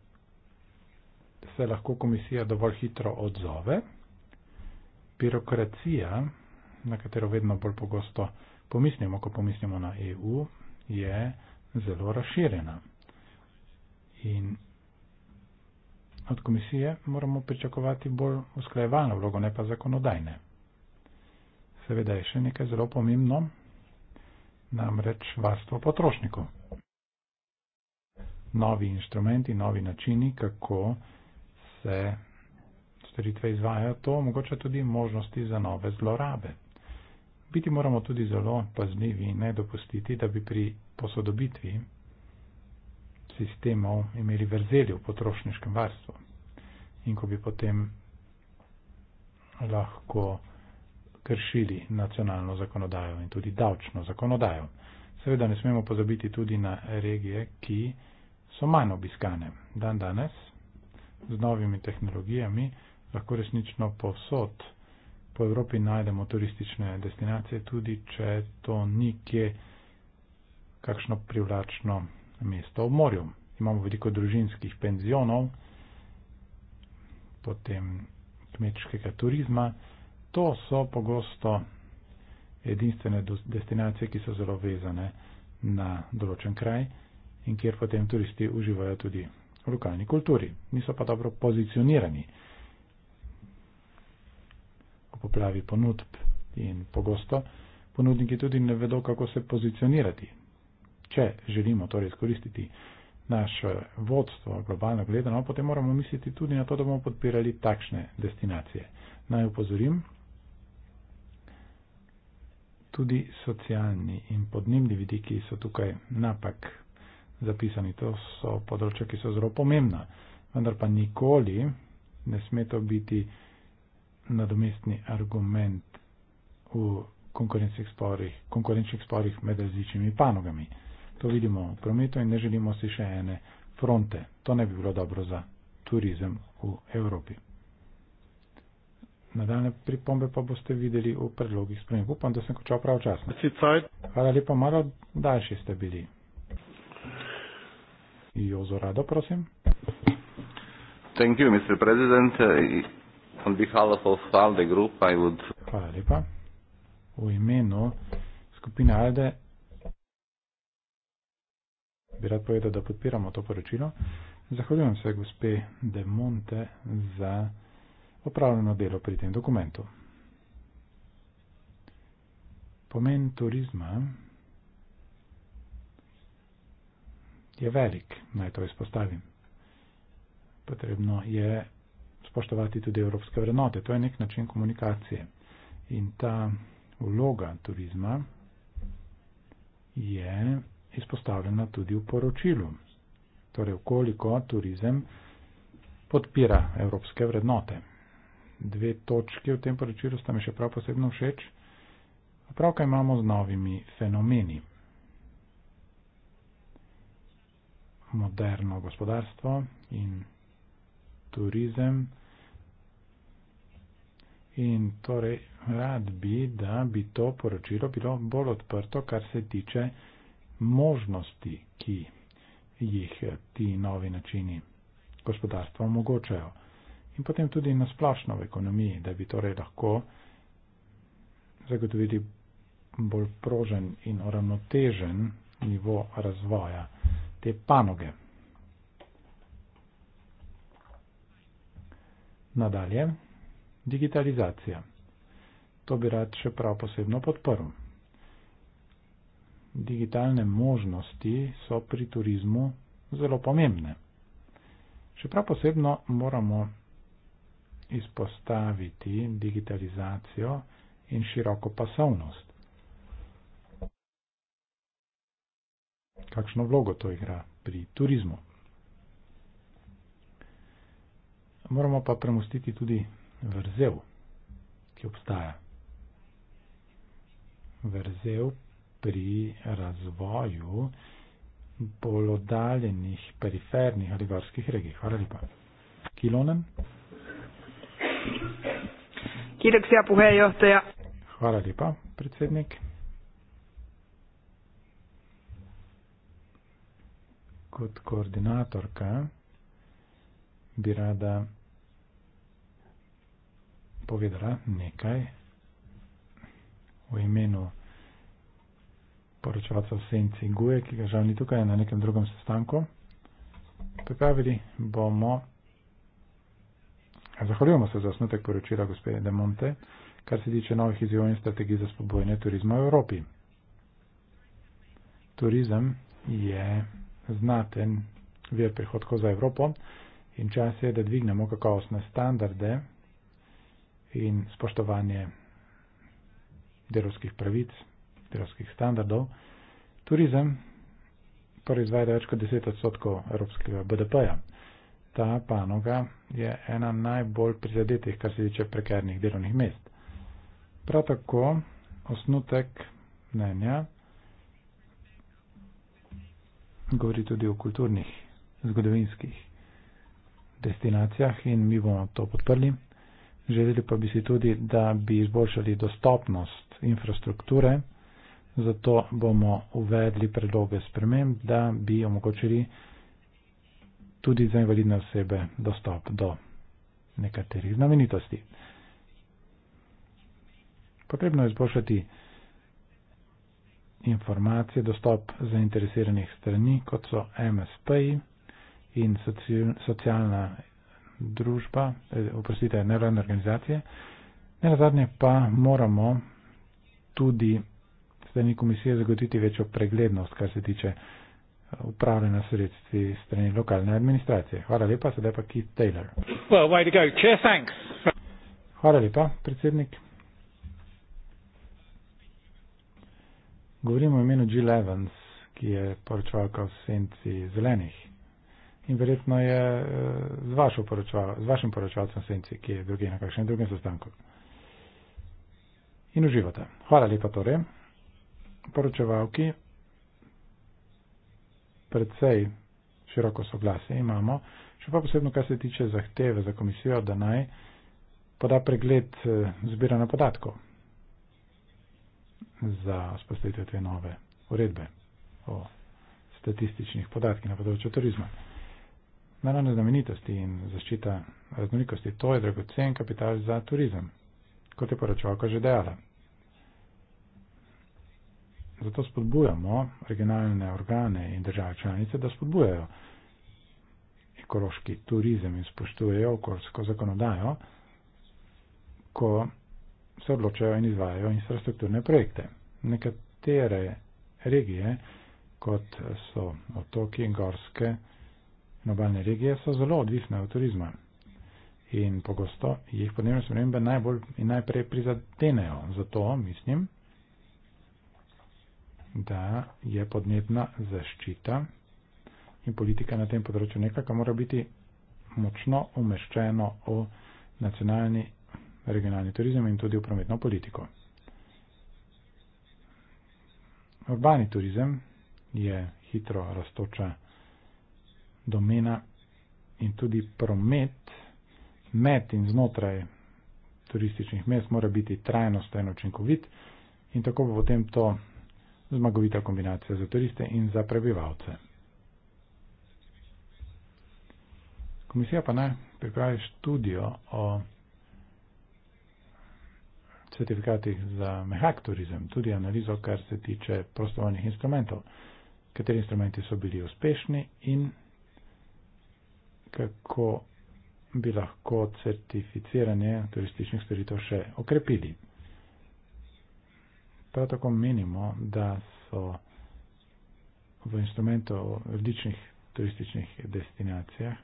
se lahko komisija dovolj hitro odzove. Birokracija, na katero vedno bolj pogosto pomislimo, ko pomislimo na EU, je zelo razširjena. In od komisije moramo pričakovati bolj usklajevalno vlogo, ne pa zakonodajne. Seveda je še nekaj zelo pomembno, namreč varstvo potrošnikov. Novi inštrumenti, novi načini, kako se storitve izvajajo, to omogoča tudi možnosti za nove zlorabe. Biti moramo tudi zelo pazljivi in ne dopustiti, da bi pri posodobitvi sistemov imeli vrzeli v potrošniškem varstvu in ko bi potem lahko kršili nacionalno zakonodajo in tudi davčno zakonodajo. Seveda ne smemo pozabiti tudi na regije, ki so manj obiskane. Dan danes z novimi tehnologijami lahko resnično povsod po Evropi najdemo turistične destinacije, tudi če to ni kje kakšno privlačno mesto ob morju. Imamo veliko družinskih penzionov, potem kmečkega turizma. To so pogosto edinstvene destinacije, ki so zelo vezane na določen kraj in kjer potem turisti uživajo tudi v lokalni kulturi. Niso pa dobro pozicionirani. Ko poplavi ponudb in pogosto ponudniki tudi ne vedo, kako se pozicionirati če želimo torej izkoristiti naše vodstvo globalno gledano, potem moramo misliti tudi na to, da bomo podpirali takšne destinacije. Naj upozorim, tudi socialni in podnebni vidiki so tukaj napak zapisani. To so področja, ki so zelo pomembna, vendar pa nikoli ne sme to biti nadomestni argument v konkurenčnih sporih, sporih med različnimi panogami to vidimo v prometu in ne želimo si še ene fronte. To ne bi bilo dobro za turizem v Evropi. Nadaljne pripombe pa boste videli v predlogih sprememb. Upam, da sem končal prav čas. Hvala lepa, malo daljši ste bili. Jozo Rado, prosim. Thank you, Mr. President. On behalf of ALDE group, I would... Hvala lepa. V imenu skupine ALDE bi rad povedal, da podpiramo to poročilo. Zahvaljujem se gospe De Monte za opravljeno delo pri tem dokumentu. Pomen turizma je velik, naj to izpostavim. Potrebno je spoštovati tudi evropske vrednote. To je nek način komunikacije. In ta vloga turizma je izpostavljena tudi v poročilu. Torej, koliko turizem podpira evropske vrednote. Dve točke v tem poročilu sta mi še prav posebno všeč. Pravka imamo z novimi fenomeni. Moderno gospodarstvo in turizem. In torej, rad bi, da bi to poročilo bilo bolj odprto, kar se tiče možnosti, ki jih ti novi načini gospodarstva omogočajo. In potem tudi nasplošno v ekonomiji, da bi torej lahko zagotovili bolj prožen in uravnotežen nivo razvoja te panoge. Nadalje, digitalizacija. To bi rad še prav posebno podprl digitalne možnosti so pri turizmu zelo pomembne. Še prav posebno moramo izpostaviti digitalizacijo in široko pasovnost. Kakšno vlogo to igra pri turizmu? Moramo pa premustiti tudi vrzel, ki obstaja. Vrzel pri razvoju bolj oddaljenih perifernih ali gorskih regij. Hvala lepa. Kilonen. Kiteksija puhejo, to ja. Hvala lepa, predsednik. Kot koordinatorka bi rada povedala nekaj v imenu poročevalca Senci Guje, ki ga žal ni tukaj na nekem drugem sestanku. Pripravili bomo. Zahvaljujemo se za osnutek poročila gospe De Monte, kar se tiče novih izjivov in strategij za spobojanje turizma v Evropi. Turizem je znaten vir prihodkov za Evropo in čas je, da dvignemo kakovostne standarde in spoštovanje delovskih pravic hitrovskih standardov, turizem proizvaja torej več kot 10 odstotkov evropskega BDP-ja. Ta panoga je ena najbolj prizadetih, kar se tiče prekernih delovnih mest. Prav tako osnutek mnenja govori tudi o kulturnih, zgodovinskih destinacijah in mi bomo to podprli. Želeli pa bi si tudi, da bi izboljšali dostopnost infrastrukture, Zato bomo uvedli predloge sprememb, da bi omogočili tudi za invalidne osebe dostop do nekaterih znamenitosti. Potrebno je izboljšati informacije, dostop zainteresiranih strani, kot so MSP in socialna družba, eh, oprostite, nevladne organizacije. Ne nazadnje pa moramo tudi strani komisije zagotoviti večjo preglednost, kar se tiče eh, upravljena sredstvi strani lokalne administracije. Hvala lepa, sedaj pa Keith Taylor. Well, way to go. Chair, thanks. Hvala lepa, predsednik. Govorimo o imenu Jill Evans, ki je poročevalka v senci zelenih. In verjetno je eh, z, z vašim poročevalcem senci, ki je drugi na kakšnem drugem sestanku. In uživate. Hvala lepa torej poročevalki predvsej široko soglasje imamo, še pa posebno, kar se tiče zahteve za komisijo, da naj poda pregled eh, zbiranja podatkov za spostavitev te nove uredbe o statističnih podatkih na področju turizma. Naravne znamenitosti in zaščita raznolikosti, to je dragocen kapital za turizem, kot je poročevalka že dejala. Zato spodbujamo regionalne organe in države članice, da spodbujajo ekološki turizem in spoštujejo okoljsko zakonodajo, ko se odločajo in izvajajo infrastrukturne projekte. Nekatere regije, kot so otoki in gorske in obaljne regije, so zelo odvisne od turizma in pogosto jih podnebne spremembe najbolj in najprej prizadenejo. Zato mislim, da je podnebna zaščita in politika na tem področju nekaj, kar mora biti močno umeščeno v nacionalni regionalni turizem in tudi v prometno politiko. Urbani turizem je hitro raztoča domena in tudi promet med in znotraj turističnih mest mora biti trajnostno in učinkovit in tako bo potem to zmagovita kombinacija za turiste in za prebivalce. Komisija pa naj pripravi študijo o certifikatih za mehak turizem, tudi analizo, kar se tiče prostovoljnih instrumentov, kateri instrumenti so bili uspešni in kako bi lahko certificiranje turističnih storitev še okrepili. Prav tako menimo, da so v instrumentu v različnih turističnih destinacijah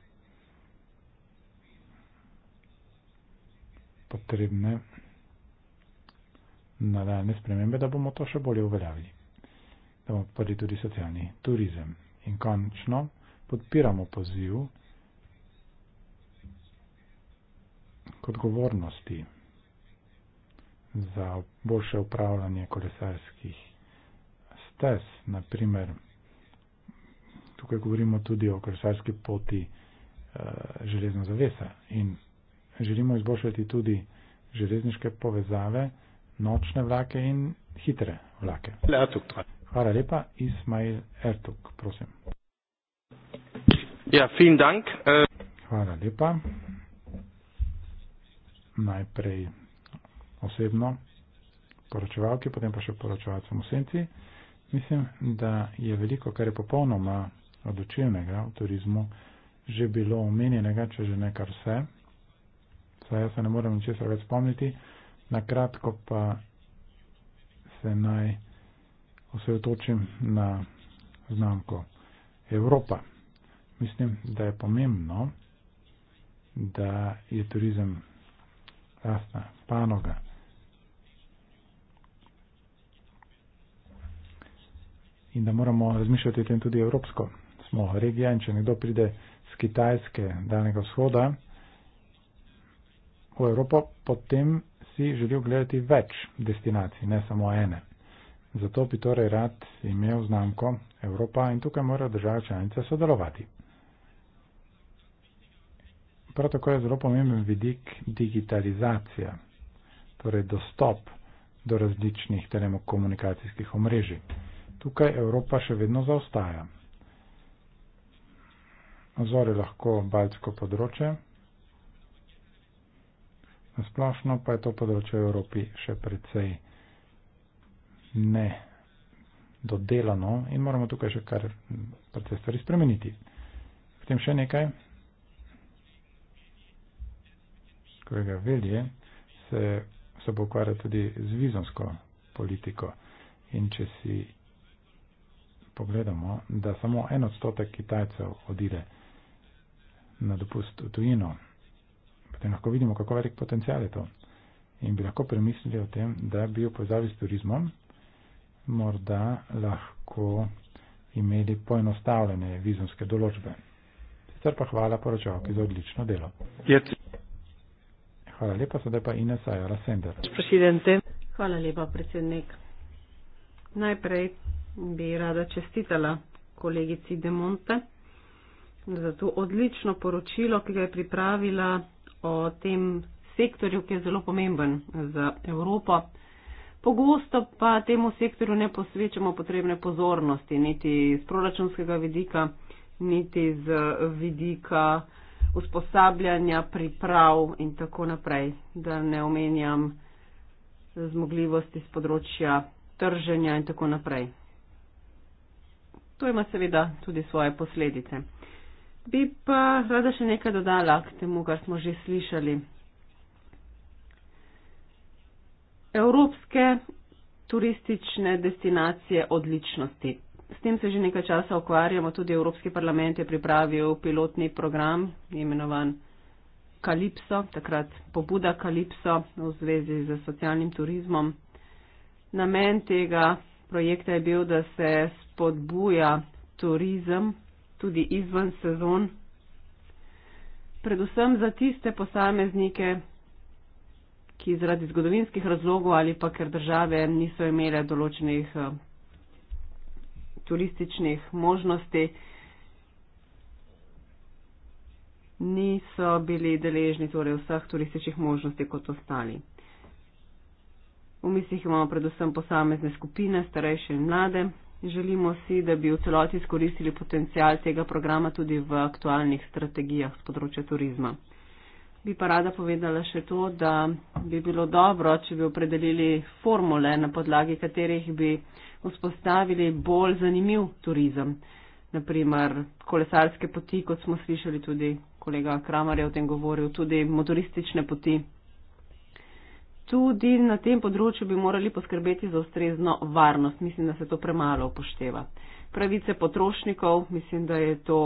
potrebne nadaljne spremembe, da bomo to še bolje uveljavili, da bomo podprli tudi socialni turizem. In končno podpiramo poziv k odgovornosti za boljše upravljanje kolesarskih stez. Naprimer, tukaj govorimo tudi o kolesarski poti e, železna zavesa in želimo izboljšati tudi železniške povezave, nočne vlake in hitre vlake. Hvala lepa, Ismail Ertug, prosim. Ja, fin dank. Hvala lepa. Najprej osebno poročevalki, potem pa še poročevalcem v senci. Mislim, da je veliko, kar je popolnoma odločilnega v turizmu, že bilo omenjenega, če že ne kar vse. Saj jaz se ne morem ničesar več spomniti. Nakratko pa se naj osredotočim na znamko Evropa. Mislim, da je pomembno, da je turizem rasta panoga in da moramo razmišljati o tem tudi evropsko. Smo regija in če nekdo pride z Kitajske, Daljnega vzhoda v Evropo, potem si želi ogledati več destinacij, ne samo ene. Zato bi torej rad imel znamko Evropa in tukaj mora država članica sodelovati. Prav tako je zelo pomemben vidik digitalizacija, torej dostop do različnih telekomunikacijskih omrežij. Tukaj Evropa še vedno zaostaja. Ozor je lahko baltsko področje. Nasplošno pa je to področje v Evropi še precej nedodelano in moramo tukaj še kar precej stvari spremeniti. Potem še nekaj. Kolega Velje se, se bo ukvarjal tudi z vizonsko politiko. In če si pogledamo, da samo en odstotek Kitajcev odide na dopust v tujino, potem lahko vidimo, kako velik potencial je to. In bi lahko premislili o tem, da bi v povezavi s turizmom morda lahko imeli poenostavljene vizumske določbe. Sicer pa hvala poročavki za odlično delo. Hvala lepa, sedaj pa Ines Ajara Sender. Hvala lepa, predsednik. Najprej bi rada čestitala kolegici Demonte za to odlično poročilo, ki ga je pripravila o tem sektorju, ki je zelo pomemben za Evropo. Pogosto pa temu sektorju ne posvečamo potrebne pozornosti, niti z proračunskega vidika, niti z vidika usposabljanja, priprav in tako naprej, da ne omenjam zmogljivosti z področja trženja in tako naprej. To ima seveda tudi svoje posledice. Bi pa rada še nekaj dodala k temu, kar smo že slišali. Evropske turistične destinacije odličnosti. S tem se že nekaj časa ukvarjamo, tudi Evropski parlament je pripravil pilotni program imenovan Kalipso, takrat pobuda Kalipso v zvezi z socialnim turizmom. Namen tega projekta je bil, da se spodbuja turizem tudi izven sezon, predvsem za tiste posameznike, ki zaradi zgodovinskih razlogov ali pa ker države niso imele določenih eh, turističnih možnosti, niso bili deležni torej vseh turističnih možnosti kot ostali. V mislih imamo predvsem posamezne skupine, starejše in mlade. Želimo si, da bi v celoti izkoristili potencial tega programa tudi v aktualnih strategijah z področja turizma. Bi pa rada povedala še to, da bi bilo dobro, če bi opredelili formule, na podlagi katerih bi vzpostavili bolj zanimiv turizem. Naprimer, kolesarske poti, kot smo slišali tudi kolega Kramar je o tem govoril, tudi motoristične poti, tudi na tem področju bi morali poskrbeti za ustrezno varnost. Mislim, da se to premalo upošteva. Pravice potrošnikov, mislim, da je to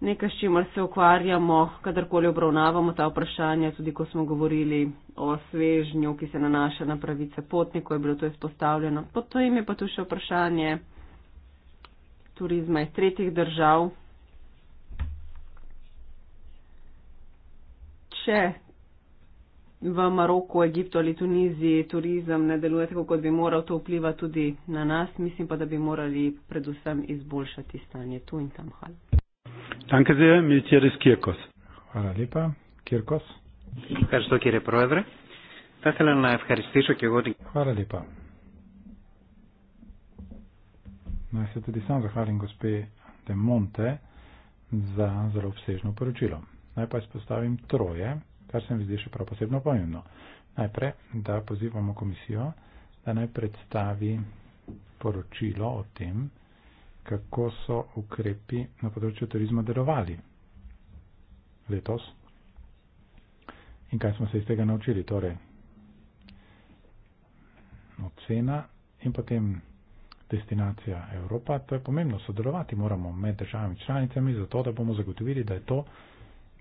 nekaj, s čimer se ukvarjamo, kadarkoli obravnavamo ta vprašanja, tudi ko smo govorili o svežnju, ki se nanaša na pravice potnikov, je bilo to izpostavljeno. Potem je pa tu še vprašanje turizma iz tretjih držav. Če v Maroku, Egiptu ali Tuniziji turizem ne deluje tako, kot bi moral, to vpliva tudi na nas. Mislim pa, da bi morali predvsem izboljšati stanje tu in tam. Hvala. Danke sehr, Militieres Kirkos. Hvala lepa. Kirkos. Hvala, kjere proevre. Tatele na Evharistišo, kje vodi. Hvala lepa. Naj se tudi sam zahvalim gospe De Monte za zelo obsežno poročilo. Naj pa izpostavim troje kar se mi zdi še prav posebno pomembno. Najprej, da pozivamo komisijo, da naj predstavi poročilo o tem, kako so ukrepi na področju turizma delovali letos in kaj smo se iz tega naučili. Torej, ocena in potem destinacija Evropa. To je pomembno, sodelovati moramo med državami članicami, zato da bomo zagotovili, da je to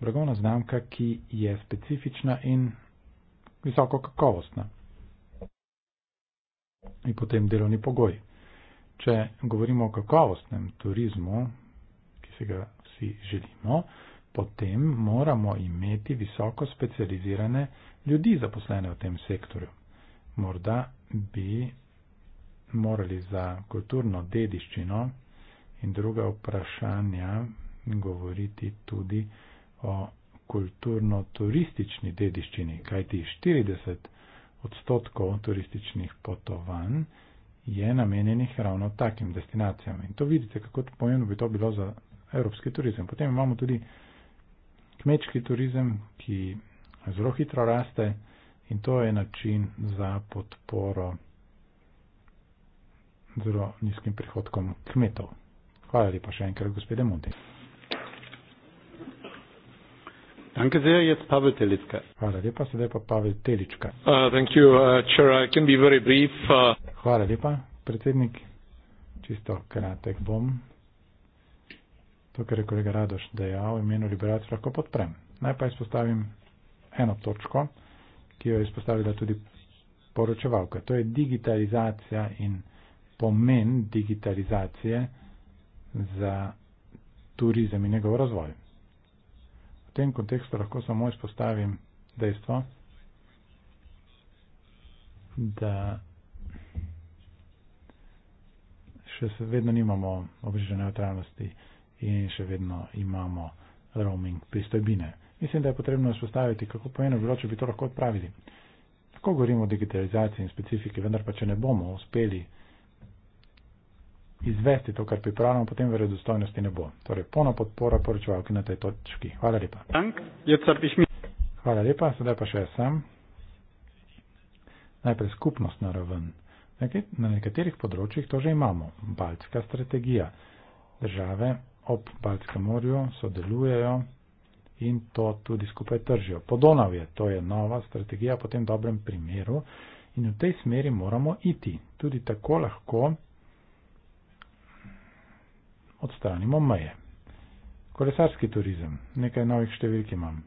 blagovna znamka, ki je specifična in visoko kakovostna. In potem delovni pogoj. Če govorimo o kakovostnem turizmu, ki se ga vsi želimo, potem moramo imeti visoko specializirane ljudi zaposlene v tem sektorju. Morda bi morali za kulturno dediščino in druga vprašanja govoriti tudi o o kulturno-turistični dediščini, kajti 40 odstotkov turističnih potovanj je namenjenih ravno takim destinacijam. In to vidite, kako pomembno bi to bilo za evropski turizem. Potem imamo tudi kmečki turizem, ki zelo hitro raste in to je način za podporo zelo nizkim prihodkom kmetov. Hvala lepa še enkrat, gospede Mundi. Danke sehr, jetzt Pavel Telička. Hvala lepa, sedaj pa Pavel Telička. Uh, thank you, uh, sure, I can be very brief. Uh... Hvala lepa, predsednik. Čisto kratek bom. To, kar je kolega Radoš dejal, imenu liberacije lahko podprem. Naj pa izpostavim eno točko, ki jo je izpostavila tudi poročevalka. To je digitalizacija in pomen digitalizacije za turizem in njegov razvoj tem kontekstu lahko samo izpostavim dejstvo, da še vedno nimamo obrežne neutralnosti in še vedno imamo roaming pristojbine. Mislim, da je potrebno izpostaviti, kako pomeno bi bilo, če bi to lahko odpravili. Tako govorimo o digitalizaciji in specifiki, vendar pa če ne bomo uspeli izvesti to, kar pripravljamo, potem verodostojnosti ne bo. Torej, polna podpora poročevalki na tej točki. Hvala lepa. Hvala lepa, sedaj pa še sam. Najprej skupnost na raven. Na nekaterih področjih to že imamo. Baltska strategija. Države ob Baltskem morju sodelujejo in to tudi skupaj tržijo. Podonavje, to je nova strategija po tem dobrem primeru in v tej smeri moramo iti. Tudi tako lahko odstranimo meje. Kolesarski turizem. Nekaj novih številk imam.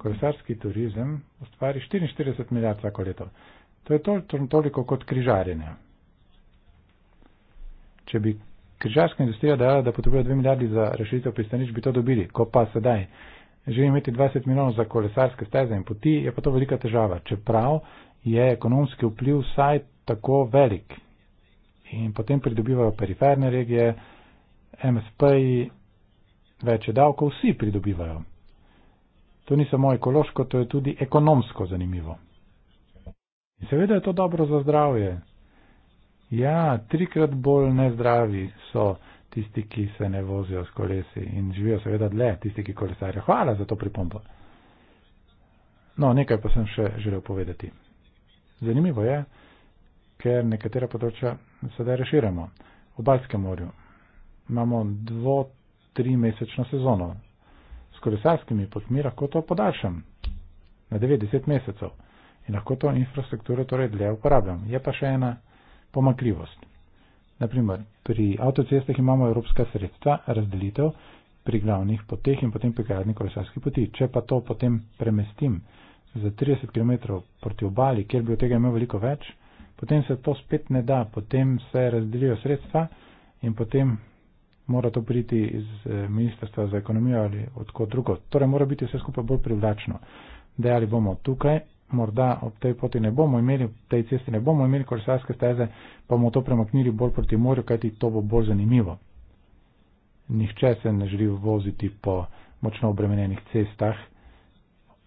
Kolesarski turizem ustvari 44 milijard vsako leto. To je toliko kot križarjenje. Če bi križarska industrija dala, da potrebuje 2 milijardi za rešitev pristanič, bi to dobili. Ko pa sedaj želi imeti 20 milijonov za kolesarske steze in poti, je pa to velika težava. Čeprav je ekonomski vpliv vsaj tako velik. In potem pridobivajo periferne regije, MSP-ji večje davko vsi pridobivajo. To ni samo ekološko, to je tudi ekonomsko zanimivo. In seveda je to dobro za zdravje. Ja, trikrat bolj nezdravi so tisti, ki se ne vozijo s kolesi in živijo seveda dlje, tisti, ki kolesarijo. Hvala za to pripombo. No, nekaj pa sem še želel povedati. Zanimivo je, ker nekatera področja sedaj reširamo. V Balskem morju imamo dvo, tri mesečno sezono. S kolesarskimi potmi lahko to podaljšam na 9-10 mesecev in lahko to infrastrukturo torej dlje uporabljam. Je pa še ena pomakljivost. Naprimer, pri avtocestah imamo evropska sredstva, razdelitev pri glavnih poteh in potem pri gradni kolesarski poti. Če pa to potem premestim za 30 km proti obali, kjer bi od tega imel veliko več, potem se to spet ne da, potem se razdelijo sredstva in potem mora to priti iz eh, ministrstva za ekonomijo ali odkot drugo. Torej mora biti vse skupaj bolj privlačno. Dejali bomo tukaj, morda ob tej poti ne bomo imeli, ob tej cesti ne bomo imeli kolesarske steze, pa bomo to premaknili bolj proti morju, kajti to bo bolj zanimivo. Nihče se ne želi voziti po močno obremenjenih cestah,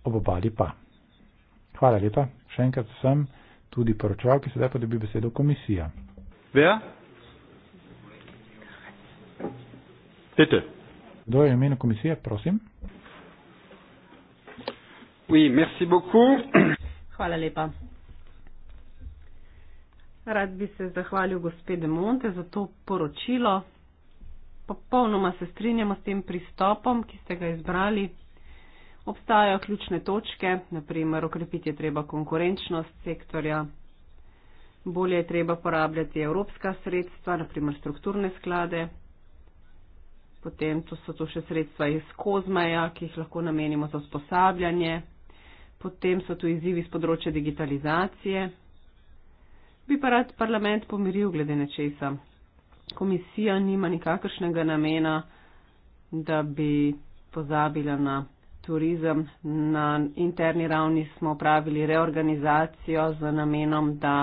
ob obali pa. Hvala lepa, še enkrat sem tudi poročal, ki sedaj pa dobi besedo komisija. Yeah. Bitte. Kdo je imenu komisije, prosim? Oui, merci <clears throat> Hvala lepa. Rad bi se zahvalil gospede Monte za to poročilo. Popolnoma se strinjamo s tem pristopom, ki ste ga izbrali. Obstajajo ključne točke, naprimer okrepiti je treba konkurenčnost sektorja, bolje je treba porabljati evropska sredstva, naprimer strukturne sklade, Potem tu so tu še sredstva iz Kozmaja, ki jih lahko namenimo za usposabljanje. Potem so tu izzivi z področja digitalizacije. Bi pa rad parlament pomiril glede nečesa. Komisija nima nikakršnega namena, da bi pozabila na turizem. Na interni ravni smo pravili reorganizacijo z namenom, da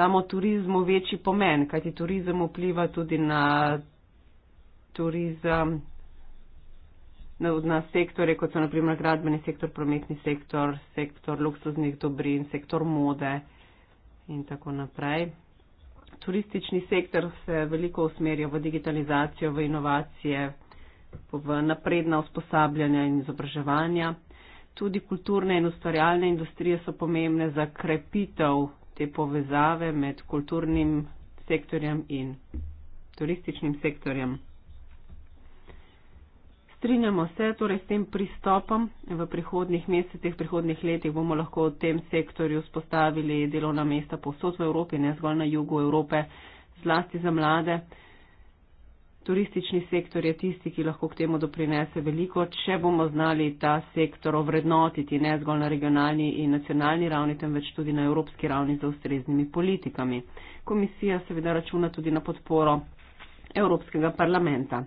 damo turizmu večji pomen, kajti turizem vpliva tudi na turizem, na, na sektore, kot so naprimer gradbeni sektor, prometni sektor, sektor luksuznih dobrin, sektor mode in tako naprej. Turistični sektor se veliko usmerja v digitalizacijo, v inovacije, v napredna usposabljanja in izobraževanja. Tudi kulturne in ustvarjalne industrije so pomembne za krepitev te povezave med kulturnim sektorjem in turističnim sektorjem strinjamo se, torej s tem pristopom v prihodnih mesecih, prihodnih letih bomo lahko v tem sektorju spostavili delovna mesta povsod v Evropi, ne zgolj na jugu Evrope, zlasti za mlade. Turistični sektor je tisti, ki lahko k temu doprinese veliko, če bomo znali ta sektor ovrednotiti ne zgolj na regionalni in nacionalni ravni, temveč tudi na evropski ravni za ustreznimi politikami. Komisija seveda računa tudi na podporo Evropskega parlamenta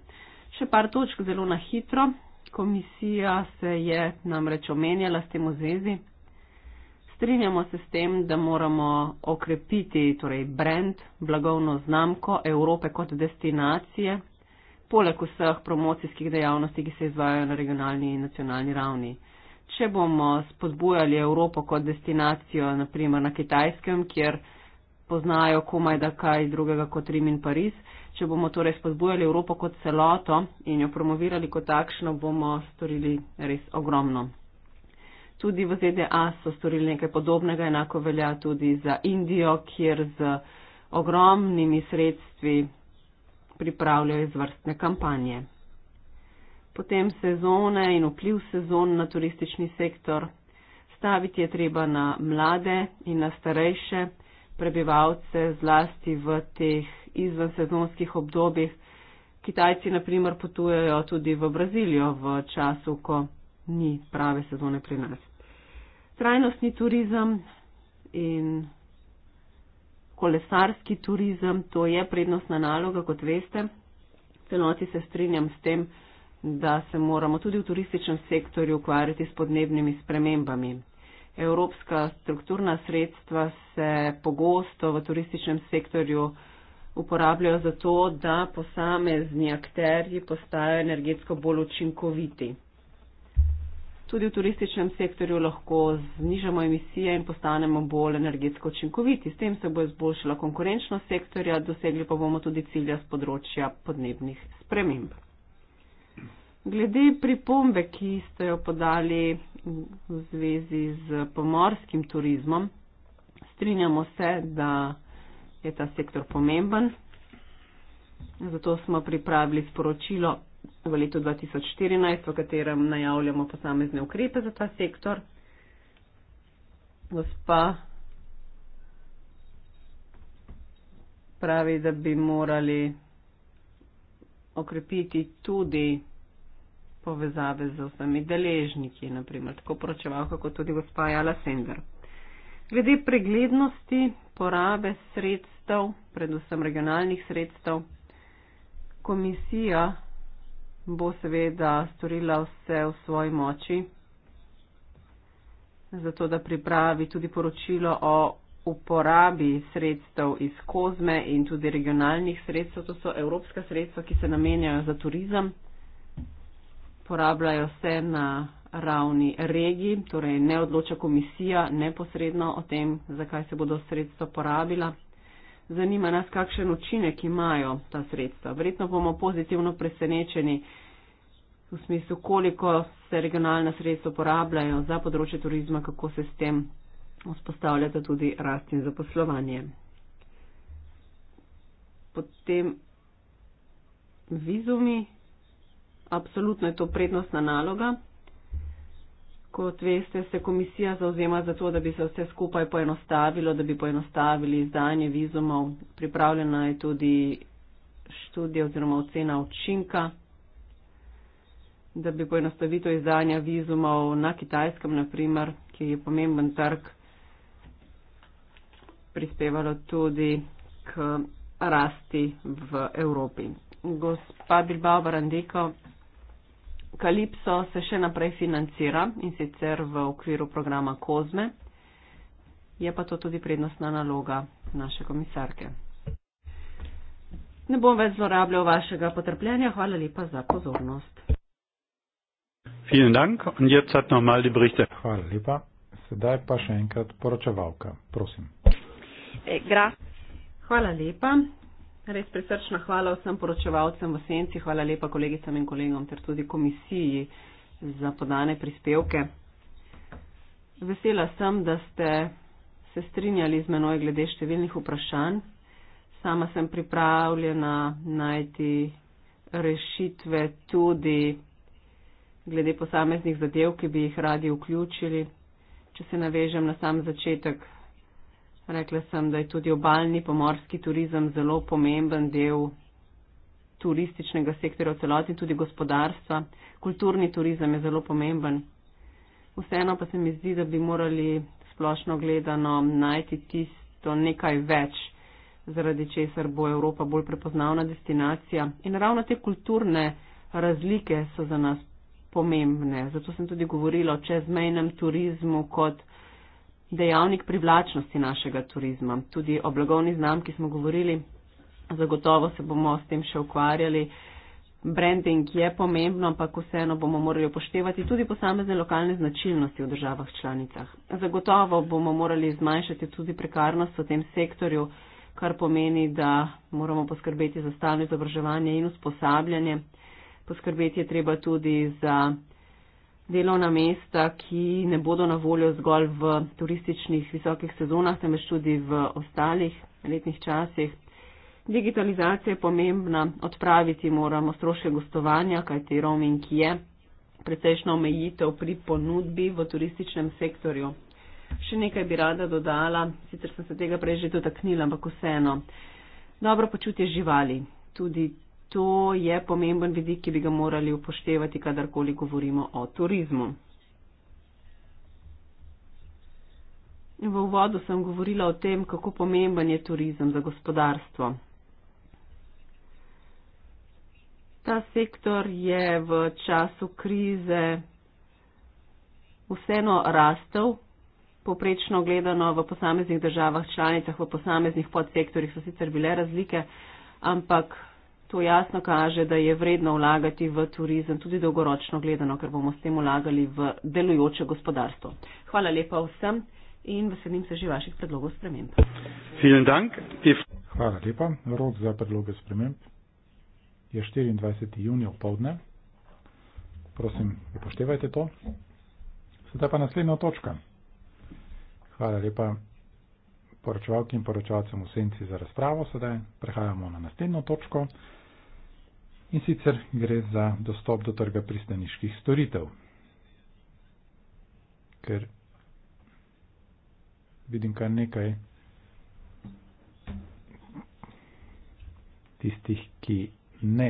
še par točk zelo na hitro. Komisija se je namreč omenjala s tem v zvezi. Strinjamo se s tem, da moramo okrepiti torej brand, blagovno znamko Evrope kot destinacije, poleg vseh promocijskih dejavnosti, ki se izvajajo na regionalni in nacionalni ravni. Če bomo spodbujali Evropo kot destinacijo, naprimer na kitajskem, kjer poznajo komaj da kaj drugega kot Rim in Pariz, Če bomo torej spodbujali Evropo kot celoto in jo promovirali kot takšno, bomo storili res ogromno. Tudi v ZDA so storili nekaj podobnega, enako velja tudi za Indijo, kjer z ogromnimi sredstvi pripravljajo izvrstne kampanje. Potem sezone in vpliv sezon na turistični sektor. Staviti je treba na mlade in na starejše prebivalce, zlasti v teh izvansezonskih obdobjih. Kitajci, na primer, potujejo tudi v Brazilijo v času, ko ni prave sezone pri nas. Trajnostni turizem in kolesarski turizem, to je prednostna naloga, kot veste. Celoti se strinjam s tem, da se moramo tudi v turističnem sektorju ukvarjati s podnebnimi spremembami. Evropska strukturna sredstva se pogosto v turističnem sektorju uporabljajo za to, da posamezni akterji postajajo energetsko bolj učinkoviti. Tudi v turističnem sektorju lahko znižamo emisije in postanemo bolj energetsko učinkoviti. S tem se bo izboljšala konkurenčnost sektorja, dosegli pa bomo tudi cilja z področja podnebnih sprememb. Glede pripombe, ki ste jo podali v zvezi z pomorskim turizmom, strinjamo se, da je ta sektor pomemben. Zato smo pripravili sporočilo v letu 2014, v katerem najavljamo posamezne ukrepe za ta sektor. Gospa pravi, da bi morali okrepiti tudi povezave z vsemi deležniki, naprimer tako poročevalka kot tudi gospa Jala Sender. Glede preglednosti porabe sredstev, predvsem regionalnih sredstev. Komisija bo seveda storila vse v svoji moči, zato da pripravi tudi poročilo o uporabi sredstev iz kozme in tudi regionalnih sredstev. To so evropska sredstva, ki se namenjajo za turizem. Porabljajo se na ravni regij, torej ne odloča komisija neposredno o tem, zakaj se bodo sredstva porabila. Zanima nas, kakšen učinek imajo ta sredstva. Verjetno bomo pozitivno presenečeni v smislu, koliko se regionalna sredstva porabljajo za področje turizma, kako se s tem vzpostavljata tudi rast in zaposlovanje. Potem vizumi. Absolutno je to prednostna naloga. Kot veste, se komisija zauzema za to, da bi se vse skupaj poenostavilo, da bi poenostavili izdanje vizumov. Pripravljena je tudi študija oziroma ocena učinka, da bi poenostavitev izdanja vizumov na kitajskem, naprimer, ki je pomemben trg, prispevalo tudi k rasti v Evropi. Gospa Bilbao Barandiko, Kalipso se še naprej financira in sicer v okviru programa Kozme. Je pa to tudi prednostna naloga naše komisarke. Ne bom več zlorabljal vašega potrpljenja. Hvala lepa za pozornost. Dank. Jetzt hat Hvala lepa. Sedaj pa še enkrat poročevalka. Prosim. Eh, hvala lepa. Res prisrčna hvala vsem poročevalcem v Senci, hvala lepa kolegicam in kolegom ter tudi komisiji za podane prispevke. Vesela sem, da ste se strinjali z menoj glede številnih vprašanj. Sama sem pripravljena najti rešitve tudi glede posameznih zadev, ki bi jih radi vključili. Če se navežem na sam začetek Rekla sem, da je tudi obaljni pomorski turizem zelo pomemben del turističnega sektorja v celoti, tudi gospodarstva. Kulturni turizem je zelo pomemben. Vseeno pa se mi zdi, da bi morali splošno gledano najti tisto nekaj več, zaradi česar bo Evropa bolj prepoznavna destinacija. In ravno te kulturne razlike so za nas pomembne. Zato sem tudi govorila o čezmejnem turizmu kot dejavnik privlačnosti našega turizma. Tudi o blagovni znamki smo govorili, zagotovo se bomo s tem še ukvarjali. Branding je pomembno, ampak vseeno bomo morali upoštevati tudi posamezne lokalne značilnosti v državah članicah. Zagotovo bomo morali zmanjšati tudi prekarnost v tem sektorju, kar pomeni, da moramo poskrbeti za stalno izobraževanje in usposabljanje. Poskrbeti je treba tudi za delovna mesta, ki ne bodo na voljo zgolj v turističnih visokih sezonah, temveč tudi v ostalih letnih časih. Digitalizacija je pomembna, odpraviti moramo stroške gostovanja, kajti roaming je precejšno omejitev pri ponudbi v turističnem sektorju. Še nekaj bi rada dodala, sicer sem se tega prej že dotaknila, ampak vseeno. Dobro počutje živali. Tudi to je pomemben vidik, ki bi ga morali upoštevati, kadarkoli govorimo o turizmu. V uvodu sem govorila o tem, kako pomemben je turizem za gospodarstvo. Ta sektor je v času krize vseeno rastel. Poprečno gledano v posameznih državah članicah, v posameznih podsektorjih so sicer bile razlike, ampak to jasno kaže, da je vredno vlagati v turizem tudi dolgoročno gledano, ker bomo s tem vlagali v delujoče gospodarstvo. Hvala lepa vsem in veselim se že vaših predlogov sprememb. Hvala lepa. Rok za predloge sprememb je 24. junija v povdne. Prosim, upoštevajte to. Sedaj pa naslednja točka. Hvala lepa poročevalkim in poročevalcem v senci za razpravo. Sedaj prehajamo na naslednjo točko in sicer gre za dostop do trga pristaniških storitev. Ker vidim kar nekaj tistih, ki ne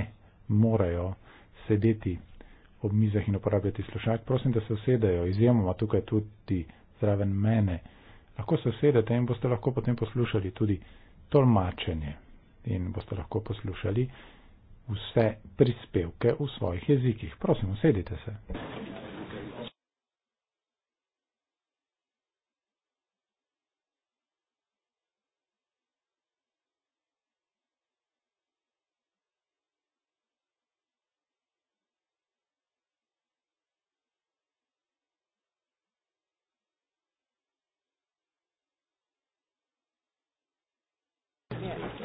morajo sedeti ob mizah in uporabljati slušalk, prosim, da se usedejo. Izjemoma tukaj tudi zraven mene. Lahko se usedete in boste lahko potem poslušali tudi tolmačenje. In boste lahko poslušali vse prispevke v svojih jezikih. Prosim, usedite se.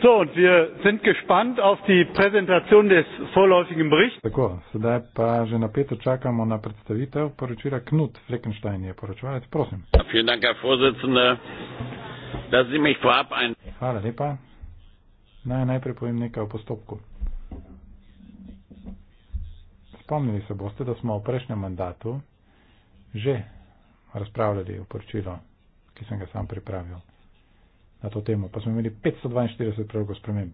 So, und wir sind gespannt auf die Präsentation des vorläufigen Berichts. Tako, sedaj pa že na peto čakamo na predstavitev poročila Knut Fleckenstein je poročevalec, prosim. Ja, vielen Dank, Herr Vorsitzende, dass Sie mich vorab ein... Hvala lepa. Naj najprej povem nekaj o postopku. Spomnili se boste, da smo v prejšnjem mandatu že razpravljali o poročilo, ki sem ga sam pripravil na to temo. Pa smo imeli 542 predlogov sprememb.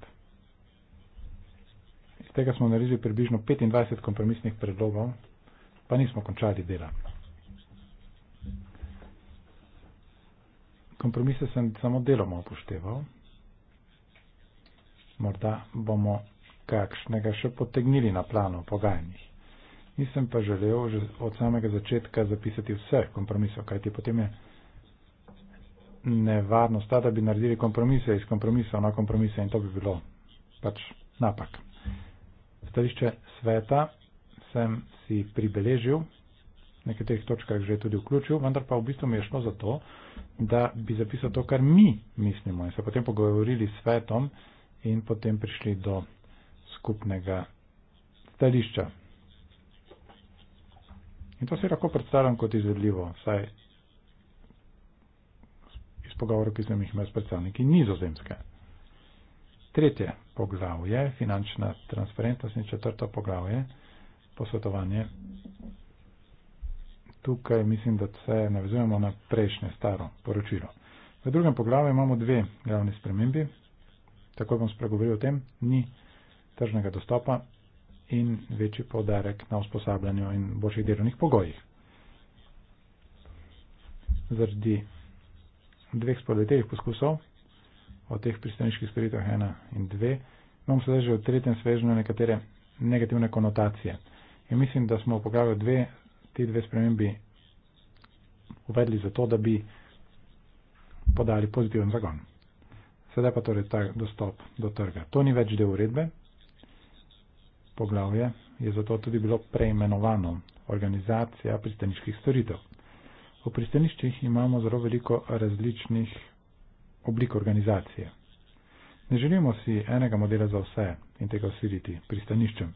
Iz tega smo naredili približno 25 kompromisnih predlogov, pa nismo končali dela. Kompromise sem samo deloma upošteval. Morda bomo kakšnega še potegnili na plano pogajanjih. Nisem pa želel že od samega začetka zapisati vseh kompromisov, kajti potem je nevarnost ta, da bi naredili kompromise iz kompromisa na kompromise in to bi bilo pač napak. Stališče sveta sem si pribeležil, na nekaterih točkah že tudi vključil, vendar pa v bistvu mi je šlo za to, da bi zapisal to, kar mi mislimo in se potem pogovorili s svetom in potem prišli do skupnega stališča. In to si lahko predstavljam kot izvedljivo, saj pogovorov, ki sem jih imel s predstavniki nizozemske. Tretje poglavje, finančna transparentnost in četrto poglavje, posvetovanje. Tukaj mislim, da se navezujemo na prejšnje staro poročilo. V drugem poglavju imamo dve glavne spremembi. Takoj bom spregovoril o tem, ni tržnega dostopa in večji podarek na usposabljanju in boljših delovnih pogojih. Zaradi dveh spodletelih poskusov, o teh pristaniških storitvah ena in dve, imamo sedaj že v tretjem svežnju nekatere negativne konotacije. In mislim, da smo v poglavju dve, ti dve spremembi uvedli za to, da bi podali pozitiven zagon. Sedaj pa torej ta dostop do trga. To ni več del uredbe. Poglavje je zato tudi bilo preimenovano organizacija pristaniških storitev. V pristaniščih imamo zelo veliko različnih oblik organizacije. Ne želimo si enega modela za vse in tega usiliti pristaniščem.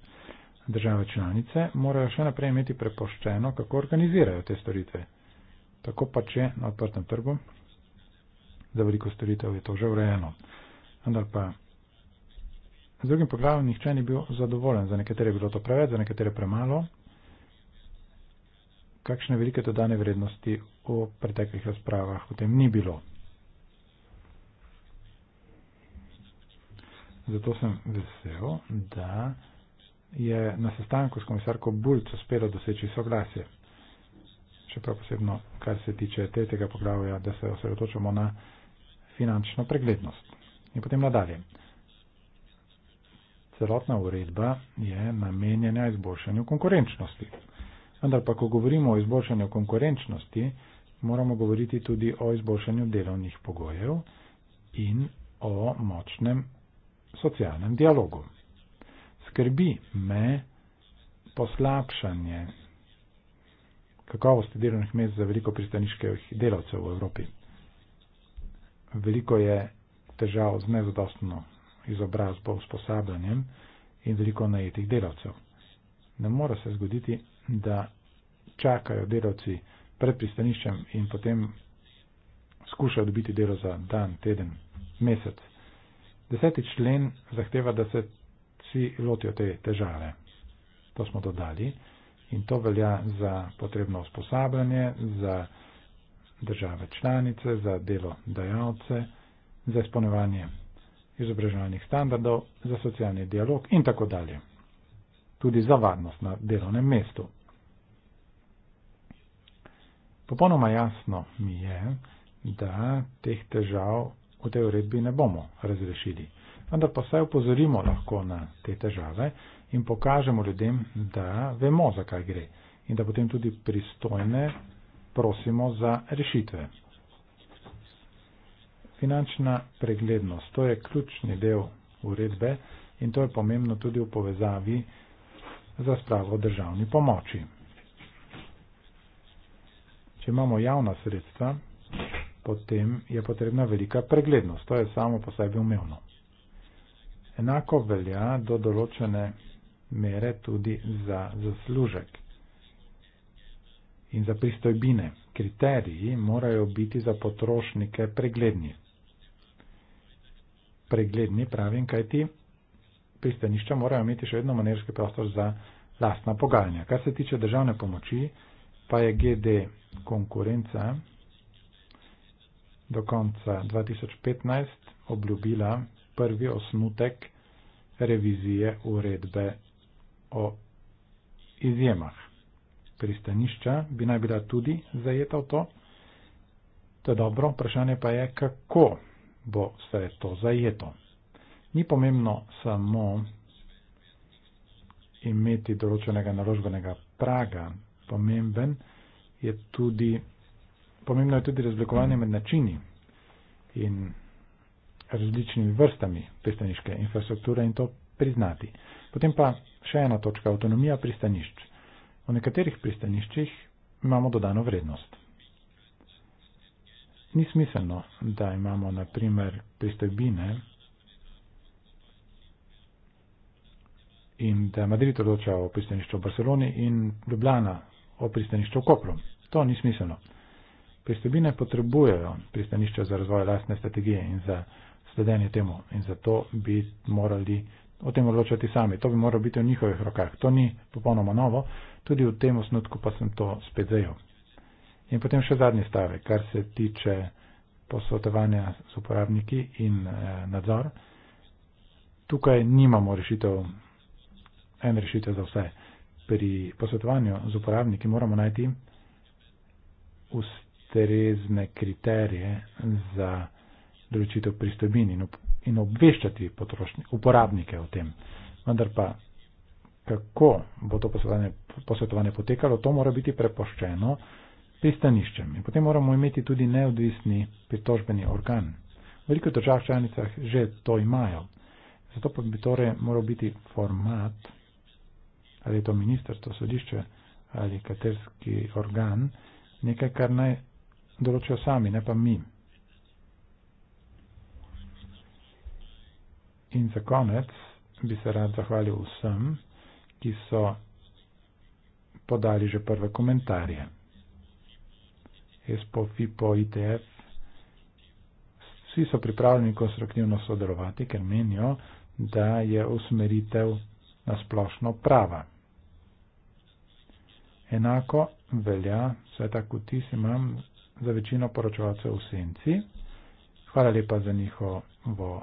Države članice morajo še naprej imeti prepoščeno, kako organizirajo te storitve. Tako pa če na odprtem trgu, za veliko storitev je to že urejeno. Vendar pa z drugim poglavjem nihče ni bil zadovoljen. Za nekatere je bilo to preveč, za nekatere premalo, kakšne velike dodane vrednosti v preteklih razpravah v tem ni bilo. Zato sem vesel, da je na sestanku s komisarko Bulc uspelo doseči soglasje. Čeprav posebno, kar se tiče tretjega poglavja, da se osredotočamo na finančno preglednost. In potem nadalje. Celotna uredba je namenjena izboljšanju konkurenčnosti. Vendar pa, ko govorimo o izboljšanju konkurenčnosti, moramo govoriti tudi o izboljšanju delovnih pogojev in o močnem socialnem dialogu. Skrbi me poslabšanje kakovosti delovnih mest za veliko pristaniških delavcev v Evropi. Veliko je težav z nezadostno izobrazbo, usposabljanjem in veliko najetih delavcev. Ne more se zgoditi, da čakajo delavci pred pristaniščem in potem skušajo dobiti delo za dan, teden, mesec. Deseti člen zahteva, da se vsi lotijo te težave. To smo dodali in to velja za potrebno usposabljanje, za države članice, za delo dajalce, za izpolnevanje izobraževalnih standardov, za socialni dialog in tako dalje. Tudi za varnost na delovnem mestu. Popolnoma jasno mi je, da teh težav v tej uredbi ne bomo razrešili. Vendar pa saj upozorimo lahko na te težave in pokažemo ljudem, da vemo, zakaj gre in da potem tudi pristojne prosimo za rešitve. Finančna preglednost, to je ključni del uredbe in to je pomembno tudi v povezavi za spravo državni pomoči če imamo javna sredstva, potem je potrebna velika preglednost. To je samo po sebi umevno. Enako velja do določene mere tudi za zaslužek in za pristojbine. Kriteriji morajo biti za potrošnike pregledni. Pregledni pravim, kaj ti pristanišča morajo imeti še vedno manevrski prostor za lastna pogajanja. Kar se tiče državne pomoči, pa je GD konkurenca do konca 2015 obljubila prvi osnutek revizije uredbe o izjemah. Pristanišča bi naj bila tudi zajeta v to. To je dobro, vprašanje pa je, kako bo se to zajeto. Ni pomembno samo imeti določenega naložbenega praga pomemben, je tudi, pomembno je tudi razlikovanje med načini in različnimi vrstami pristaniške infrastrukture in to priznati. Potem pa še ena točka, avtonomija pristanišč. V nekaterih pristaniščih imamo dodano vrednost. Ni smiselno, da imamo naprimer pristojbine in da Madrid odloča o pristanišču v Barceloni in Ljubljana o pristanišču v Kopru. To ni smiselno. Pristobine potrebujejo pristanišče za razvoj lastne strategije in za sledenje temu in zato bi morali o tem odločati sami. To bi moralo biti v njihovih rokah. To ni popolnoma novo, tudi v tem osnutku pa sem to spet zajel. In potem še zadnji stavek, kar se tiče posvetovanja s uporabniki in eh, nadzora. Tukaj nimamo rešitev, en rešitev za vse pri posvetovanju z uporabniki moramo najti ustrezne kriterije za določitev pristojbin in obveščati uporabnike o tem. Vendar pa, kako bo to posvetovanje, posvetovanje potekalo, to mora biti prepoščeno pristaniščem. In potem moramo imeti tudi neodvisni pritožbeni organ. Veliko držav članicah že to imajo. Zato pa bi torej moral biti format ali je to ministrstvo, sodišče ali katerski organ, nekaj, kar naj določijo sami, ne pa mi. In za konec bi se rad zahvalil vsem, ki so podali že prve komentarje. ESPO, FIPO, ITF, vsi so pripravljeni konstruktivno sodelovati, ker menijo, da je usmeritev nasplošno prava. Enako velja, sveta kutis imam za večino poročevalcev v senci. Hvala lepa za njihovo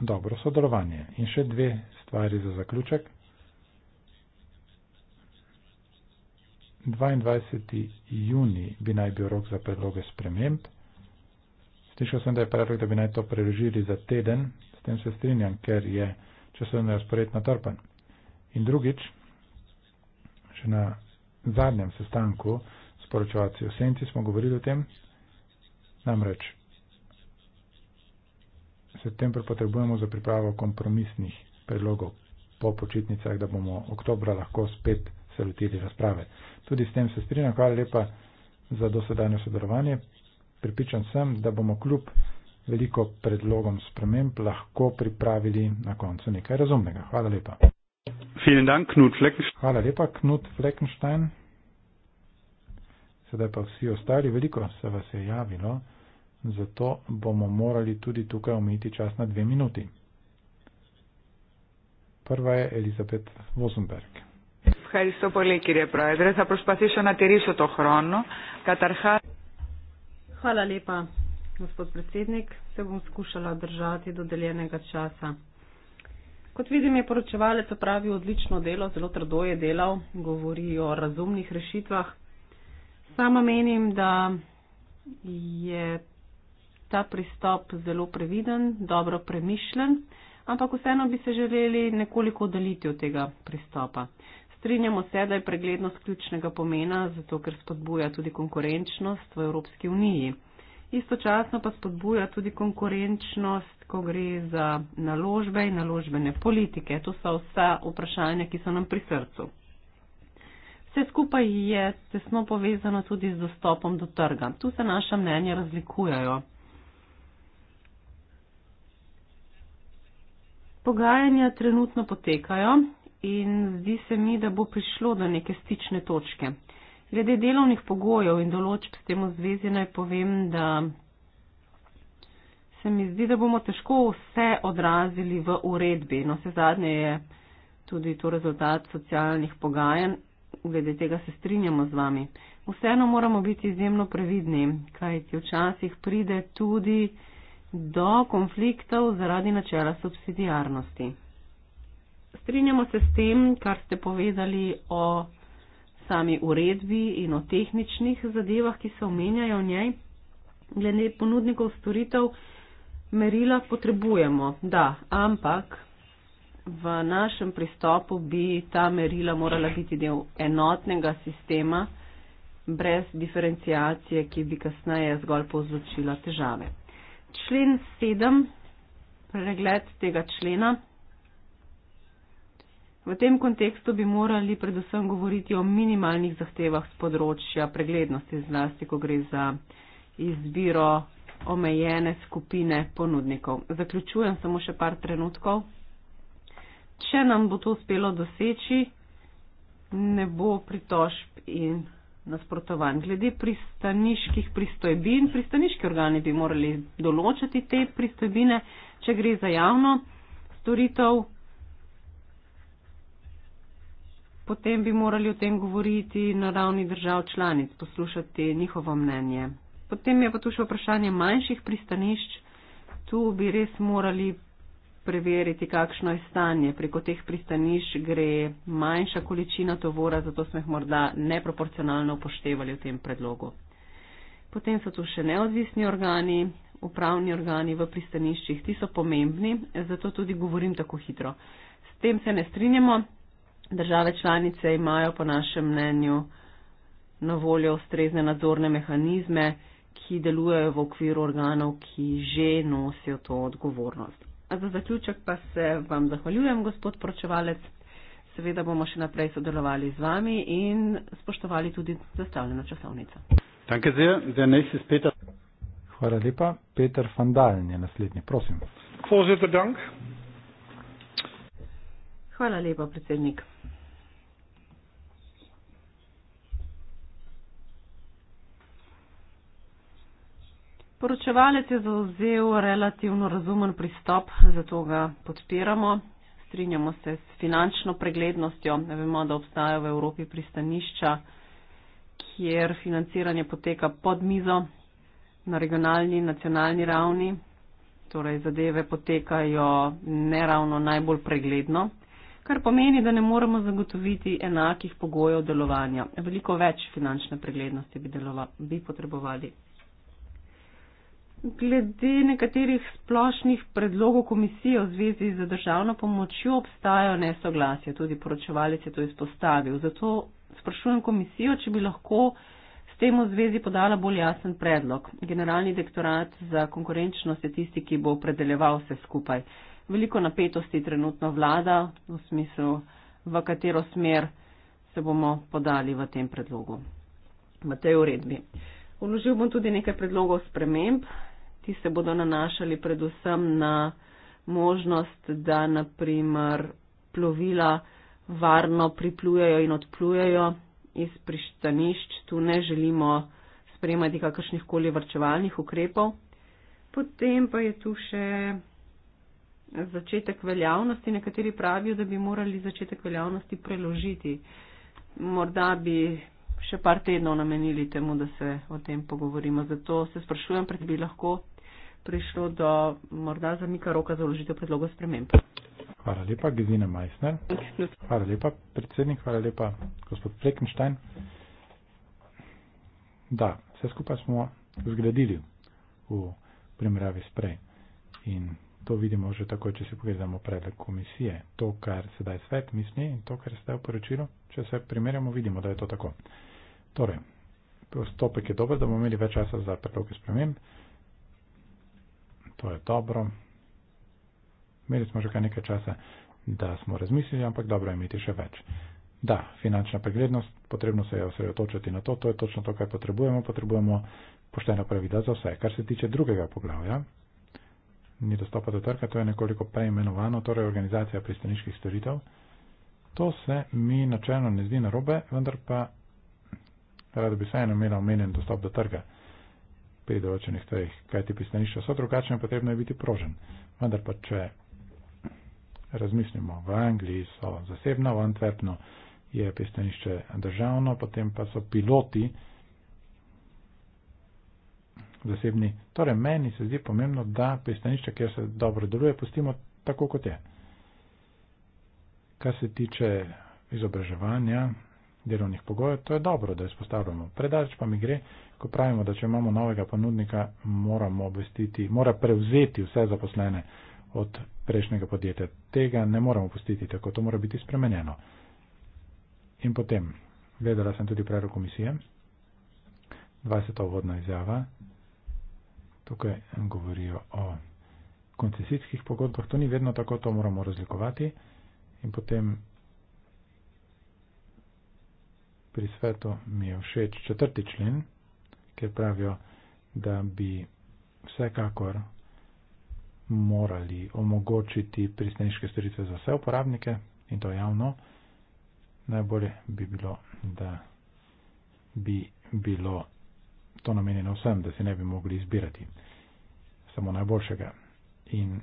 dobro sodelovanje. In še dve stvari za zaključek. 22. juni bi naj bil rok za predloge sprememb. Slišal sem, da je predlog, da bi naj to preložili za teden. S tem se strinjam, ker je časovni razpored natrpan. In drugič, še na zadnjem sestanku s poročevalci v senci smo govorili o tem, namreč september potrebujemo za pripravo kompromisnih predlogov po počitnicah, da bomo oktobra lahko spet se lotili razprave. Tudi s tem se strinjam, hvala lepa za dosedanje sodelovanje. Pripričan sem, da bomo kljub veliko predlogom sprememb lahko pripravili na koncu nekaj razumnega. Hvala lepa. Vielen Dank, Knut Fleckenstein. Hvala lepa, Knut Fleckenstein. Sedaj pa vsi ostali, veliko se vas je javilo, zato bomo morali tudi tukaj omejiti čas na dve minuti. Prva je Elizabeth Vosenberg. Hvala lepa, gospod predsednik. Se bom skušala držati dodeljenega časa. Kot vidim, je poročevalec opravil odlično delo, zelo trdo je delal, govori o razumnih rešitvah. Sama menim, da je ta pristop zelo previden, dobro premišljen, ampak vseeno bi se želeli nekoliko oddaliti od tega pristopa. Strinjamo se, da je preglednost ključnega pomena, zato ker spodbuja tudi konkurenčnost v Evropski uniji istočasno pa spodbuja tudi konkurenčnost, ko gre za naložbe in naložbene politike. To so vsa vprašanja, ki so nam pri srcu. Vse skupaj je tesno povezano tudi z dostopom do trga. Tu se naša mnenja razlikujajo. Pogajanja trenutno potekajo in zdi se mi, da bo prišlo do neke stične točke. Glede delovnih pogojev in določb s tem v zvezi naj povem, da se mi zdi, da bomo težko vse odrazili v uredbi. No, vse zadnje je tudi to rezultat socialnih pogajanj, glede tega se strinjamo z vami. Vseeno moramo biti izjemno previdni, kajti včasih pride tudi do konfliktov zaradi načela subsidijarnosti. Strinjamo se s tem, kar ste povedali o sami uredbi in o tehničnih zadevah, ki se omenjajo v njej, glede ponudnikov storitev, merila potrebujemo, da, ampak v našem pristopu bi ta merila morala biti del enotnega sistema, brez diferencijacije, ki bi kasneje zgolj povzročila težave. Člen 7, pregled tega člena. V tem kontekstu bi morali predvsem govoriti o minimalnih zahtevah z področja preglednosti, zlasti ko gre za izbiro omejene skupine ponudnikov. Zaključujem samo še par trenutkov. Če nam bo to uspelo doseči, ne bo pritožb in nasprotovanj. Glede pristaniških pristojbin, pristaniški organi bi morali določati te pristojbine, če gre za javno storitev potem bi morali o tem govoriti na ravni držav članic, poslušati njihovo mnenje. Potem je pa tu še vprašanje manjših pristanišč. Tu bi res morali preveriti, kakšno je stanje. Preko teh pristanišč gre manjša količina tovora, zato smo jih morda neproporcionalno upoštevali v tem predlogu. Potem so tu še neodvisni organi, upravni organi v pristaniščih. Ti so pomembni, zato tudi govorim tako hitro. S tem se ne strinjamo, Države članice imajo po našem mnenju na voljo ustrezne nadzorne mehanizme, ki delujejo v okviru organov, ki že nosijo to odgovornost. A za zaključek pa se vam zahvaljujem, gospod poročevalec. Seveda bomo še naprej sodelovali z vami in spoštovali tudi zastavljeno časovnico. Hvala lepa. Peter Fandaljen je naslednji. Prosim. Hvala lepa. Hvala lepa, predsednik. Poročevalec je zauzel relativno razumen pristop, zato ga podpiramo. Strinjamo se s finančno preglednostjo. Ne vemo, da obstajajo v Evropi pristanišča, kjer financiranje poteka pod mizo na regionalni in nacionalni ravni. Torej, zadeve potekajo neravno najbolj pregledno kar pomeni, da ne moremo zagotoviti enakih pogojev delovanja. Veliko več finančne preglednosti bi, delova, bi potrebovali. Glede nekaterih splošnih predlogov komisije v zvezi z državno pomočjo obstajajo nesoglasje, tudi poročevalec je to izpostavil. Zato sprašujem komisijo, če bi lahko s tem v zvezi podala bolj jasen predlog. Generalni direktorat za konkurenčnost je tisti, ki bo predeleval vse skupaj veliko napetosti trenutno vlada v smislu, v katero smer se bomo podali v tem predlogu, v tej uredbi. Uložil bom tudi nekaj predlogov sprememb. Ti se bodo nanašali predvsem na možnost, da naprimer plovila varno priplujejo in odplujejo iz prištanišč. Tu ne želimo sprejemati kakršnih koli vrčevalnih ukrepov. Potem pa je tu še začetek veljavnosti. Nekateri pravijo, da bi morali začetek veljavnosti preložiti. Morda bi še par tednov namenili temu, da se o tem pogovorimo. Zato se sprašujem, pred bi lahko prišlo do morda zamika roka za vložitev predlogov sprememb. Hvala lepa, Gizina Majsner. Hvala lepa, predsednik. Hvala lepa, gospod Flekenstein. Da, vse skupaj smo zgradili v primerjavi s prej. In To vidimo že tako, če si pogledamo predlog komisije. To, kar sedaj svet misli in to, kar sedaj v poročilu, če se primerjamo, vidimo, da je to tako. Torej, postopek je dober, da bomo imeli več časa za predloge sprememb. To je dobro. Imeli smo že kar nekaj časa, da smo razmislili, ampak dobro je imeti še več. Da, finančna preglednost, potrebno se je osredotočiti na to, to je točno to, kaj potrebujemo. Potrebujemo poštena pravila za vse. Kar se tiče drugega poglavja, ni dostopa do trga, to je nekoliko preimenovano, torej organizacija pristaniških storitev. To se mi načelno ne zdi narobe, vendar pa rado bi vseeno imela omenjen dostop do trga pri določenih stvarih, kaj ti pristanišča so drugačne, potrebno je biti prožen. Vendar pa, če razmislimo, v Angliji so zasebna, v Antwerpnu je pristanišče državno, potem pa so piloti, zasebni. Torej, meni se zdi pomembno, da pristanišče, kjer se dobro deluje, pustimo tako, kot je. Kar se tiče izobraževanja, delovnih pogojev, to je dobro, da izpostavljamo. Predaleč pa mi gre, ko pravimo, da če imamo novega ponudnika, moramo obvestiti, mora prevzeti vse zaposlene od prejšnjega podjetja. Tega ne moramo pustiti, tako to mora biti spremenjeno. In potem, gledala sem tudi prerok komisije, 20. uvodna izjava, tukaj govorijo o koncesijskih pogodbah. To ni vedno tako, to moramo razlikovati. In potem pri svetu mi je všeč četrti člen, ker pravijo, da bi vsekakor morali omogočiti pristaniške storitve za vse uporabnike in to javno. Najbolje bi bilo, da bi bilo to namenjeno vsem, da se ne bi mogli izbirati samo najboljšega. In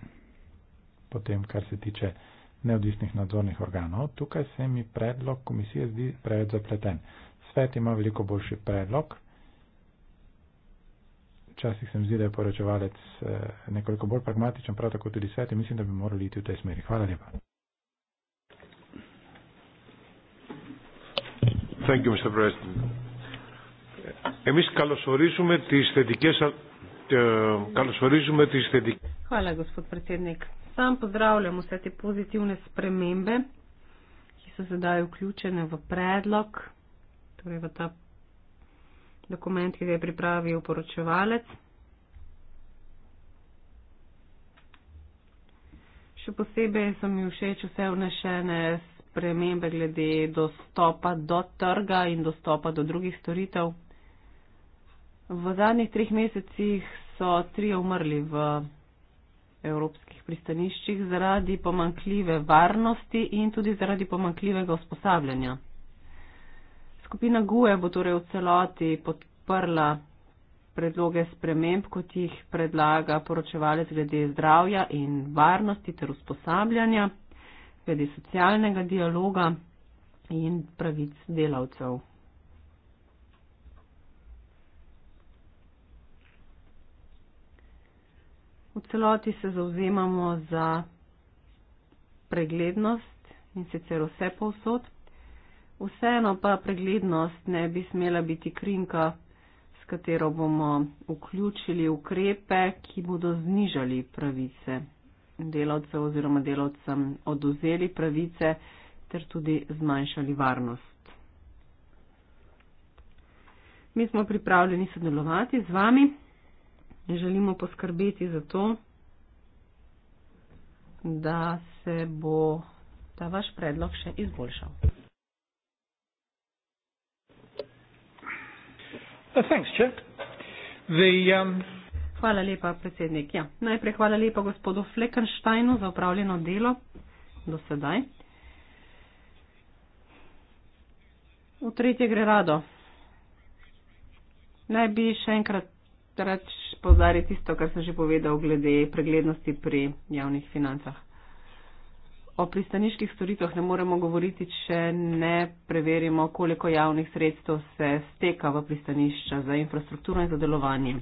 potem, kar se tiče neodvisnih nadzornih organov, tukaj se mi predlog komisije zdi preveč zapleten. Svet ima veliko boljši predlog. Včasih sem zdi, da je poročevalec eh, nekoliko bolj pragmatičen, prav tako tudi svet in mislim, da bi morali iti v tej smeri. Hvala lepa. Thank you, Mr. President. Εμείς καλωσορίζουμε τις θετικές... Καλωσορίζουμε τις θετικές... Χαλά, κύριε Πρεσίδνικ. Σαν поздравляем все эти позитивные спремимбе, ки са задай уключены в предлог, то есть в та документ, ки е приправил поручевалец. Še posebej so mi všeč vse vnešene spremembe glede dostopa do trga in dostopa do drugih storitev. V zadnjih treh mesecih so tri umrli v evropskih pristaniščih zaradi pomankljive varnosti in tudi zaradi pomankljivega usposabljanja. Skupina GUE bo torej v celoti podprla predloge sprememb, kot jih predlaga poročevalec glede zdravja in varnosti ter usposabljanja, glede socialnega dialoga in pravic delavcev. V celoti se zauzemamo za preglednost in sicer vse povsod. Vseeno pa preglednost ne bi smela biti krinka, s katero bomo vključili ukrepe, ki bodo znižali pravice delavcev oziroma delavcem oduzeli pravice ter tudi zmanjšali varnost. Mi smo pripravljeni sodelovati z vami in želimo poskrbeti za to, da se bo ta vaš predlog še izboljšal. Uh, um, hvala lepa, predsednik. Ja. Najprej hvala lepa gospodu Fleckensteinu za upravljeno delo do sedaj. V tretje gre rado. Naj bi še enkrat rač povdari tisto, kar sem že povedal glede preglednosti pri javnih financah. O pristaniških storitvah ne moremo govoriti, če ne preverimo, koliko javnih sredstev se steka v pristanišča za infrastrukturo in za delovanje.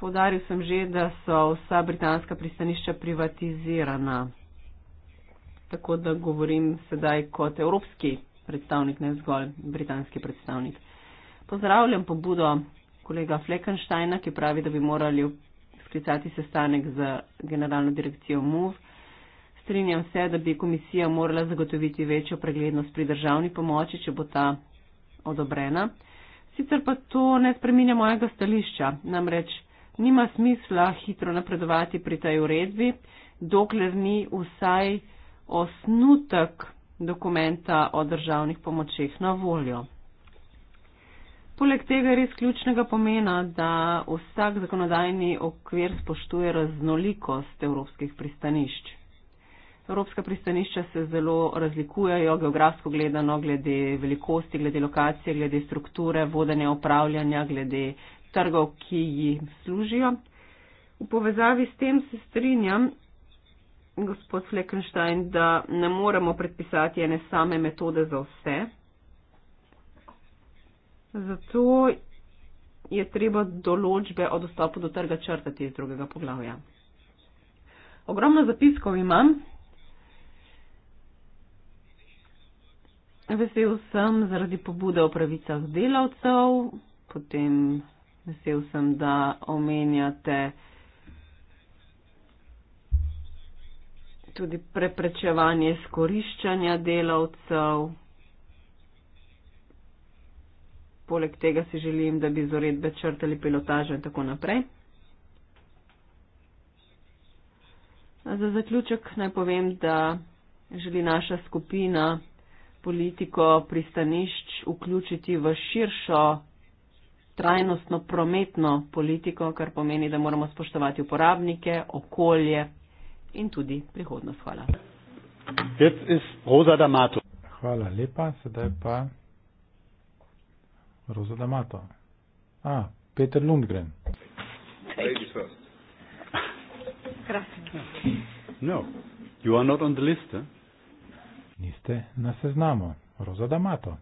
Povdaril sem že, da so vsa britanska pristanišča privatizirana. Tako da govorim sedaj kot evropski predstavnik, ne zgolj britanski predstavnik. Pozdravljam pobudo kolega Fleckensteina, ki pravi, da bi morali sklicati sestanek z generalno direkcijo MUV. Strinjam se, da bi komisija morala zagotoviti večjo preglednost pri državni pomoči, če bo ta odobrena. Sicer pa to ne spreminja mojega stališča. Namreč nima smisla hitro napredovati pri tej uredbi, dokler ni vsaj osnutek dokumenta o državnih pomočeh na voljo poleg tega res ključnega pomena, da vsak zakonodajni okvir spoštuje raznolikost evropskih pristanišč. Evropska pristanišča se zelo razlikujejo geografsko gledano, glede velikosti, glede lokacije, glede strukture, vodenja upravljanja, glede trgov, ki jih služijo. V povezavi s tem se strinjam, gospod Fleckenstein, da ne moremo predpisati ene same metode za vse. Zato je treba določbe o dostopu do trga črtati iz drugega poglavja. Ogromno zapiskov imam. Vesel sem zaradi pobude o pravicah delavcev, potem vesel sem, da omenjate tudi preprečevanje skoriščanja delavcev poleg tega si želim, da bi z uredbe črtali pilotažo in tako naprej. Za zaključek naj povem, da želi naša skupina politiko pristanišč vključiti v širšo trajnostno prometno politiko, kar pomeni, da moramo spoštovati uporabnike, okolje in tudi prihodnost. Hvala. Hvala lepa. Sedaj pa Rosa D'Amato. Ah, Peter Lundgren. Ladies first. Gracias. No, you are not on the list. Eh? Niste na seznamu. Rosa D'Amato. On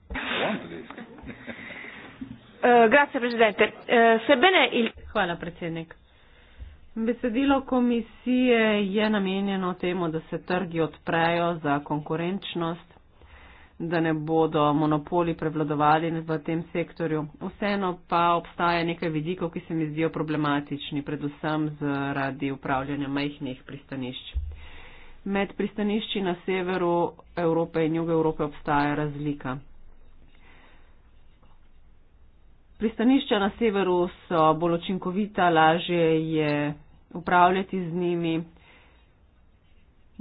the list. <laughs> Eh, grazie, presidente. Eh, sebbene il... Hvala, predsednik. Besedilo komisije je namenjeno temu, da se trgi odprejo za konkurenčnost da ne bodo monopoli prevladovali v tem sektorju. Vseeno pa obstaja nekaj vidikov, ki se mi zdijo problematični, predvsem zaradi upravljanja majhnih pristanišč. Med pristanišči na severu Evrope in jugu Evrope obstaja razlika. Pristanišča na severu so bolj očinkovita, lažje je upravljati z njimi,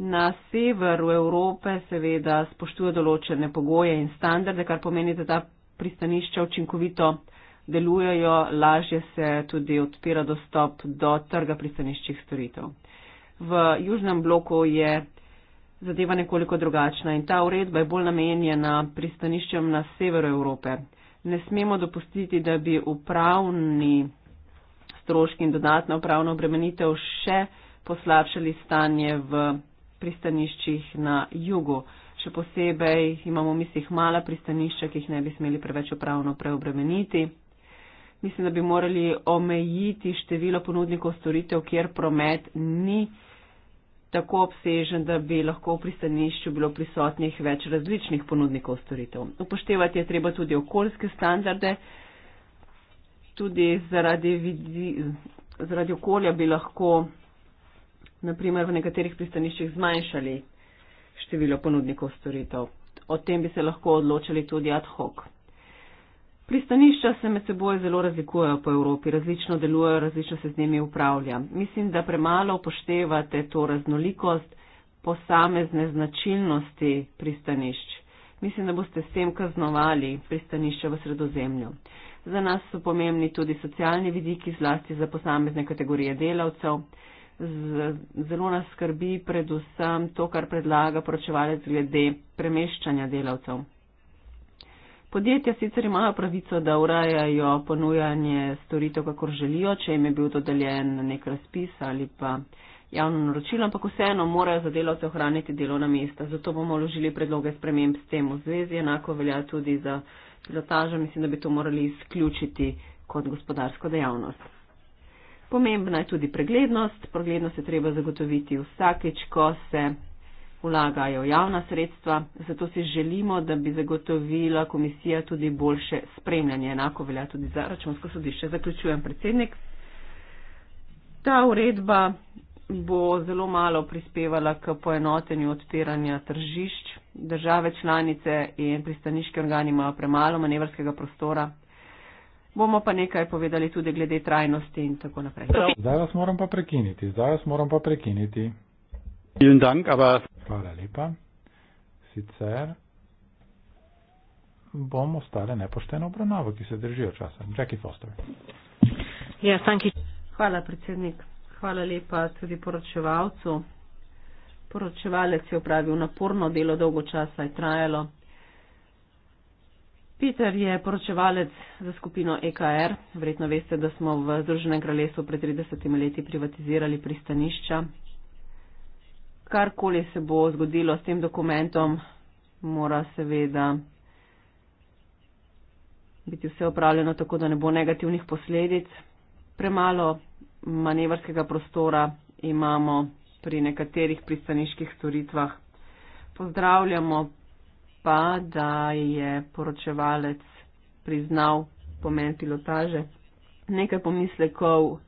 Na severu Evrope seveda spoštuje določene pogoje in standarde, kar pomeni, da ta pristanišča učinkovito delujejo, lažje se tudi odpira dostop do trga pristaniščih storitev. V južnem bloku je zadeva nekoliko drugačna in ta uredba je bolj namenjena pristaniščem na severu Evrope. Ne smemo dopustiti, da bi upravni stroški in dodatna upravna obremenitev še poslabšali stanje v pristaniščih na jugu. Še posebej imamo v mislih mala pristanišča, ki jih ne bi smeli preveč upravno preobremeniti. Mislim, da bi morali omejiti število ponudnikov storitev, kjer promet ni tako obsežen, da bi lahko v pristanišču bilo prisotnih več različnih ponudnikov storitev. Upoštevati je treba tudi okoljske standarde. Tudi zaradi, vidi, zaradi okolja bi lahko naprimer v nekaterih pristaniščih zmanjšali število ponudnikov storitev. O tem bi se lahko odločili tudi ad hoc. Pristanišča se med seboj zelo razlikujejo po Evropi, različno delujejo, različno se z njimi upravlja. Mislim, da premalo upoštevate to raznolikost posamezne značilnosti pristanišč. Mislim, da boste s tem kaznovali pristanišča v sredozemlju. Za nas so pomembni tudi socialni vidiki, zlasti za posamezne kategorije delavcev zelo nas skrbi predvsem to, kar predlaga poročevalec glede premeščanja delavcev. Podjetja sicer imajo pravico, da urajajo ponujanje storitev, kako želijo, če jim je bil dodeljen nek razpis ali pa javno naročilo, ampak vseeno morajo za delavce ohraniti delovna mesta. Zato bomo vložili predloge sprememb s tem v zvezi. Enako velja tudi za pilotažo. Mislim, da bi to morali izključiti kot gospodarsko dejavnost. Pomembna je tudi preglednost. Preglednost je treba zagotoviti vsakeč, ko se vlagajo javna sredstva. Zato si želimo, da bi zagotovila komisija tudi boljše spremljanje. Enako velja tudi za računsko sodišče. Zaključujem predsednik. Ta uredba bo zelo malo prispevala k poenotenju odpiranja tržišč. Države članice in pristaniški organi imajo premalo manevrskega prostora, bomo pa nekaj povedali tudi glede trajnosti in tako naprej. Zdaj vas moram pa prekiniti, zdaj vas moram pa prekiniti. Dank, aber... Hvala lepa. Sicer bomo ostale nepošteno obravnavo, ki se držijo časa. Jackie Foster. Ja, yes, Hvala, predsednik. Hvala lepa tudi poročevalcu. Poročevalec je upravil naporno delo, dolgo časa je trajalo. Peter je poročevalec za skupino EKR. Verjetno veste, da smo v Združenem kraljestvu pred 30 leti privatizirali pristanišča. Karkoli se bo zgodilo s tem dokumentom, mora seveda biti vse upravljeno tako, da ne bo negativnih posledic. Premalo manevrskega prostora imamo pri nekaterih pristaniških storitvah. Pozdravljamo pa da je poročevalec priznal pomen pilotaže. Nekaj pomislekov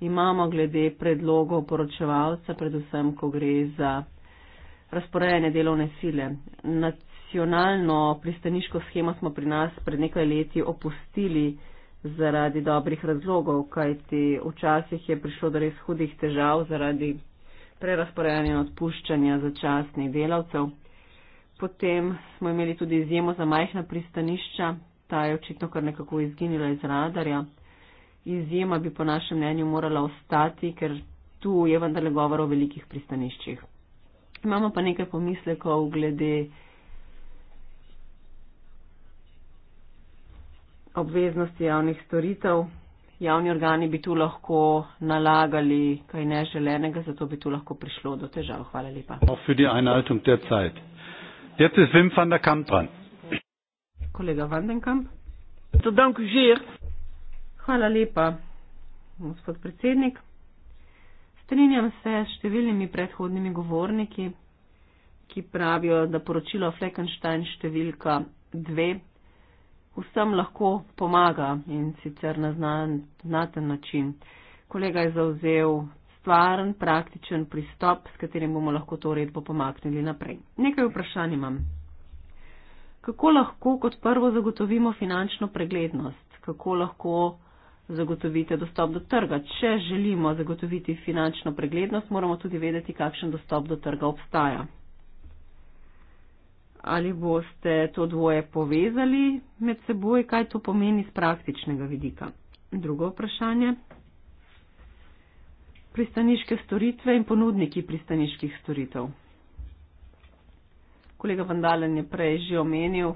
imamo glede predlogov poročevalca, predvsem, ko gre za razporejene delovne sile. Nacionalno pristaniško schemo smo pri nas pred nekaj leti opustili zaradi dobrih razlogov, kajti včasih je prišlo do res hudih težav zaradi prerasporejanja in odpuščanja začasnih delavcev. Potem smo imeli tudi izjemo za majhna pristanišča, ta je očitno kar nekako izginila iz radarja. Izjema bi po našem mnenju morala ostati, ker tu je vendarle govor o velikih pristaniščih. Imamo pa nekaj pomislekov glede obveznosti javnih storitev. Javni organi bi tu lahko nalagali kaj neželenega, zato bi tu lahko prišlo do težav. Hvala lepa. Jetzt ist Wim van der Kamp dran. Kollege van den Kamp. Danke sehr. Hvala lepa, gospod predsednik. Strinjam se s številnimi predhodnimi govorniki, ki pravijo, da poročilo Fleckenstein številka 2 vsem lahko pomaga in sicer na znaten način. Kolega je zauzel stvaren, praktičen pristop, s katerim bomo lahko to uredbo pomaknili naprej. Nekaj vprašanj imam. Kako lahko kot prvo zagotovimo finančno preglednost? Kako lahko zagotovite dostop do trga? Če želimo zagotoviti finančno preglednost, moramo tudi vedeti, kakšen dostop do trga obstaja. Ali boste to dvoje povezali med seboj, kaj to pomeni z praktičnega vidika? Drugo vprašanje pristaniške storitve in ponudniki pristaniških storitev. Kolega Vandalen je prej že omenil,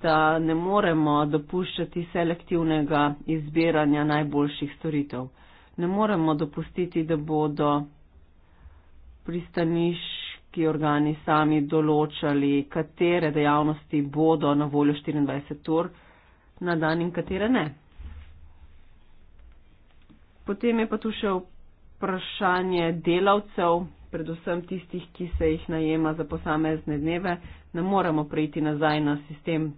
da ne moremo dopuščati selektivnega izbiranja najboljših storitev. Ne moremo dopustiti, da bodo pristaniški organi sami določali, katere dejavnosti bodo na voljo 24 ur na dan in katere ne. Potem je pa tu še vprašanje delavcev, predvsem tistih, ki se jih najema za posamezne dneve. Ne moramo prejti nazaj na sistem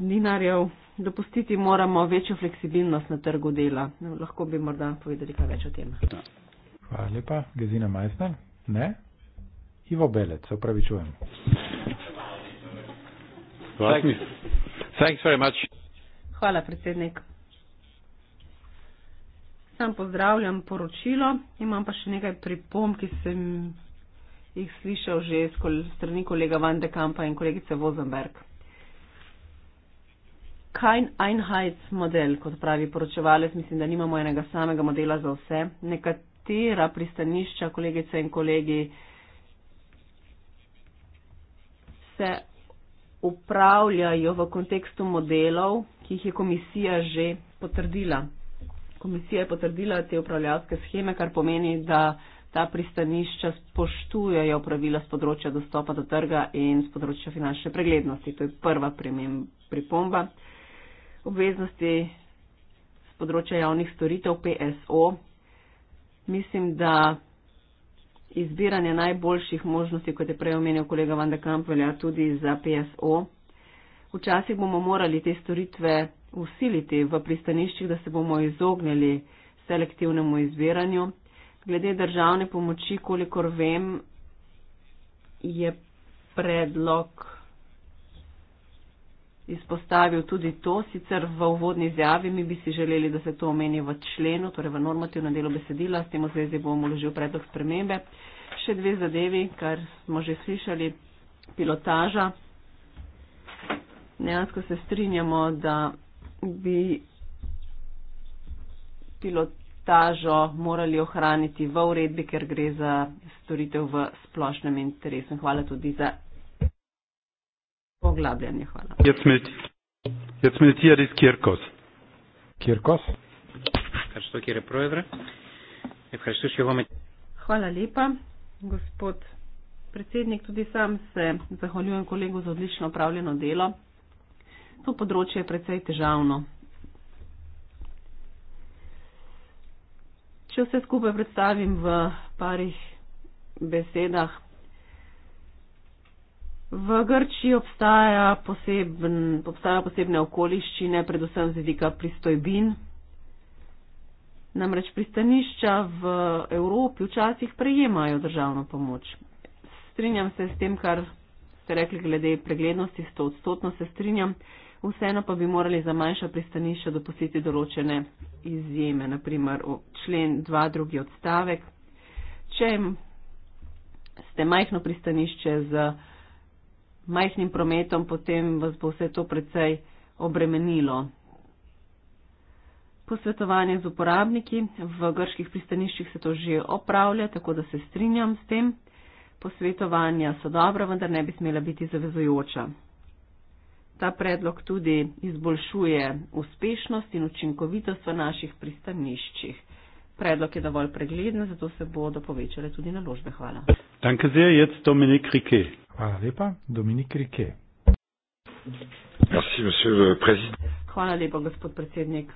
linarjev. Dopustiti moramo večjo fleksibilnost na trgu dela. Lahko bi morda povedali kaj več o tem. Hvala lepa. Gezina Majsner? Ne? Ivo Belec, se upravičujem. Thanks. Thanks very much. Hvala, predsednik predvsem pozdravljam poročilo, imam pa še nekaj pripomb, ki sem jih slišal že strani kolega Van de Kampa in kolegice Vozenberg. Kein Einheits model, kot pravi poročevalec, mislim, da nimamo enega samega modela za vse. Nekatera pristanišča, kolegice in kolegi, se upravljajo v kontekstu modelov, ki jih je komisija že potrdila komisija je potrdila te upravljalske scheme, kar pomeni, da ta pristanišča spoštujejo pravila z področja dostopa do trga in z področja finančne preglednosti. To je prva premem, pripomba. Obveznosti z področja javnih storitev PSO. Mislim, da izbiranje najboljših možnosti, kot je prej omenil kolega Van de Kamp, velja tudi za PSO. Včasih bomo morali te storitve usiliti v pristaniščih, da se bomo izognili selektivnemu izbiranju. Glede državne pomoči, kolikor vem, je predlog izpostavil tudi to, sicer v uvodni izjavi mi bi si želeli, da se to omeni v členu, torej v normativnem delu besedila, s tem v zvezi bomo vložil predlog spremembe. Še dve zadevi, kar smo že slišali, pilotaža. Nejansko se strinjamo, da bi pilotažo morali ohraniti v uredbi, ker gre za storitev v splošnem interesu. Hvala tudi za poglabljanje. Hvala. Jaz sem Tijar iz Kirkos. Kirkos? Hvala lepa, gospod predsednik. Tudi sam se zahvaljujem kolegu za odlično upravljeno delo. To področje je precej težavno. Če vse skupaj predstavim v parih besedah. V Grčiji obstaja poseben, obstajajo posebne okoliščine, predvsem z vidika pristojbin. Namreč pristanišča v Evropi včasih prejemajo državno pomoč. Strinjam se s tem, kar ste rekli glede preglednosti, stoodstotno se strinjam vseeno pa bi morali za manjša pristanišča dopustiti določene izjeme, naprimer v člen 2 drugi odstavek. Če ste majhno pristanišče z majhnim prometom, potem vas bo vse to precej obremenilo. Posvetovanje z uporabniki v grških pristaniščih se to že opravlja, tako da se strinjam s tem. Posvetovanja so dobra, vendar ne bi smela biti zavezujoča. Ta predlog tudi izboljšuje uspešnost in učinkovitost v naših pristaniščih. Predlog je dovolj pregleden, zato se bodo povečale tudi naložbe. Hvala. Danke sehr, jetzt Dominik Rike. Hvala lepa, Dominik Rike. Merci, monsieur le président. Hvala lepa, gospod predsednik.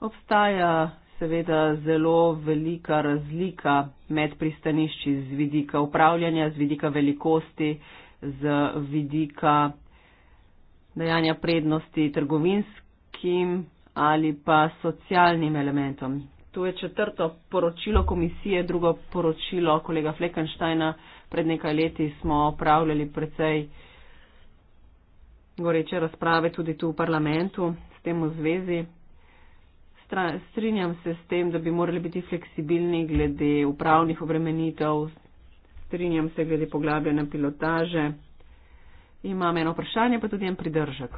Obstaja seveda zelo velika razlika med pristanišči z vidika upravljanja, z vidika velikosti z vidika dajanja prednosti trgovinskim ali pa socialnim elementom. To je četrto poročilo komisije, drugo poročilo kolega Fleckensteina. Pred nekaj leti smo opravljali precej goreče razprave tudi tu v parlamentu s tem v zvezi. Strinjam se s tem, da bi morali biti fleksibilni glede upravnih obremenitev, strinjam se glede poglabljanja pilotaže. Imam eno vprašanje, pa tudi en pridržek.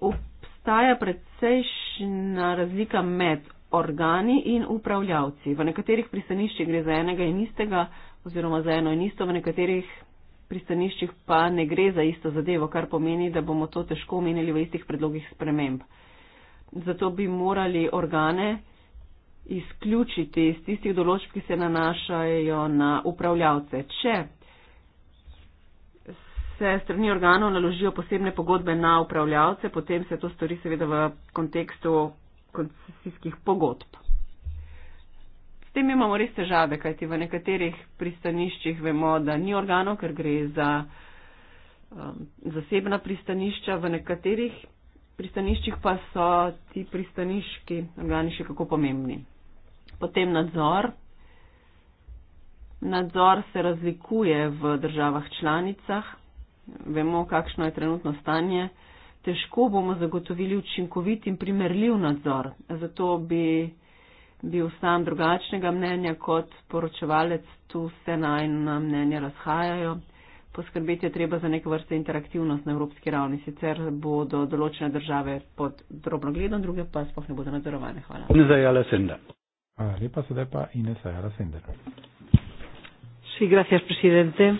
Obstaja precejšna razlika med organi in upravljavci. V nekaterih pristaniščih gre za enega in istega, oziroma za eno in isto, v nekaterih pristaniščih pa ne gre za isto zadevo, kar pomeni, da bomo to težko omenili v istih predlogih sprememb. Zato bi morali organe izključiti iz tistih določb, ki se nanašajo na upravljavce. Če se strani organov naložijo posebne pogodbe na upravljavce, potem se to stori seveda v kontekstu koncesijskih pogodb. S tem imamo res težave, kajti v nekaterih pristaniščih vemo, da ni organov, ker gre za um, zasebna pristanišča, v nekaterih pristaniščih pa so ti pristaniški organi še kako pomembni. Potem nadzor. Nadzor se razlikuje v državah članicah. Vemo, kakšno je trenutno stanje. Težko bomo zagotovili učinkovit in primerljiv nadzor. Zato bi bil sam drugačnega mnenja kot poročevalec. Tu se najna mnenja razhajajo. Poskrbeti je treba za neke vrste interaktivnost na evropski ravni, sicer bodo določene države pod drobno gledom, druge pa sploh ne bodo nadzorovane. Hvala. Hvala lepa, sedaj pa Ines Ajara Sender. Sí, gracias, presidente.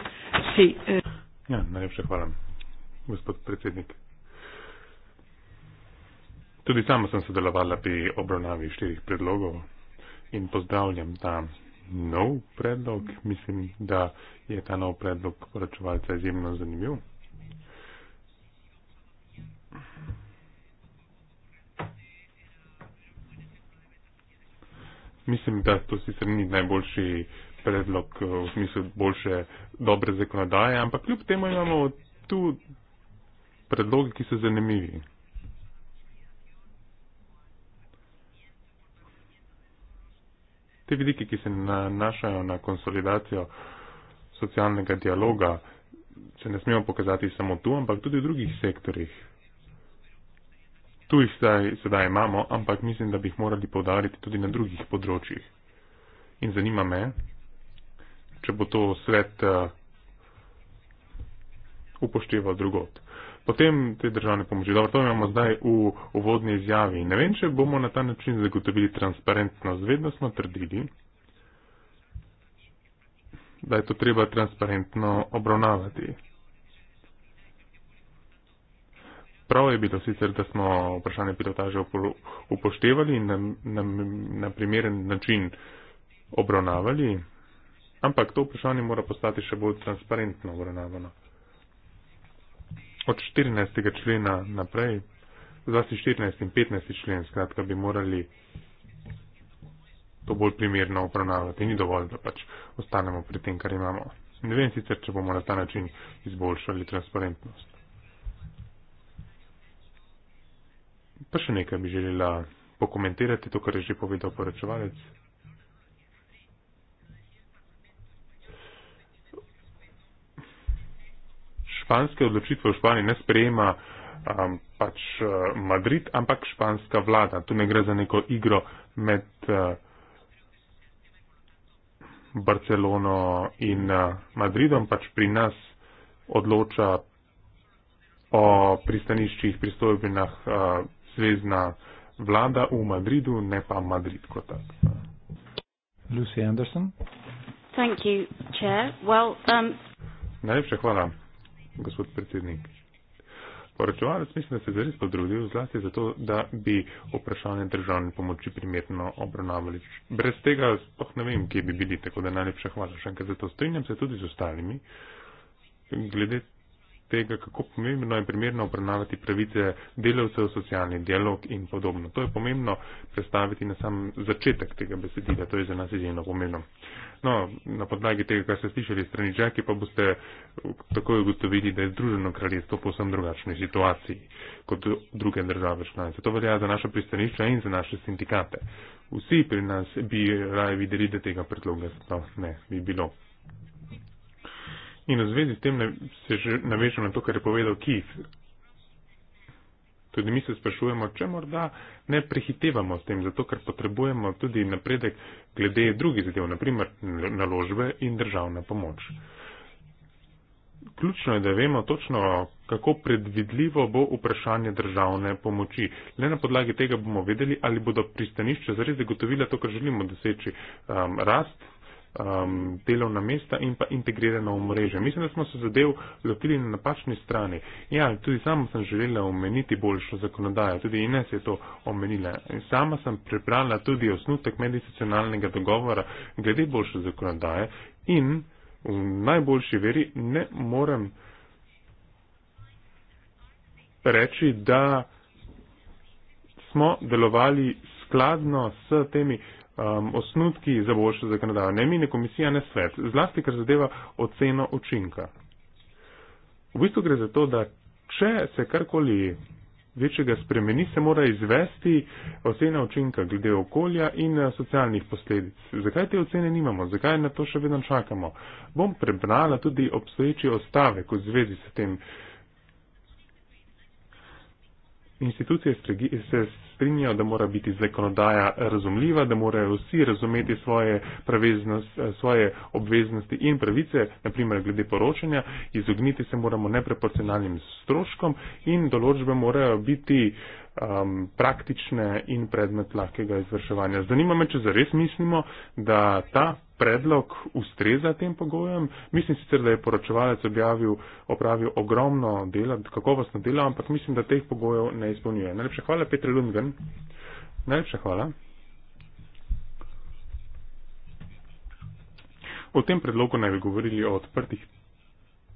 Sí, eh. ja, najlepša hvala, gospod predsednik. Tudi sama sem sodelovala pri obravnavi štirih predlogov in pozdravljam ta nov predlog. Mislim, da je ta nov predlog poročevalca izjemno zanimiv. mislim, da to sicer ni najboljši predlog eh, v smislu boljše, dobre zakonodaje, ampak kljub temu imamo tu predloge, ki so zanimivi. Te vidike, ki se nanašajo na konsolidacijo socialnega dialoga, se ne smemo pokazati samo tu, ampak tudi v drugih sektorjih. Tu jih zdaj, sedaj imamo, ampak mislim, da bi jih morali povdariti tudi na drugih področjih. In zanima me, če bo to svet eh, upošteval drugot. Potem te državne pomoči. Dobro, to imamo zdaj v uvodni izjavi. Ne vem, če bomo na ta način zagotovili transparentnost. Vedno smo trdili, da je to treba transparentno obravnavati. Prav je bilo sicer, da smo vprašanje pilotaže upoštevali in na, na, na primeren način obravnavali, ampak to vprašanje mora postati še bolj transparentno obravnavano. Od 14. člena naprej, zlasti 14. in 15. člen, skratka, bi morali to bolj primerno obravnavati. Ni dovolj, da pač ostanemo pri tem, kar imamo. Ne vem sicer, če bomo na ta način izboljšali transparentnost. pa še nekaj bi želela pokomentirati, to, kar je že povedal poročevalec. Španske odločitve v Španiji ne sprejema um, pač uh, Madrid, ampak španska vlada. Tu ne gre za neko igro med uh, Barcelono in uh, Madridom, pač pri nas odloča o pristaniščih, pristojbinah. Uh, zvezdna vlada v Madridu, ne pa Madrid kot tak. Lucy Anderson. Thank you, Chair. Well, um... Najlepša hvala, gospod predsednik. Poročevalec mislim, da se je zares podrudil zlasti zato, da bi vprašanje državne pomoči primerno obravnavali. Brez tega sploh ne vem, kje bi bili, tako da najlepša hvala. Še enkrat zato strinjam se tudi z ostalimi. Glede tega, kako pomembno in primerno obravnavati pravice delavcev, socialni dialog in podobno. To je pomembno predstaviti na sam začetek tega besedila, to je za nas izjemno pomembno. No, na podlagi tega, kar ste slišali strani Džaki, pa boste takoj ugotovili, da je Združeno kraljestvo povsem drugačni situaciji kot druge države članice. To velja za naše pristanišča in za naše sindikate. Vsi pri nas bi raje videli, da tega predloga sploh ne bi bilo. In v zvezi s tem se že navežem na to, kar je povedal Keith. Tudi mi se sprašujemo, če morda ne prehitevamo s tem, zato ker potrebujemo tudi napredek glede drugih zadev, naprimer naložbe in državna pomoč. Ključno je, da vemo točno, kako predvidljivo bo vprašanje državne pomoči. Le na podlagi tega bomo vedeli, ali bodo pristanišče zares zagotovila to, kar želimo doseči, um, rast um, delovna mesta in pa integrirano omrežje. Mislim, da smo se zadev lotili na napačni strani. Ja, tudi sama sem želela omeniti boljšo zakonodajo, tudi Ines je to omenila. Sama sem prebrala tudi osnutek medicinalnega dogovora glede boljše zakonodaje in v najboljši veri ne morem reči, da smo delovali skladno s temi um, osnutki za boljšo zakonodajo. Ne mi, ne komisija, ne svet. Zlasti, ker zadeva oceno učinka. V bistvu gre za to, da če se karkoli večjega spremeni, se mora izvesti ocena učinka glede okolja in eh, socialnih posledic. Zakaj te ocene nimamo? Zakaj na to še vedno čakamo? Bom prebrala tudi obstoječi ostavek v zvezi s tem. Institucije se strinjajo, da mora biti zakonodaja razumljiva, da morajo vsi razumeti svoje, eh, svoje obveznosti in pravice, naprimer glede poročanja, izogniti se moramo neproporcionalnim stroškom in določbe morajo biti um, praktične in predmet lahkega izvrševanja. Zanima me, če zares mislimo, da ta predlog ustreza tem pogojem. Mislim sicer, da je poročevalec objavil, opravil ogromno dela, kakovostno delo, ampak mislim, da teh pogojev ne izpolnjuje. Najlepša hvala, Petr Lundgren. Najlepša hvala. O tem predlogu naj bi govorili o odprtih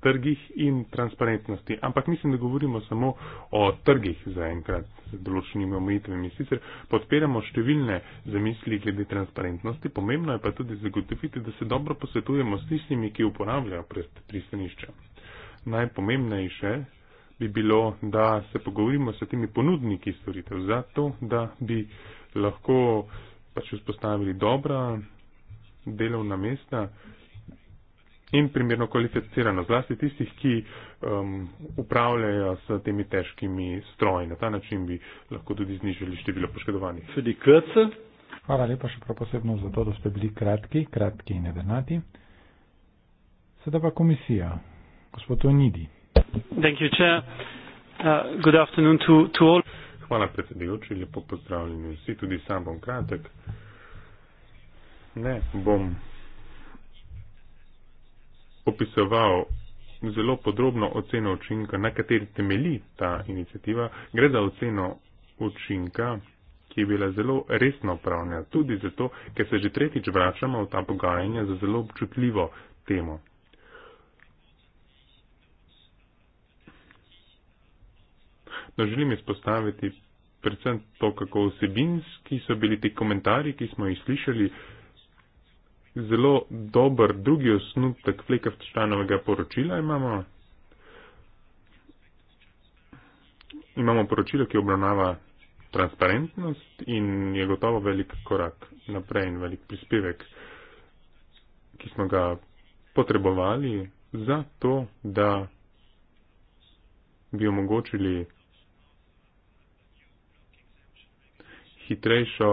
trgih in transparentnosti. Ampak mislim, da govorimo samo o trgih zaenkrat z določenimi omejitvami. Sicer podpiramo številne zamisli glede transparentnosti, pomembno je pa tudi zagotoviti, da se dobro posvetujemo s tistimi, ki uporabljajo pristanišče. Najpomembnejše bi bilo, da se pogovorimo s temi ponudniki storitev, zato da bi lahko pač vzpostavili dobra delovna mesta, in primerno kvalificirano, zlasti tistih, ki um, upravljajo s temi težkimi stroji. Na ta način bi lahko tudi znižali število poškodovanih. Tudi KC. Hvala lepa še prav posebno za to, da ste bili kratki, kratki in nevrnati. Sedaj pa komisija. Gospod Onidi. Uh, Hvala predsedujoči, lepo pozdravljeni vsi, tudi sam bom kratek. Ne, bom opisoval zelo podrobno oceno učinka, na kateri temeli ta inicijativa, gre za oceno učinka, ki je bila zelo resno upravljena, tudi zato, ker se že tretjič vračamo v ta pogajanja za zelo občutljivo temo. No, želim izpostaviti predvsem to, kako vsebinski so bili ti komentarji, ki smo jih slišali, uh, zelo dober drugi osnutek Flekaftštanovega poročila imamo. Imamo poročilo, ki obravnava transparentnost in je gotovo velik korak naprej in velik prispevek, ki smo ga potrebovali za to, da bi omogočili hitrejšo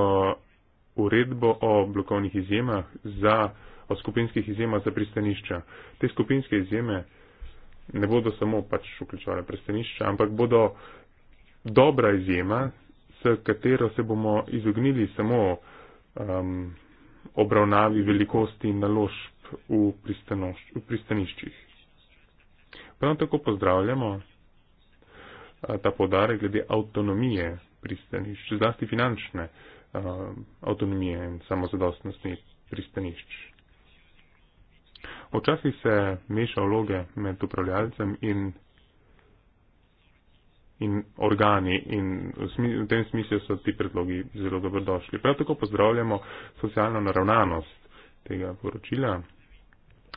uredbo o blokovnih izjemah, za, o skupinskih izjemah za pristanišča. Te skupinske izjeme ne bodo samo pač vključovale pristanišča, ampak bodo dobra izjema, s katero se bomo izognili samo um, obravnavi velikosti naložb v, v pristaniščih. Prav tako pozdravljamo uh, ta podarek glede avtonomije pristanišč, zlasti finančne. Uh, Eh, avtonomije in samozadostnosti pristanišč. Včasih se meša vloge med upravljalcem in, in organi in v, smislu, v tem smislu so ti predlogi zelo dobrodošli. Prav tako pozdravljamo socialno naravnanost tega poročila.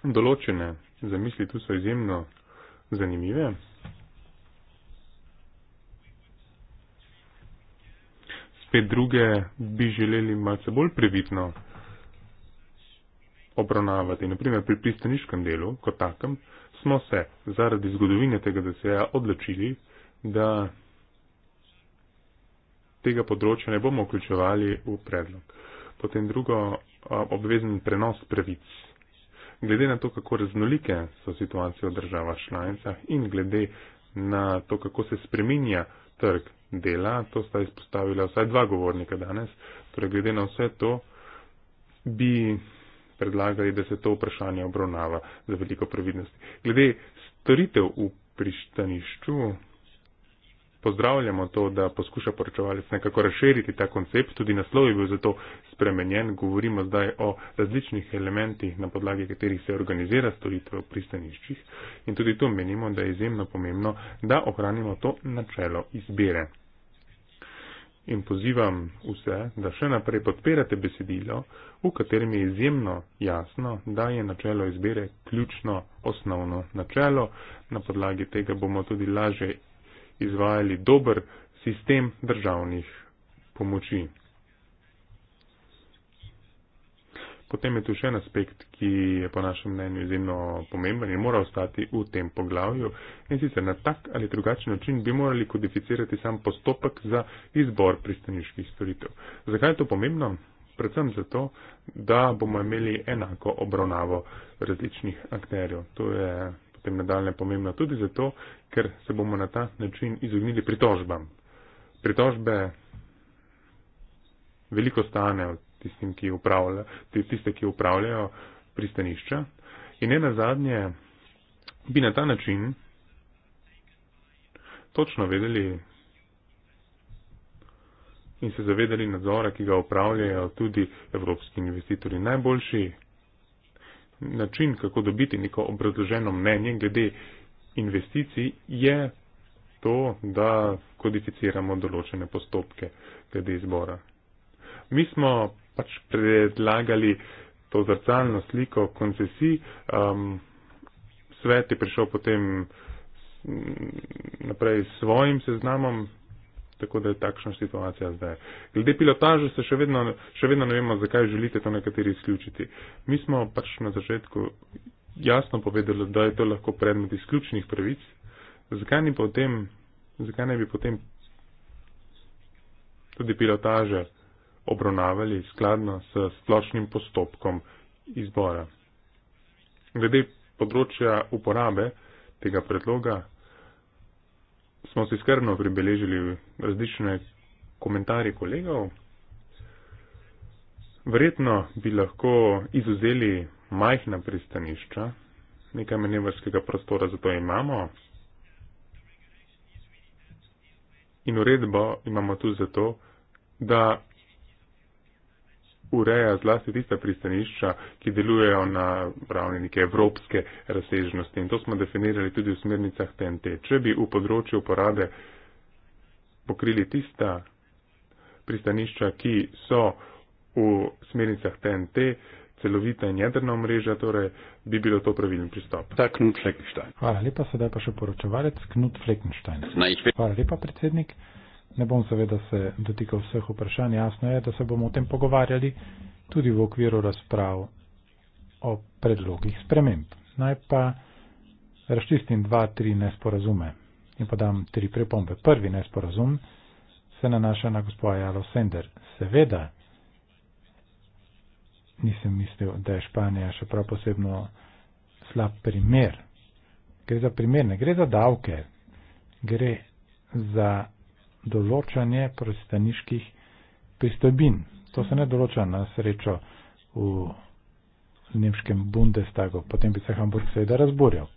Določene zamisli tu so izjemno zanimive. spet druge bi želeli malce bolj previdno obravnavati. Naprimer pri pristaniškem delu, kot takem, smo se zaradi zgodovine tega DSE-ja odločili, da tega področja ne bomo vključevali v predlog. Potem drugo, obvezen prenos pravic. Glede na to, kako raznolike so situacije v državah članicah in glede na to, kako se spreminja trg dela, to sta izpostavila vsaj dva govornika danes, torej glede na vse to bi predlagali, da se to vprašanje obravnava za veliko previdnosti. Glede storitev v prištanišču pozdravljamo to, da poskuša poročevalec nekako razširiti ta koncept, tudi naslov je bil zato spremenjen, govorimo zdaj o različnih elementih, na podlagi katerih se organizira storitev v pristaniščih in tudi to menimo, da je izjemno pomembno, da ohranimo to načelo izbire in pozivam vse, da še naprej podpirate besedilo, v katerem je izjemno jasno, da je načelo izbire ključno osnovno načelo. Na podlagi tega bomo tudi lažje izvajali dober sistem državnih pomoči. Potem je tu še en aspekt, ki je po našem mnenju izjemno pomemben in mora ostati v tem poglavju. In sicer na tak ali drugačen način bi morali kodificirati sam postopek za izbor pristaniških storitev. Zakaj je to pomembno? Predvsem zato, da bomo imeli enako obravnavo različnih akterjev. To je potem nadaljne pomembno tudi zato, ker se bomo na ta način izognili pritožbam. Pritožbe veliko stanejo tistim, ki upravlja, tiste, ki upravljajo pristanišča. In ne nazadnje bi na ta način točno vedeli in se zavedali nadzora, ki ga upravljajo tudi evropski investitorji. Najboljši način, kako dobiti neko obrazloženo mnenje glede investicij, je to, da kodificiramo določene postopke glede izbora. Mi smo pač predlagali to zrcalno sliko koncesij. Um, svet je prišel potem mm, naprej s svojim seznamom, tako da je takšna situacija zdaj. Glede pilotaže se še vedno, še vedno ne vemo, zakaj želite to nekateri izključiti. Mi smo pač na začetku jasno povedali, da je to lahko predmet izključnih pravic. Zakaj ne, potem, zakaj ne bi potem tudi pilotaža? obravnavali skladno s splošnim postopkom izbora. Glede področja uporabe tega predloga smo si skrbno pribeležili različne komentarje kolegov. Verjetno bi lahko izuzeli majhna pristanišča, nekaj manevrskega prostora za to imamo. In uredbo imamo tudi zato, da ureja zlasti tiste pristanišča, ki delujejo na ravni neke evropske razsežnosti. In to smo definirali tudi v smernicah TNT. Če bi v področju uporabe pokrili tista pristanišča, ki so v smernicah TNT, celovita in jedrna omrežja, torej bi bilo to pravilen pristop. Da, Knut Fleckenstein. Hvala lepa, sedaj pa še poročevalec Knut Fleckenstein. Hvala lepa, predsednik. Ne bom seveda se dotikal vseh vprašanj, jasno je, da se bomo o tem pogovarjali tudi v okviru razprav o predlogih sprememb. Naj pa razčistim dva, tri nesporazume in podam tri pripombe. Prvi nesporazum se nanaša na gospoda Jalo Sender. Seveda, nisem mislil, da je Španija še prav posebno slab primer. Gre za primer, ne gre za davke, gre za določanje pristaniških pristojbin. To se ne določa na srečo v nemškem Bundestagu, potem bi se Hamburg seveda razburjal.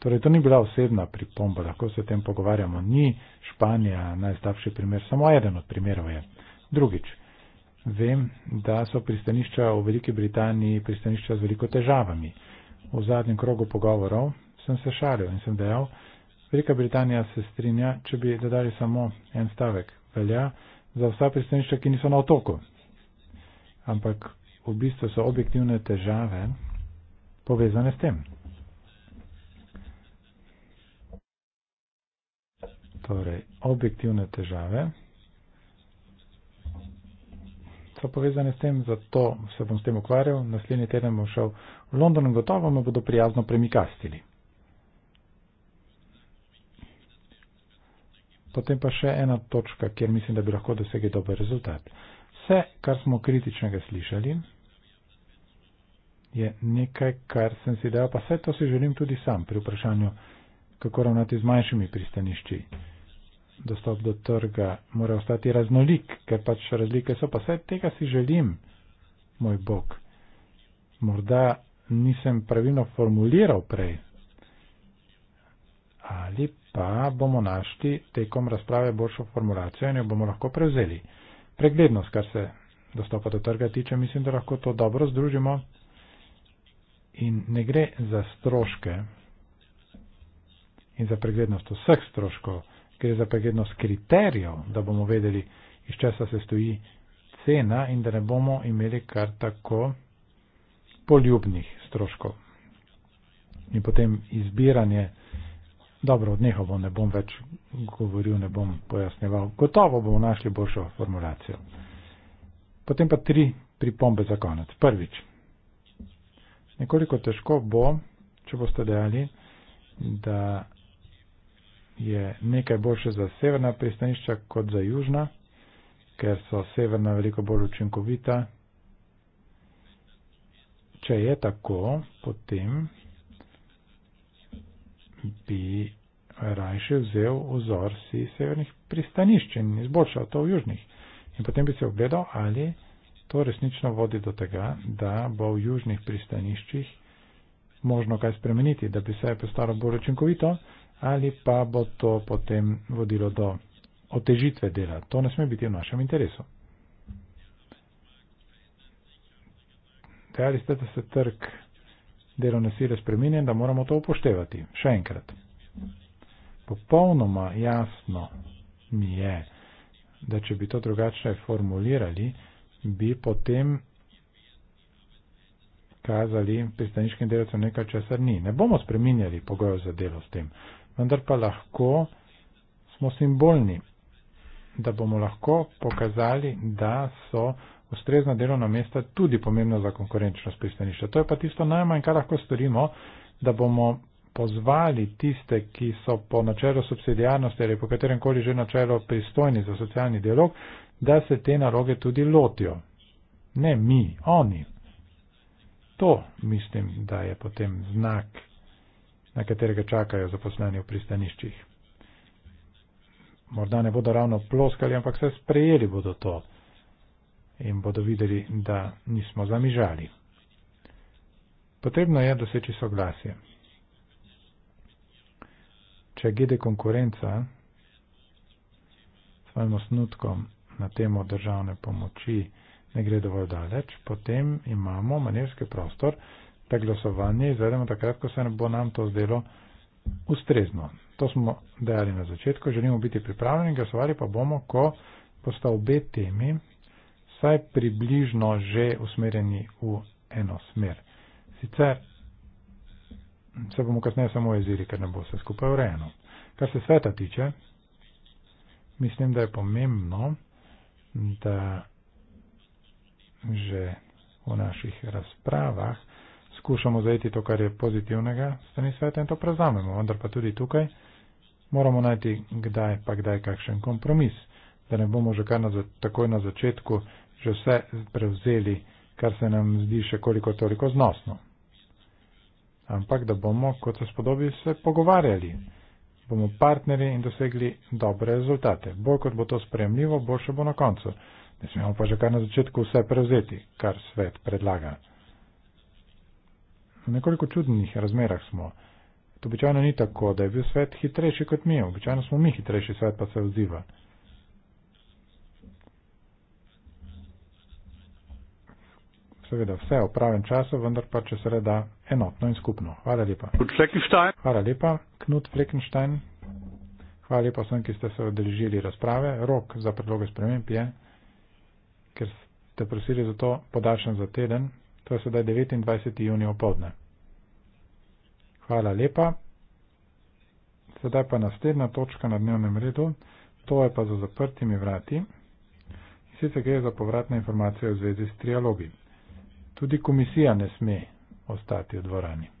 Torej, to ni bila osebna pripomba, lahko se o tem pogovarjamo. Ni Španija najslabši primer, samo eden od primerov je. Drugič, vem, da so pristanišča v Veliki Britaniji pristanišča z veliko težavami. V zadnjem krogu pogovorov sem se šalil in sem dejal, Velika Britanija se strinja, če bi dodali samo en stavek, velja za vsa pristanišča, ki niso na otoku. Ampak v bistvu so objektivne težave povezane s tem. Torej, objektivne težave so povezane s tem, zato se bom s tem ukvarjal. Naslednji teden bom šel v London in gotovo me bodo prijazno premikastili. potem pa še ena točka, kjer mislim, da bi lahko dosegli dober rezultat. Vse, kar smo kritičnega slišali, je nekaj, kar sem si dejal, pa vse to si želim tudi sam pri vprašanju, kako ravnati z manjšimi pristanišči. Dostop do trga mora ostati raznolik, ker pač razlike so, pa vse tega si želim, moj bog. Morda nisem pravilno formuliral prej. Ali pa bomo našli tekom razprave boljšo formulacijo in jo bomo lahko prevzeli. Preglednost, kar se dostopa do trga tiče, mislim, da lahko to dobro združimo in ne gre za stroške in za preglednost vseh stroškov, gre za preglednost kriterijev, da bomo vedeli, iz česa se stoji cena in da ne bomo imeli kar tako poljubnih stroškov. In potem izbiranje Dobro, od njega bom ne bom več govoril, ne bom pojasneval. Gotovo bomo našli boljšo formulacijo. Potem pa tri pripombe za konec. Prvič, nekoliko težko bo, če boste dejali, da je nekaj boljše za severna pristanišča kot za južna, ker so severna veliko bolj učinkovita. Če je tako, potem bi raje vzel ozor si severnih pristanišč in izboljšal to v južnih. In potem bi se ogledal, ali to resnično vodi do tega, da bo v južnih pristaniščih možno kaj spremeniti, da bi se je postalo bolj učinkovito, ali pa bo to potem vodilo do otežitve dela. To ne sme biti v našem interesu. Dejali ste, da se trg delovne sile spremenjen, da moramo to upoštevati. Še enkrat. Popolnoma jasno mi je, da če bi to drugače formulirali, bi potem kazali pristaniškim delovcem nekaj, česar ni. Ne bomo spreminjali pogojev za delo s tem, vendar pa lahko smo simbolni, da bomo lahko pokazali, da so ustrezna delovna mesta tudi pomembna za konkurenčnost pristanišča. To je pa tisto najmanj, kar lahko storimo, da bomo pozvali tiste, ki so po načelu subsidijarnosti ali po katerem koli že načelu pristojni za socialni dialog, da se te naloge tudi lotijo. Ne mi, oni. To mislim, da je potem znak, na katerega čakajo zaposleni v pristaniščih. Morda ne bodo ravno ploskali, ampak se sprejeli bodo to in bodo videli, da nismo zamižali. Potrebno je doseči soglasje. Če gede konkurenca svojim osnutkom na temo državne pomoči ne gre dovolj daleč, potem imamo manevrski prostor, da glasovanje izvedemo takrat, ko se bo nam to zdelo ustrezno. To smo dejali na začetku, želimo biti pripravljeni, glasovali pa bomo, ko bosta obe temi vsaj približno že usmerjeni v eno smer. Sicer se bomo kasneje samo jezili, ker ne bo vse skupaj urejeno. Kar se sveta tiče, mislim, da je pomembno, da že v naših razpravah skušamo zajeti to, kar je pozitivnega strani sveta in to prezamemo, vendar pa tudi tukaj moramo najti kdaj pa kdaj kakšen kompromis, da ne bomo že kar na, takoj na začetku že vse prevzeli, kar se nam zdi še koliko toliko znosno. Ampak da bomo, kot se spodobi, se pogovarjali, bomo partneri in dosegli dobre rezultate. Bolj kot bo to spremljivo, boljše bo na koncu. Ne smemo pa že kar na začetku vse prevzeti, kar svet predlaga. V nekoliko čudnih razmerah smo. To običajno ni tako, da je bil svet hitrejši kot mi, običajno smo mi hitrejši, svet pa se odziva. seveda vse v pravem času, vendar pa če se le da enotno in skupno. Hvala lepa. Hvala lepa, Knut Fleckenstein. Hvala lepa vsem, ki ste se odeležili razprave. Rok za predloge sprememb je, ker ste prosili za to podaljšan za teden. To je sedaj 29. junij opovdne. Hvala lepa. Sedaj pa naslednja točka na dnevnem redu. To je pa za zaprtimi vrati. Sicer gre za povratne informacije v zvezi s trialogi. Tudi komisija ne sme ostati v dvorani.